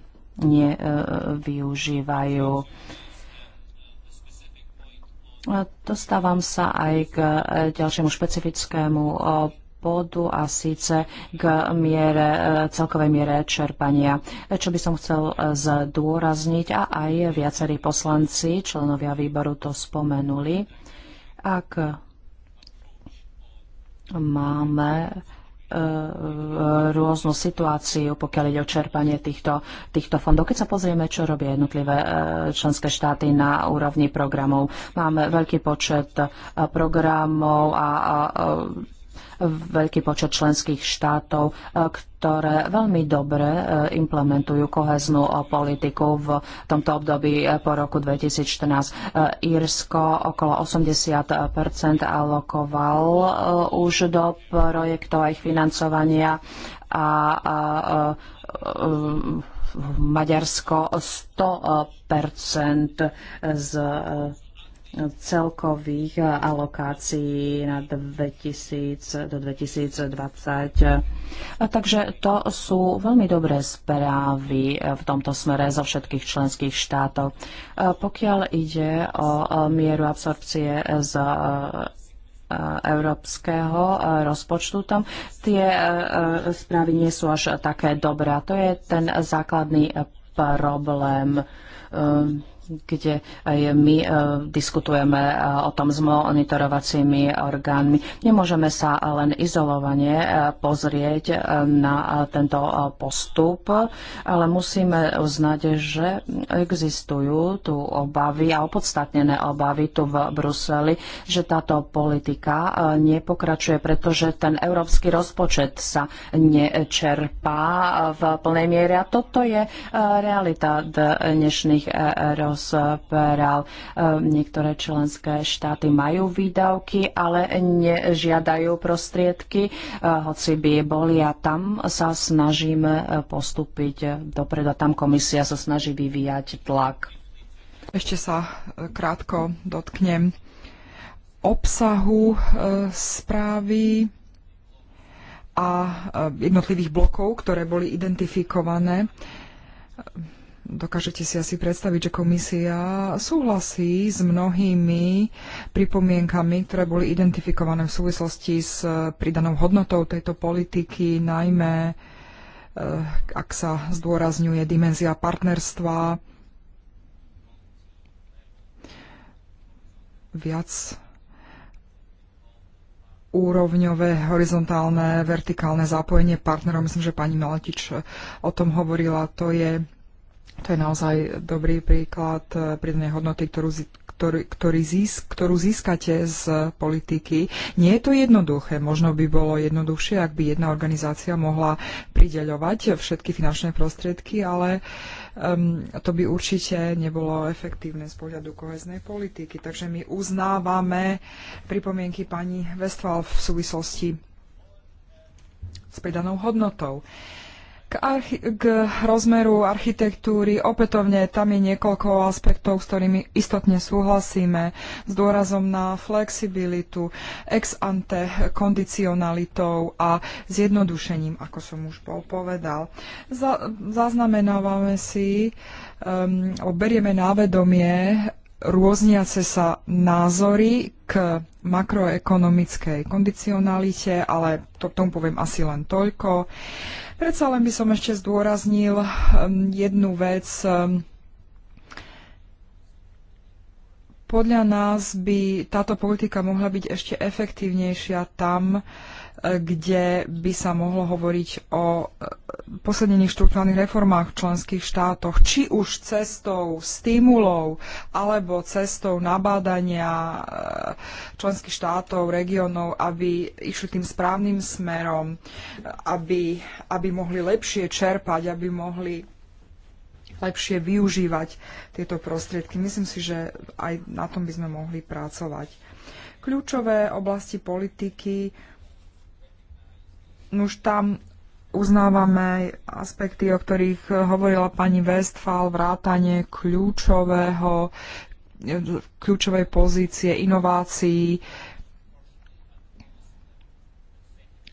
nevyužívajú. Dostávam sa aj k e, ďalšiemu špecifickému e, bodu a síce k miere, e, celkovej miere čerpania. Čo by som chcel zdôrazniť a aj viacerí poslanci, členovia výboru to spomenuli. Ak máme E, rôznu situáciu, pokiaľ ide o čerpanie týchto, týchto fondov. Keď sa pozrieme, čo robia jednotlivé e, členské štáty na úrovni programov, máme veľký počet e, programov a veľký počet členských štátov, e, ktoré veľmi dobre e, implementujú koheznú e, politiku v tomto období po roku 2014. Írsko okolo 80 alokoval už do projektov aj financovania a, Maďarsko 100 z celkových alokácií na 2000 do 2020. Takže to sú veľmi dobré správy v tomto smere zo všetkých členských štátov. Pokiaľ ide o mieru absorpcie z e, e, európskeho e, rozpočtu. Tam tie správy nie sú až také dobré. A to je ten základný problém ehm, kde aj my e, diskutujeme e, o tom s monitorovacími orgánmi. Nemôžeme sa len izolovane e, pozrieť na tento postup, ale musíme uznať, že existujú tu obavy a opodstatnené obavy tu v Bruseli, že táto politika nepokračuje, pretože ten európsky rozpočet sa nečerpá v plnej miere. A toto je realita dnešných rozpočetov peral. Ehm, niektoré členské štáty majú výdavky, ale nežiadajú prostriedky, eh, hoci by boli a tam sa snažíme eh, postúpiť eh, dopredu a tam komisia sa snaží vyvíjať tlak. Ešte sa krátko dotknem obsahu správy a jednotlivých blokov, ktoré boli identifikované. Dokážete si asi predstaviť, že komisia súhlasí s mnohými pripomienkami, ktoré boli identifikované v súvislosti s eh, pridanou hodnotou tejto politiky, najmä eh, ak sa zdôrazňuje dimenzia partnerstva, viac úrovňové, horizontálne, vertikálne zapojenie partnerov. Myslím, že pani Maletič eh, o tom hovorila. To je to je naozaj dobrý príklad eh, pridanej hodnoty, ktorú, ktorý, ktorý získ, ktorú získate z politiky. Nie je to jednoduché. Možno by bolo jednoduchšie, ak by jedna organizácia mohla prideľovať všetky finančné prostriedky, ale um, to by určite nebolo efektívne z pohľadu koheznej politiky. Takže my uznávame pripomienky pani Vestval v súvislosti s pridanou hodnotou. Uh, k, archi- k rozmeru architektúry opätovne tam je niekoľko aspektov, s ktorými istotne súhlasíme, s dôrazom na flexibilitu, ex ante kondicionalitou a zjednodušením, ako som už bol povedal. Za- zaznamenávame si, um, berieme na vedomie rôzniace sa názory k makroekonomickej kondicionalite, ale to k tomu poviem asi len toľko. Predsa len by som ešte zdôraznil um, jednu vec. Um, podľa nás by táto politika mohla byť ešte efektívnejšia tam, kde by sa mohlo hovoriť o e, poslednených štruktúrnych reformách v členských štátoch, či už cestou stimulov alebo cestou nabádania e, členských štátov, regiónov, aby išli tým správnym smerom, aby, aby mohli lepšie čerpať, aby mohli lepšie využívať tieto prostriedky. Myslím si, že aj na tom by sme mohli pracovať. Kľúčové oblasti politiky už tam uznávame aspekty, o ktorých hovorila pani Westphal, vrátanie kľúčového kľúčovej pozície inovácií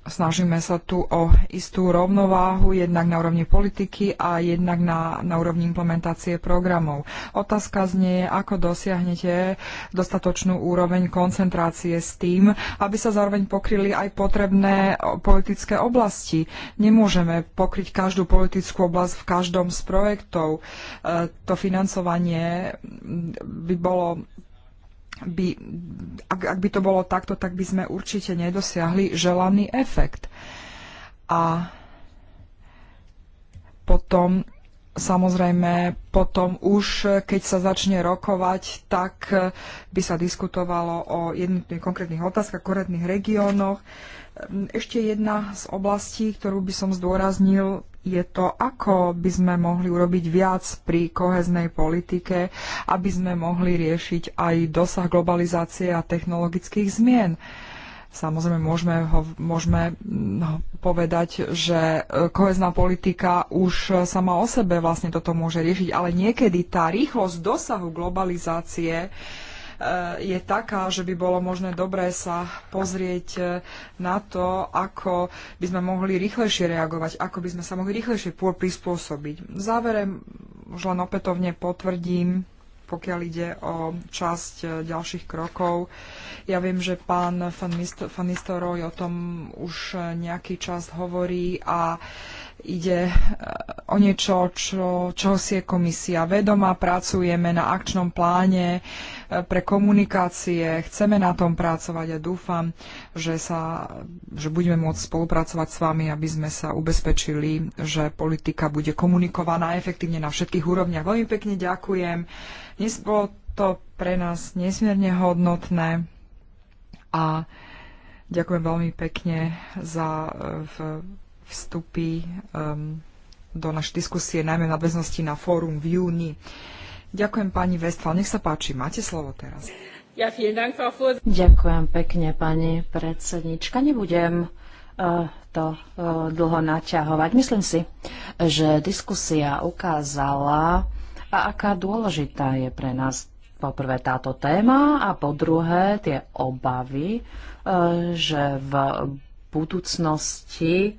Snažíme sa tu o istú rovnováhu jednak na úrovni politiky a jednak na, na úrovni implementácie programov. Otázka znie, ako dosiahnete dostatočnú úroveň koncentrácie s tým, aby sa zároveň pokryli aj potrebné politické oblasti. Nemôžeme pokryť každú politickú oblasť v každom z projektov. E, to financovanie by bolo by, ak, ak by to bolo takto, tak by sme určite nedosiahli želaný efekt. A potom, samozrejme, potom už, keď sa začne rokovať, tak eh, by sa diskutovalo o jednotných konkrétnych otázkach, konkrétnych regiónoch. Ehm, ešte jedna z oblastí, ktorú by som zdôraznil, je to, ako by sme mohli urobiť viac pri koheznej politike, aby sme mohli riešiť aj dosah globalizácie a technologických zmien. Samozrejme, môžeme, ho, môžeme no, povedať, že e, kohezná politika už sama o sebe vlastne toto môže riešiť, ale niekedy tá rýchlosť dosahu globalizácie uh, Eh, je taká, že by bolo možné dobre sa pozrieť eh, na to, ako by sme mohli rýchlejšie reagovať, ako by sme sa mohli rýchlejšie prispôsobiť. V závere už len opätovne potvrdím, pokiaľ ide o časť eh, ďalších krokov. Ja viem, že pán Van o tom už nejaký čas hovorí a ide o niečo, čo, čo si je komisia vedomá. Pracujeme na akčnom pláne pre komunikácie. Chceme na tom pracovať a dúfam, že, sa, že budeme môcť spolupracovať s vami, aby sme sa ubezpečili, že politika bude komunikovaná efektívne na všetkých úrovniach. Veľmi pekne ďakujem. Dnes bolo to pre nás nesmierne hodnotné a ďakujem veľmi pekne za eh, vstupy ehm, do našej diskusie, najmä na beznosti na fórum v júni. Ďakujem pani Westphal. Nech sa páči, máte slovo teraz. Ja, dank, Ďakujem pekne, pani predsednička. Nebudem e, to e, dlho naťahovať. Myslím si, že diskusia ukázala, aká dôležitá je pre nás poprvé táto téma a po druhé tie obavy, e, že v budúcnosti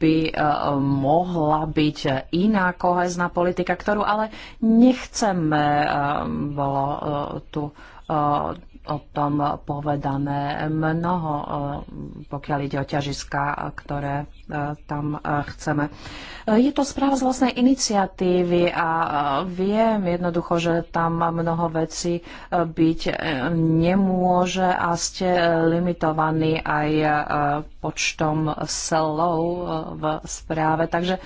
by e, mohla byť iná kohezná politika, ktorú ale nechceme. E, bolo e, tu o tom povedané mnoho, e, pokiaľ ide o ťažiska, ktoré e, tam e, chceme. Je to správa z vlastnej iniciatívy a viem jednoducho, že tam mnoho vecí byť nemôže a ste limitovaní aj počtom selov v správe. Takže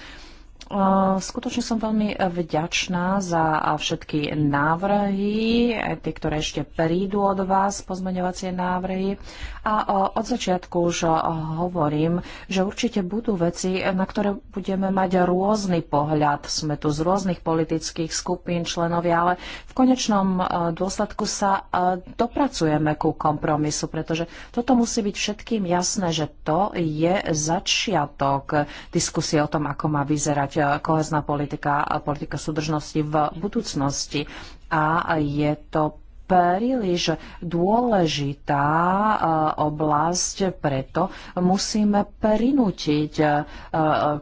Skutočne som veľmi vďačná za všetky návrhy, tie, ktoré ešte prídu od vás, pozmeňovacie návrhy. A od začiatku už hovorím, že určite budú veci, na ktoré budeme mať rôzny pohľad. Sme tu z rôznych politických skupín členovia, ale v konečnom e, dôsledku sa e, dopracujeme ku kompromisu, pretože toto musí byť všetkým jasné, že to je začiatok diskusie o tom, ako má vyzerať E, kohezná politika a politika súdržnosti v budúcnosti. A je to príliš dôležitá e, oblasť, preto musíme prinútiť e,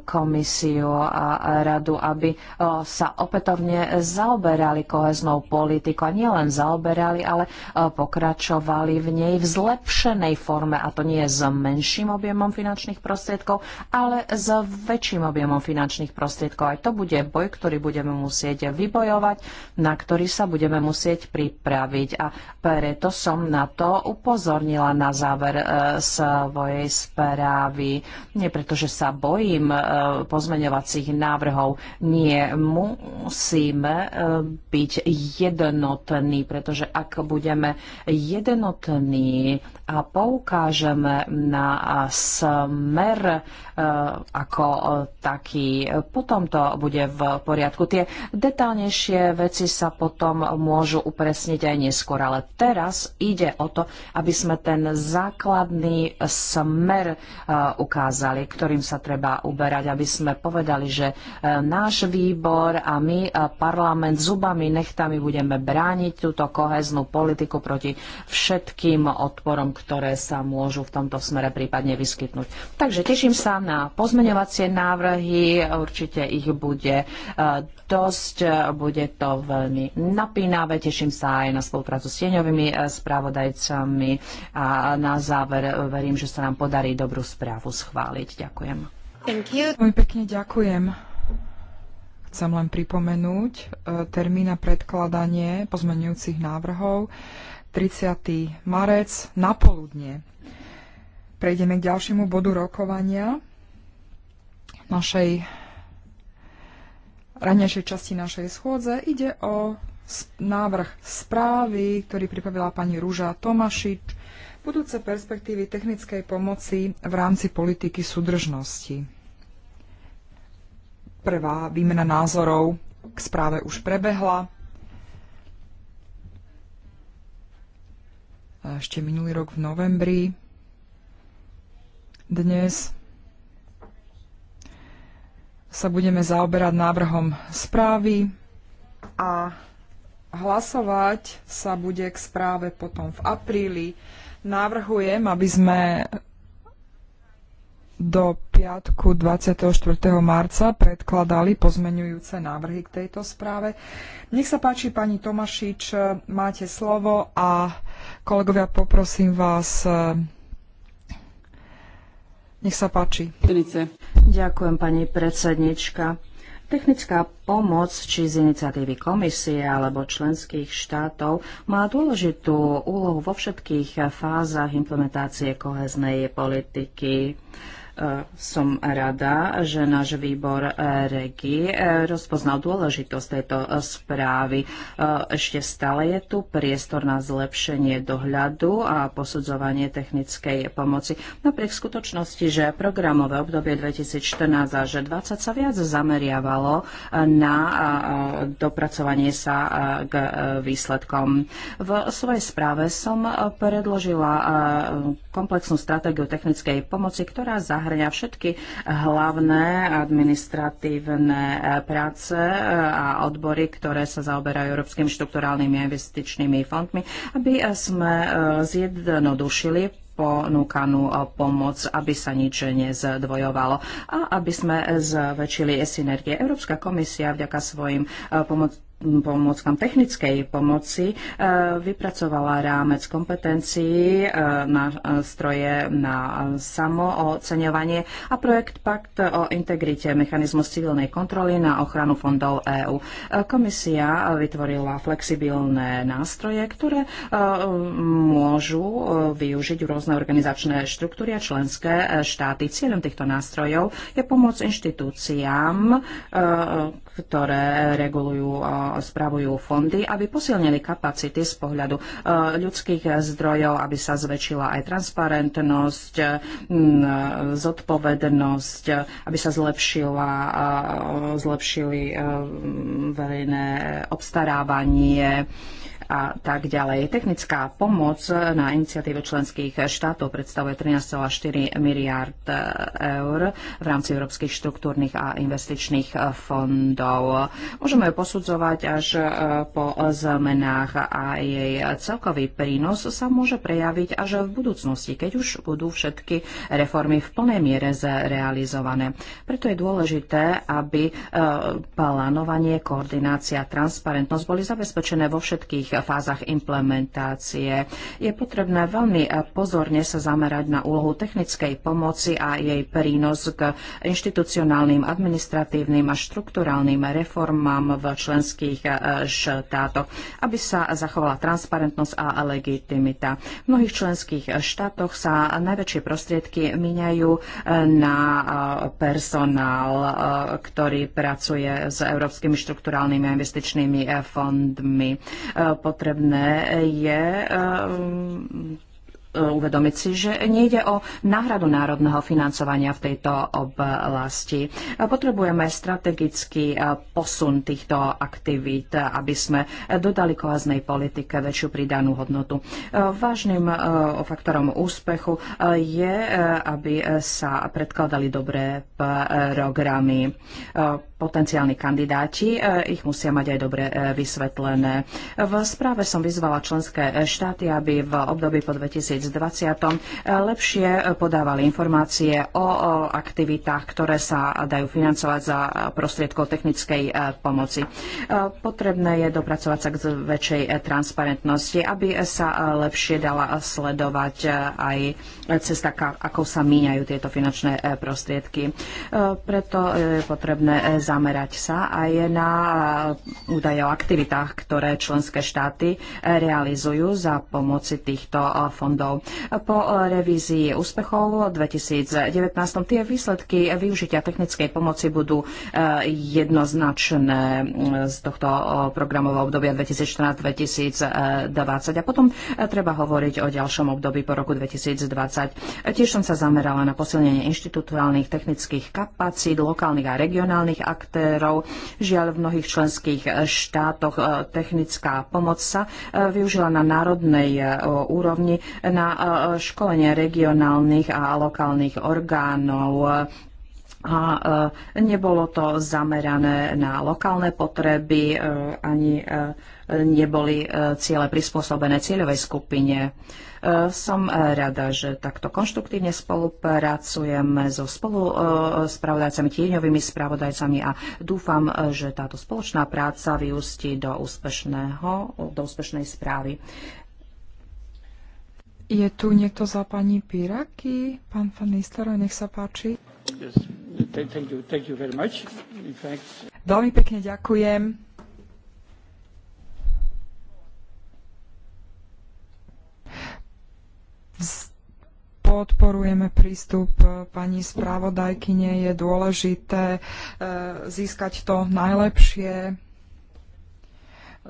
komisiu a radu, aby e, sa opätovne zaoberali koheznou politiku a nielen zaoberali, ale pokračovali v nej v zlepšenej forme a to nie s menším objemom finančných prostriedkov, ale s väčším objemom finančných prostriedkov. Aj to bude boj, ktorý budeme musieť vybojovať, na ktorý sa budeme musieť pripraviť spraviť a preto som na to upozornila na záver e, svojej správy. Nie preto, že sa bojím e, pozmeňovacích návrhov. Nie, musíme e, byť jednotní, pretože ak budeme jednotní a poukážeme na smer ako taký, potom to bude v poriadku. Tie detálnejšie veci sa potom môžu upresniť aj neskôr, ale teraz ide o to, aby sme ten základný smer e, ukázali, ktorým sa treba uberať, aby sme povedali, že e, náš výbor a my, e, parlament, zubami, nechtami budeme brániť túto koheznú politiku proti všetkým odporom, ktoré sa môžu v tomto smere prípadne vyskytnúť. Takže teším sa na pozmeňovacie návrhy, určite ich bude dosť, bude to veľmi napínavé, teším sa aj na spoluprácu spoluprácu s tieňovými e, správodajcami a na záver e, verím, že sa nám podarí dobrú správu schváliť. Ďakujem. Veľmi pekne ďakujem. Chcem len pripomenúť e, termín na predkladanie pozmenujúcich návrhov 30. marec na poludne. Prejdeme k ďalšiemu bodu rokovania našej ranejšej časti našej schôdze. Ide o návrh správy, ktorý pripravila pani Rúža Tomašič, budúce perspektívy technickej pomoci v rámci politiky súdržnosti. Prvá výmena názorov k správe už prebehla. Ešte minulý rok v novembri. Dnes sa budeme zaoberať návrhom správy a Hlasovať sa bude k správe potom v apríli. Navrhujem, aby sme do piatku 24. marca predkladali pozmeňujúce návrhy k tejto správe. Nech sa páči, pani Tomašič, máte slovo a kolegovia, poprosím vás, nech sa páči. Ďakujem, pani predsednička. Technická pomoc, či z iniciatívy komisie alebo členských štátov, má dôležitú úlohu vo všetkých fázach implementácie koheznej politiky. Som rada, že náš výbor eh, REGI eh, rozpoznal dôležitosť tejto eh, správy. Ešte stále je tu priestor na zlepšenie dohľadu a posudzovanie technickej pomoci. Napriek skutočnosti, že programové obdobie 2014 až 2020 sa viac zameriavalo na dopracovanie sa k výsledkom. V svojej správe som predložila komplexnú stratégiu technickej pomoci, ktorá zahrania zahrňa všetky hlavné administratívne e, práce e, a odbory, ktoré sa zaoberajú európskymi štrukturálnymi a investičnými fondmi, aby e, sme zjednodušili ponúkanú pomoc, aby sa nič nezdvojovalo a aby sme zväčšili synergie. Európska komisia vďaka svojim pomoc pomôckam technickej pomoci e, vypracovala rámec kompetencií e, na e, stroje na samooceňovanie a projekt Pakt o integrite mechanizmus civilnej kontroly na ochranu fondov EÚ. Komisia vytvorila flexibilné nástroje, ktoré môžu využiť rôzne organizačné štruktúry a členské štáty. Cieľom týchto nástrojov je pomôcť inštitúciám, ktoré regulujú spravujú fondy, aby posilnili kapacity z pohľadu eh, ľudských zdrojov, aby sa zväčšila aj transparentnosť, mm, eh, zodpovednosť, aby sa zlepšila, eh, zlepšili verejné obstarávanie, a tak ďalej. Technická pomoc na iniciatíve členských štátov predstavuje 13,4 miliard e, eur v rámci európskych štruktúrnych a investičných fondov. Môžeme ju posudzovať až e, po zmenách a jej celkový prínos sa môže prejaviť až v budúcnosti, keď už budú všetky reformy v plnej miere zrealizované. Preto je dôležité, aby e, plánovanie, koordinácia, transparentnosť boli zabezpečené vo všetkých fázach implementácie. Je potrebné veľmi eh, pozorne sa zamerať na úlohu technickej pomoci a jej prínos k inštitucionálnym, administratívnym a štrukturálnym reformám v členských eh, štátoch, aby sa zachovala transparentnosť a legitimita. V mnohých členských eh, štátoch sa najväčšie prostriedky míňajú na personál, ktorý pracuje s európskymi štrukturálnymi a investičnými fondmi potrebné je E, uvedomiť si, že nejde o náhradu národného financovania v tejto oblasti. E, potrebujeme strategický e, posun týchto aktivít, aby sme dodali kohaznej politike väčšiu pridanú hodnotu. Vážnym faktorom úspechu je, aby sa predkladali dobré programy potenciálni kandidáti, ich musia mať aj dobre vysvetlené. V správe som vyzvala členské štáty, aby v období po 2020 2020 lepšie eh, podávali informácie o aktivitách, ktoré sa dajú financovať za prostriedkov technickej eh, pomoci. Eh, potrebné je dopracovať sa k väčšej transparentnosti, aby sa lepšie dala sledovať aj cesta, ako sa míňajú tieto finančné prostriedky. Preto je potrebné zamerať sa aj na údaje o aktivitách, ktoré členské štáty realizujú za pomoci týchto fondov štátov. Po revízii úspechov 2019 tie výsledky využitia technickej pomoci budú e, jednoznačné e, z tohto e, programového obdobia 2014-2020 a potom treba hovoriť o ďalšom období po roku 2020. Tiež som sa zamerala na posilnenie inštitucionálnych technických kapacít lokálnych a regionálnych aktérov. Žiaľ, v mnohých členských štátoch technická pomoc sa využila na národnej úrovni na e, školenie regionálnych a lokálnych orgánov a e, nebolo to zamerané na lokálne potreby, e, ani neboli ciele prispôsobené cieľovej skupine. Som rada, že takto konštruktívne spolupracujeme so spoluspravodajcami, tieňovými spravodajcami a dúfam, že táto spoločná práca vyústi do, úspešného, do úspešnej správy. Je tu niekto za pani Piraky? Pán Van Nistelrooy, nech sa páči. Veľmi pekne ďakujem. podporujeme prístup e, pani správodajkyne. Je dôležité e, získať to najlepšie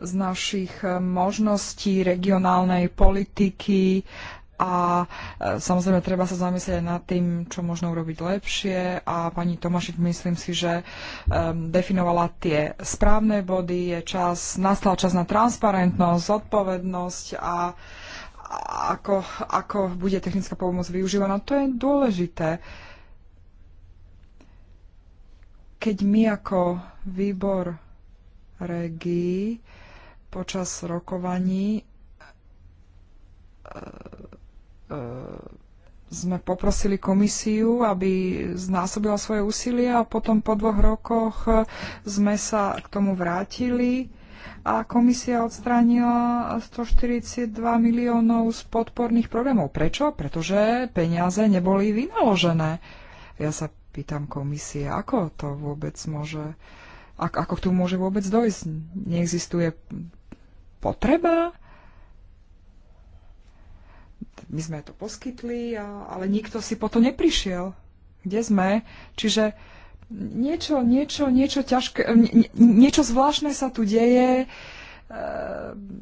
z našich e, možností regionálnej politiky a e, samozrejme treba sa zamyslieť aj nad tým, čo možno urobiť lepšie a pani Tomašik, myslím si, že um, definovala tie správne body, je čas, nastal čas na transparentnosť, zodpovednosť a, a ako, ako bude technická pomoc využívaná, to je dôležité. Keď my ako výbor regii počas rokovaní e, e, sme poprosili komisiu, aby znásobila svoje úsilie a potom po dvoch rokoch e, sme sa k tomu vrátili a komisia odstránila 142 miliónov z podporných programov. Prečo? Pretože peniaze neboli vynaložené. Ja sa pýtam komisie, ako to vôbec môže a ako k tomu môže vôbec dojsť? Neexistuje potreba? My sme to poskytli, a, ale nikto si po to neprišiel. Kde sme? Čiže niečo, niečo, niečo ťažké, nie, niečo zvláštne sa tu deje. E,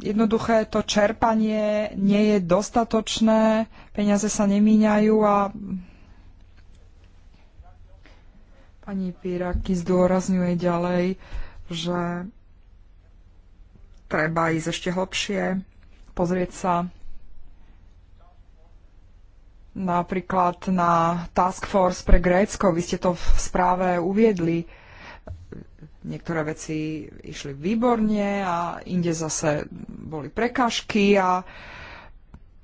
jednoduché to čerpanie nie je dostatočné, peniaze sa nemíňajú a Pani Píraky zdôrazňuje ďalej, že treba ísť ešte hlbšie, pozrieť sa napríklad na Task Force pre Grécko. Vy ste to v správe uviedli. Niektoré veci išli výborne a inde zase boli prekážky a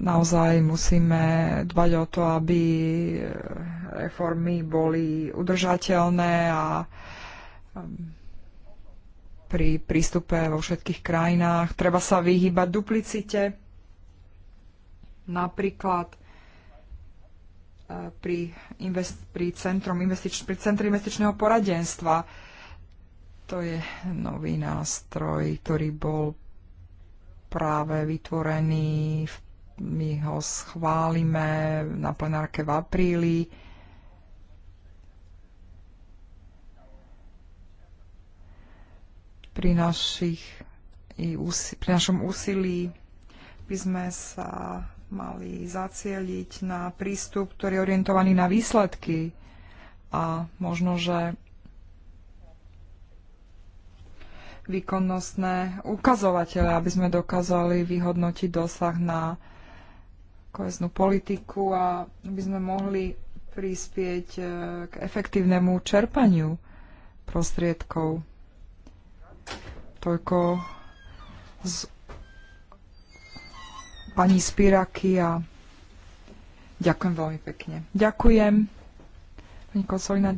naozaj musíme dbať o to, aby reformy boli udržateľné a um, pri prístupe vo všetkých krajinách. Treba sa vyhybať duplicite. Napríklad e, pri, invest, pri, centrum investič, pri centre investičného poradenstva. To je nový nástroj, ktorý bol práve vytvorený v my ho schválime na plenárke v apríli. Pri, našich, pri našom úsilí by sme sa mali zacieliť na prístup, ktorý je orientovaný na výsledky a možno, že výkonnostné ukazovatele, aby sme dokázali vyhodnotiť dosah na koheznú politiku a by sme mohli prispieť e, k efektívnemu čerpaniu prostriedkov. Toľko z pani Spiraky a ďakujem veľmi pekne. Ďakujem. Pani Kosolina,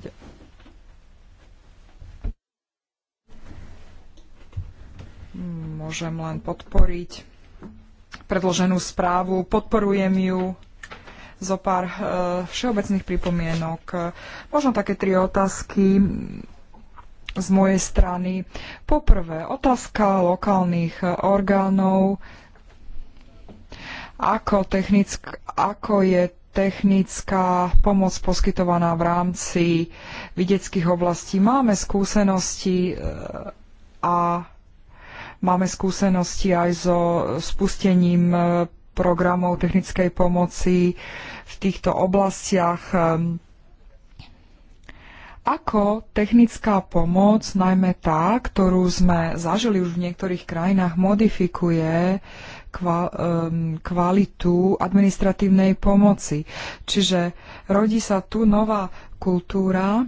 môžem len podporiť predloženú správu, podporujem ju zo pár e, všeobecných pripomienok. Možno také tri otázky z mojej strany. Poprvé, otázka lokálnych orgánov. Ako, technick, ako je technická pomoc poskytovaná v rámci vidieckých oblastí? Máme skúsenosti e, a Máme skúsenosti aj so spustením e, programov technickej pomoci v týchto oblastiach. E, ako technická pomoc, najmä tá, ktorú sme zažili už v niektorých krajinách, modifikuje kvalitu administratívnej pomoci. Čiže rodí sa tu nová kultúra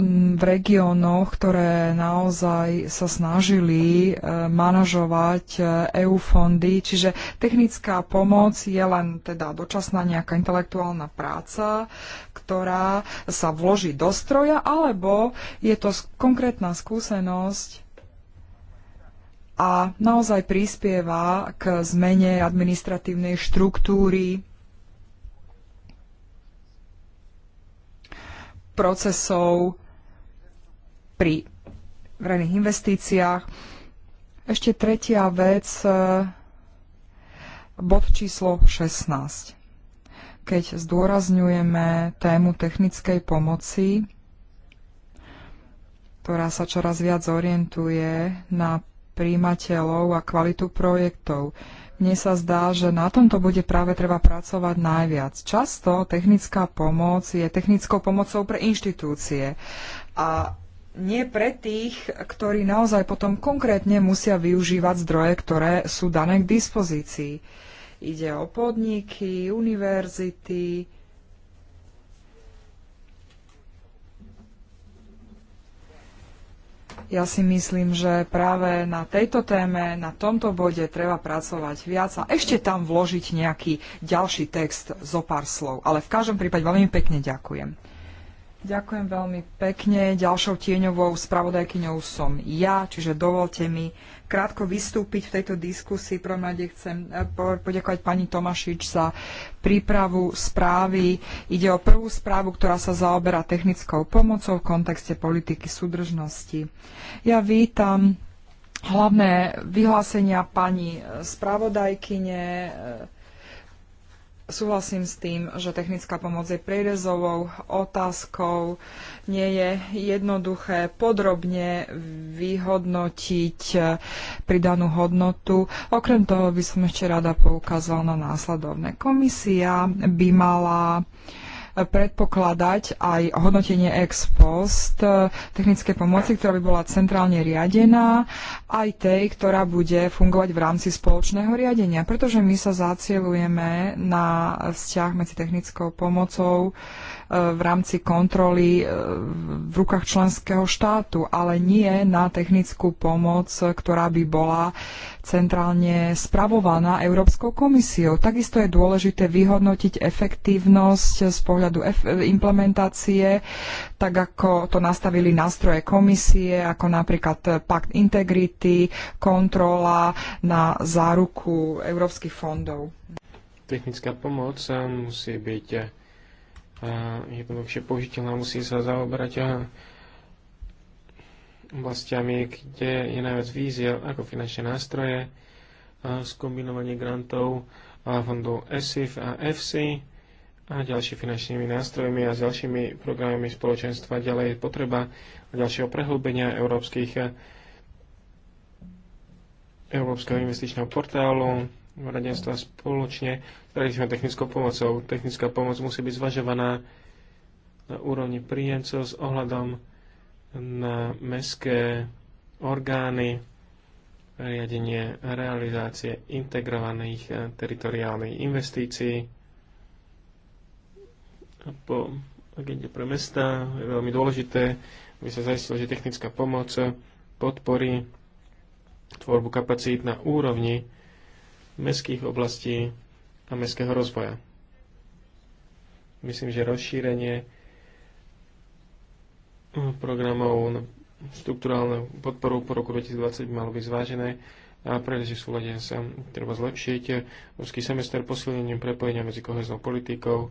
Mm, v regiónoch, ktoré naozaj sa snažili e, manažovať EU e fondy, čiže technická pomoc je len teda dočasná nejaká intelektuálna práca, ktorá sa vloží do stroja, alebo je to konkrétna skúsenosť a naozaj prispieva k zmene administratívnej štruktúry procesov pri verejných investíciách. Ešte tretia vec, e, bod číslo 16. Keď zdôrazňujeme tému technickej pomoci, ktorá sa čoraz viac orientuje na príjimateľov a kvalitu projektov. Mne sa zdá, že na tomto bude práve treba pracovať najviac. Často technická pomoc je technickou pomocou pre inštitúcie a nie pre tých, ktorí naozaj potom konkrétne musia využívať zdroje, ktoré sú dané k dispozícii. Ide o podniky, univerzity. Ja si myslím, že práve na tejto téme, na tomto bode treba pracovať viac a ešte tam vložiť nejaký ďalší text zo pár slov. Ale v každom prípade veľmi pekne ďakujem. Ďakujem veľmi pekne. Ďalšou tieňovou spravodajkyňou som ja, čiže dovolte mi krátko vystúpiť v tejto diskusii. Prvom rade chcem eh, poďakovať pani Tomašič za prípravu správy. Ide o prvú správu, ktorá sa zaoberá technickou pomocou v kontexte politiky súdržnosti. Ja vítam hlavné vyhlásenia pani eh, spravodajkyne eh, súhlasím s tým, že technická pomoc je prierezovou otázkou. Nie je jednoduché podrobne vyhodnotiť eh, pridanú hodnotu. Okrem toho by som ešte rada poukázala na následovné. Komisia by mala uh, predpokladať aj hodnotenie ex post e, technickej pomoci, ktorá by bola centrálne riadená, aj tej, ktorá bude fungovať v rámci spoločného riadenia, pretože my sa zacielujeme na vzťah medzi technickou pomocou e, v rámci kontroly e, v rukách členského štátu, ale nie na technickú pomoc, ktorá by bola centrálne spravovaná Európskou komisiou. Takisto je dôležité vyhodnotiť efektívnosť z pohľadu implementácie, tak ako to nastavili nástroje komisie, ako napríklad Pakt integrity, kontrola na záruku európskych fondov. Technická pomoc eh, musí byť eh, jednoduchšie použiteľná, musí sa zaoberať eh, oblastiami, kde je najviac víziev ako finančné nástroje, skombinovanie grantov a fondov ESIF a EFSI a ďalšie finančnými nástrojmi a s ďalšími programami spoločenstva. Ďalej je potreba ďalšieho prehlbenia európskych Európskeho investičného portálu, radenstva spoločne s tradičnou technickou pomocou. Technická pomoc musí byť zvažovaná na úrovni príjemcov s ohľadom na mestské orgány, riadenie realizácie integrovaných eh, teritoriálnych investícií. A po agende pre mesta je veľmi dôležité, aby sa zaistilo, že technická pomoc podporí tvorbu kapacít na úrovni mestských oblastí a mestského rozvoja. Myslím, že rozšírenie programov na štruktúrálnu podporu po roku 2020 malo byť zvážené a pretože v súlade sa um, treba zlepšiť ruský semester posilnením prepojenia medzi koheznou politikou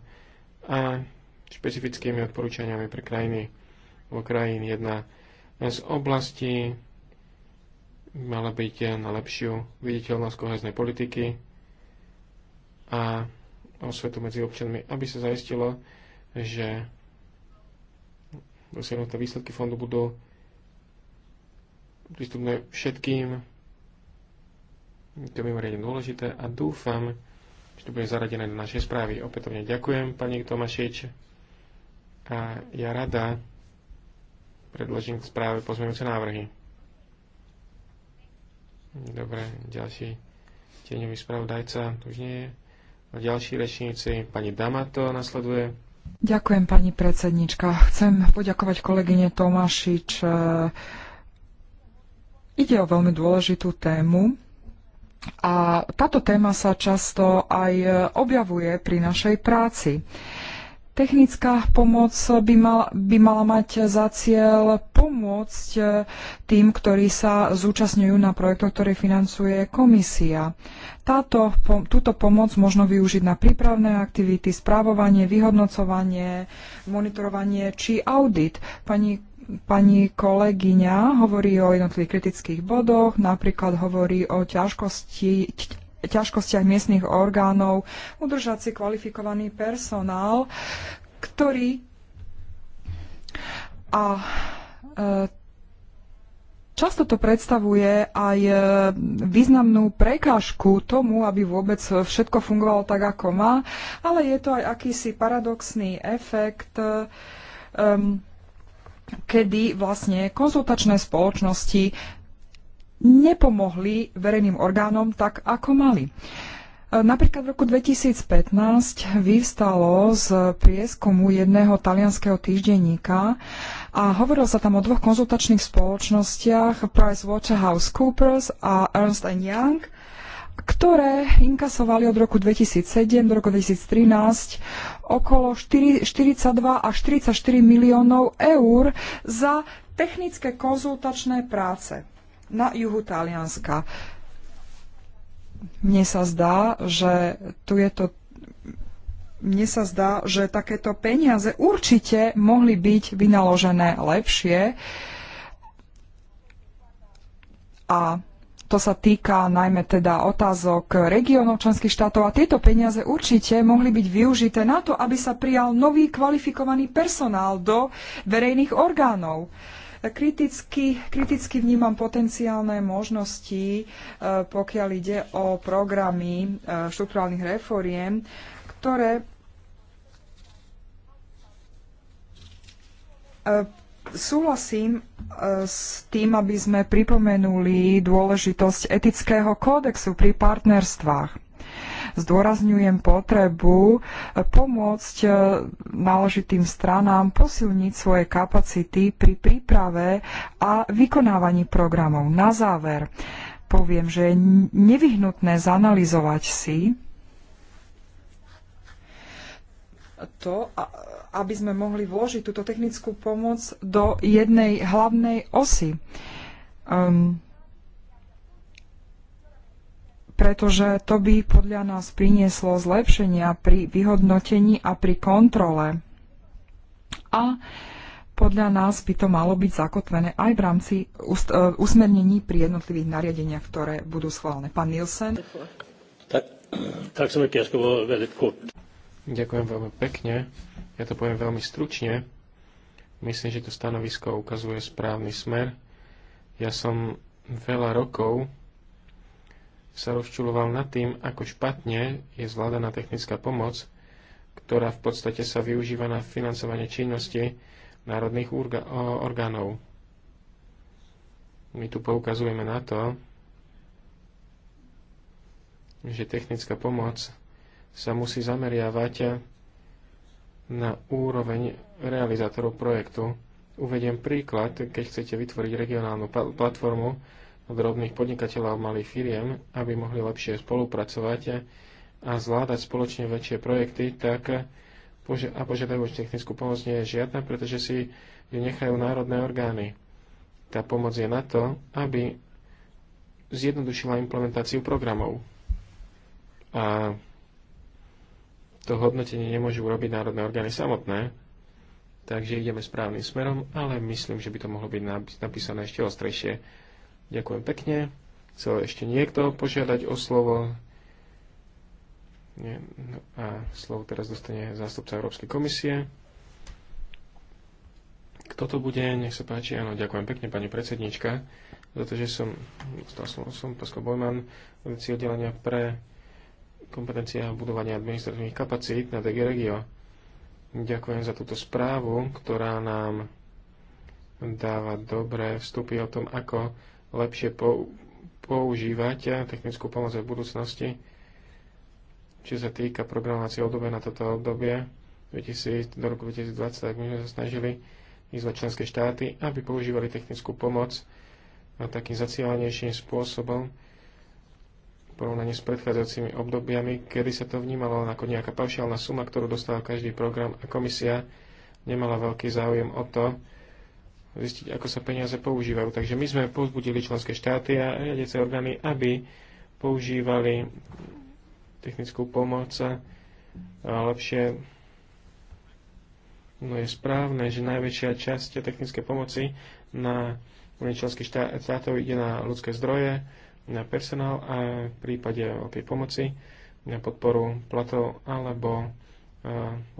a špecifickými odporúčaniami pre krajiny vo krajín jedna z oblastí mala byť na lepšiu viditeľnosť koheznej politiky a osvetu medzi občanmi, aby sa zaistilo, že dosiahnuté výsledky fondu budú prístupné všetkým. To je mimoriadne dôležité a dúfam, že to bude zaradené do našej správy. Opätovne ďakujem, pani Tomašič. A ja rada predložím k správe pozmeňujúce návrhy. Dobre, ďalší tieňový spravodajca už nie je. A ďalší rečníci, pani Damato nasleduje. Ďakujem, pani predsednička. Chcem poďakovať kolegyne Tomášič. E, ide o veľmi dôležitú tému a táto téma sa často aj e, objavuje pri našej práci. Technická pomoc by, mal, by mala mať za cieľ pomôcť e, tým, ktorí sa zúčastňujú na projektoch, ktoré financuje komisia. Táto, po, túto pomoc možno využiť na prípravné aktivity, správovanie, vyhodnocovanie, monitorovanie či audit. Pani pani kolegyňa hovorí o jednotlivých kritických bodoch, napríklad hovorí o ťažkosti, ťažkostiach miestnych orgánov udržať si kvalifikovaný personál, ktorý a e, Často to predstavuje aj e, významnú prekážku tomu, aby vôbec všetko fungovalo tak, ako má, ale je to aj akýsi paradoxný efekt, e, kedy vlastne konzultačné spoločnosti nepomohli verejným orgánom tak, ako mali. E, napríklad v roku 2015 vyvstalo z prieskumu jedného talianského týždenníka a hovoril sa tam o dvoch konzultačných spoločnostiach PricewaterhouseCoopers a Ernst Young, ktoré inkasovali od roku 2007 do roku 2013 okolo 4, 42 až 44 miliónov eur za technické konzultačné práce na juhu Talianska. Mne sa zdá, že tu je to mne sa zdá, že takéto peniaze určite mohli byť vynaložené lepšie. A to sa týka najmä teda otázok regiónov členských štátov a tieto peniaze určite mohli byť využité na to, aby sa prijal nový kvalifikovaný personál do verejných orgánov. Kriticky, kriticky vnímam potenciálne možnosti, e, pokiaľ ide o programy e, štruktúrálnych reforiem, ktoré e, Súhlasím s tým, aby sme pripomenuli dôležitosť etického kódexu pri partnerstvách zdôrazňujem potrebu eh, pomôcť eh, náležitým stranám posilniť svoje kapacity pri príprave a vykonávaní programov. Na záver poviem, že je nevyhnutné zanalizovať si to, aby sme mohli vložiť túto technickú pomoc do jednej hlavnej osy. Um, ehm, pretože to by podľa nás prinieslo zlepšenia pri vyhodnotení a pri kontrole. A podľa nás by to malo byť zakotvené aj v rámci e, usmernení pri jednotlivých nariadeniach, ktoré budú schválené. Pán Nielsen. Tak, tak som Ďakujem veľmi pekne. Ja to poviem veľmi stručne. Myslím, že to stanovisko ukazuje správny smer. Ja som veľa rokov sa rozčuloval nad tým, ako špatne je zvládaná technická pomoc, ktorá v podstate sa využíva na financovanie činnosti národných orgánov. My tu poukazujeme na to, že technická pomoc sa musí zameriavať na úroveň realizátorov projektu. Uvediem príklad, keď chcete vytvoriť regionálnu platformu, drobných podnikateľov a malých firiem, aby mohli lepšie spolupracovať a zvládať spoločne väčšie projekty, tak a požiadajú technickú pomoc nie je žiadna, pretože si ju nechajú národné orgány. Tá pomoc je na to, aby zjednodušila implementáciu programov. A to hodnotenie nemôžu urobiť národné orgány samotné, takže ideme správnym smerom, ale myslím, že by to mohlo byť napísané ešte ostrejšie. Ďakujem pekne. Chcel ešte niekto požiadať o slovo? Nie. No a slovo teraz dostane zástupca Európskej komisie. Kto to bude? Nech sa páči. Áno, ďakujem pekne, pani predsednička, za to, že som, dostal slovo, som Pasko Bojman, vedúci oddelenia pre kompetencia budovania administratívnych kapacít na DG Regio. Ďakujem za túto správu, ktorá nám dáva dobré vstupy o tom, ako lepšie používať technickú pomoc v budúcnosti. Čo sa týka programovacie obdobia na toto obdobie 2000, do roku 2020, tak my sme sa snažili vyzvať členské štáty, aby používali technickú pomoc takým zacielenejším spôsobom v porovnaní s predchádzajúcimi obdobiami, kedy sa to vnímalo ako nejaká paušálna suma, ktorú dostal každý program a komisia nemala veľký záujem o to, zistiť, ako sa peniaze používajú. Takže my sme povzbudili členské štáty a riadiace orgány, aby používali technickú pomoc a lepšie no je správne, že najväčšia časť technické pomoci na členských štátov ide na ľudské zdroje, na personál a v prípade o tej pomoci na podporu platov alebo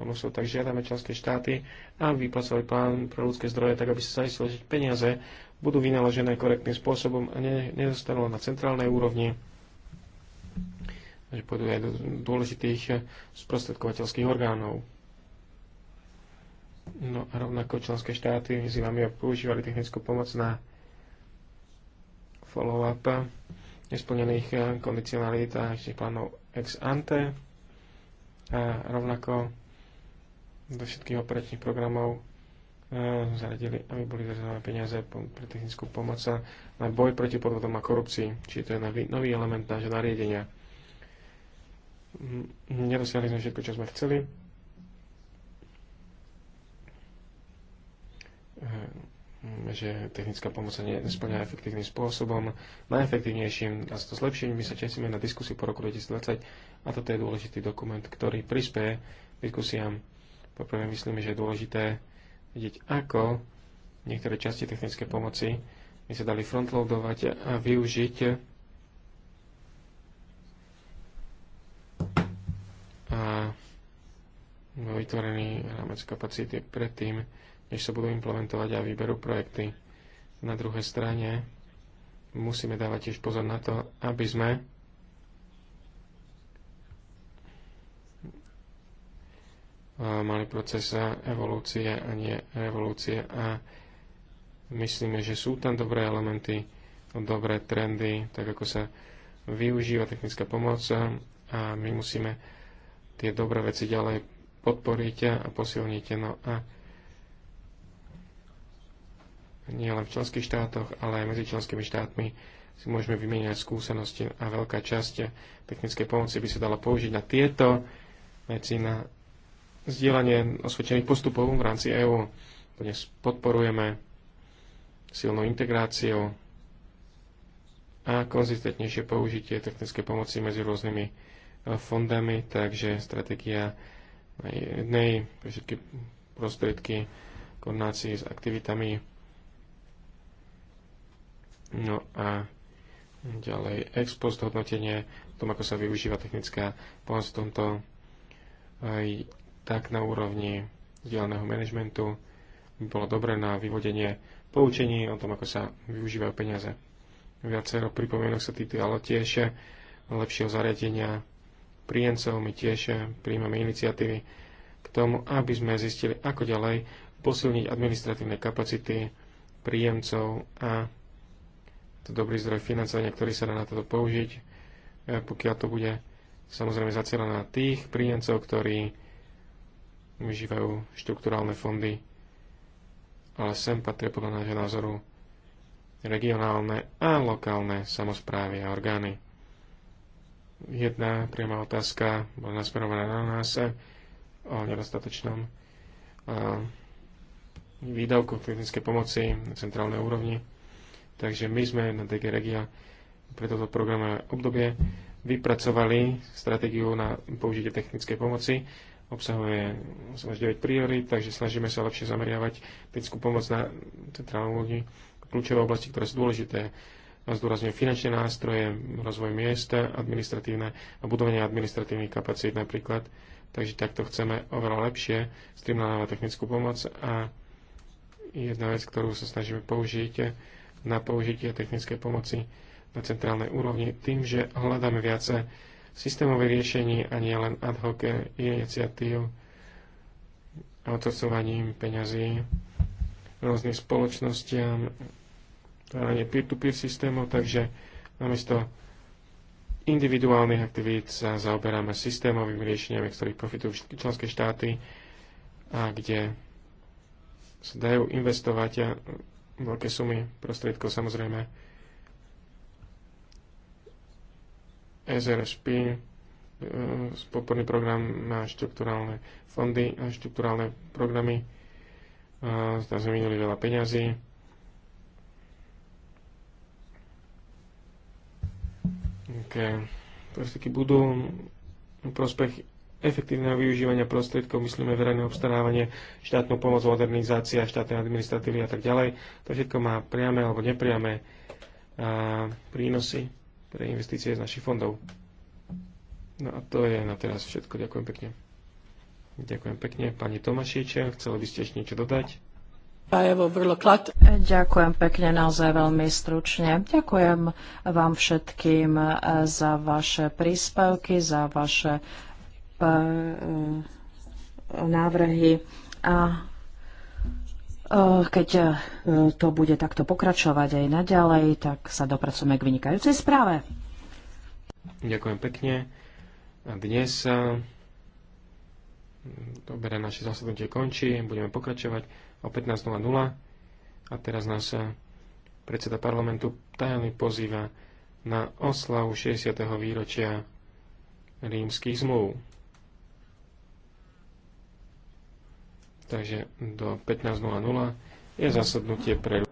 ono sú tak žiadame členské štáty, aby vypracovali plán pre ľudské zdroje, tak aby sa zaistilo, že peniaze budú vynaložené korektným spôsobom a ne, nezostanú na centrálnej úrovni, že pôjdu aj do dôležitých sprostredkovateľských orgánov. No a rovnako členské štáty vyzývame, aby používali technickú pomoc na follow-up nesplnených kondicionalít a plánov ex ante a rovnako do všetkých operačných programov e, zaradili, aby boli zarezované peniaze pre technickú pomoc na boj proti podvodom a korupcii, čiže to je nový element nášho nariadenia. Nedosiahli sme všetko, čo sme chceli. E, Mm, že technická pomoc sa nesplňa efektívnym spôsobom, najefektívnejším a s to zlepšením my sa tešíme na diskusiu po roku 2020 a toto je dôležitý dokument, ktorý prispieje diskusiám. Poprvé myslíme, že je dôležité vidieť, ako niektoré časti technické pomoci by sa dali frontloadovať a využiť a vytvorený rámec kapacity predtým, než sa budú implementovať a vyberú projekty. Na druhej strane musíme dávať tiež pozor na to, aby sme mali proces evolúcie a nie revolúcie a myslíme, že sú tam dobré elementy, dobré trendy, tak ako sa využíva technická pomoc a my musíme tie dobré veci ďalej podporiť a posilniť. No a nielen v členských štátoch, ale aj medzi členskými štátmi si môžeme vymieňať skúsenosti a veľká časť technickej pomoci by sa dala použiť na tieto veci, na zdieľanie osvedčených postupov v rámci EÚ. Dnes podporujeme silnou integráciou a konzistentnejšie použitie technickej pomoci medzi rôznymi e, fondami, takže stratégia jednej, všetky prostriedky koordinácii s aktivitami No a ďalej ex post hodnotenie o tom, ako sa využíva technická pomoc v tomto aj tak na úrovni zdieľaného manažmentu by bolo dobré na vyvodenie poučení o tom, ako sa využívajú peniaze. Viacero pripomienok sa ale tiež lepšieho zariadenia príjemcov. My tiež príjmame iniciatívy k tomu, aby sme zistili, ako ďalej posilniť administratívne kapacity príjemcov a to dobrý zdroj financovania, ktorý sa dá na toto použiť, e, pokiaľ to bude samozrejme zacielené na tých príjemcov, ktorí vyžívajú štrukturálne fondy, ale sem patria podľa nášho názoru regionálne a lokálne samozprávy a orgány. Jedna priama otázka bola nasmerovaná na nás e, o nedostatočnom e, výdavku klinickej pomoci na centrálnej úrovni Takže my sme na DG Regia pre toto programové obdobie vypracovali stratégiu na použitie technickej pomoci. Obsahuje 9 priorít, takže snažíme sa lepšie zameriavať technickú pomoc na centrálnom úrovni kľúčové oblasti, ktoré sú dôležité. Zdôrazňujem finančné nástroje, rozvoj miest, administratívne a budovanie administratívnych kapacít napríklad. Takže takto chceme oveľa lepšie streamlinovať technickú pomoc a jedna vec, ktorú sa snažíme použiť, na použitie technickej pomoci na centrálnej úrovni tým, že hľadáme viace systémové riešení a nie len ad hoc iniciatív a otocovaním peňazí rôznym spoločnostiam, hľadanie peer-to-peer systémov, takže namiesto individuálnych aktivít sa zaoberáme systémovými riešeniami, ktorých profitujú členské štáty a kde sa dajú investovať a veľké sumy prostriedkov samozrejme. E SRSP, e, podporný program na štrukturálne fondy a štrukturálne programy. E, tam sme minuli veľa peňazí. okay. prostriedky budú prospech efektívneho využívania prostriedkov, myslíme verejné obstarávanie, štátnu pomoc, modernizácia, štátnej administratívy a tak ďalej. To všetko má priame alebo nepriame prínosy pre investície z našich fondov. No a to je na teraz všetko. Ďakujem pekne. Ďakujem pekne. Pani Tomašiče, chceli by ste ešte niečo dodať? Ďakujem pekne, naozaj veľmi stručne. Ďakujem vám všetkým e, za vaše príspevky, za vaše E, návrhy a e, keď e, to bude takto pokračovať aj naďalej, tak sa dopracujeme k vynikajúcej správe. Ďakujem pekne. A dnes dobre, naše zasadnutie končí, budeme pokračovať o 15.00 a teraz nás predseda parlamentu tajomne pozýva na oslavu 60. výročia rímskych zmluv. Takže do 15.00 je zasadnutie pre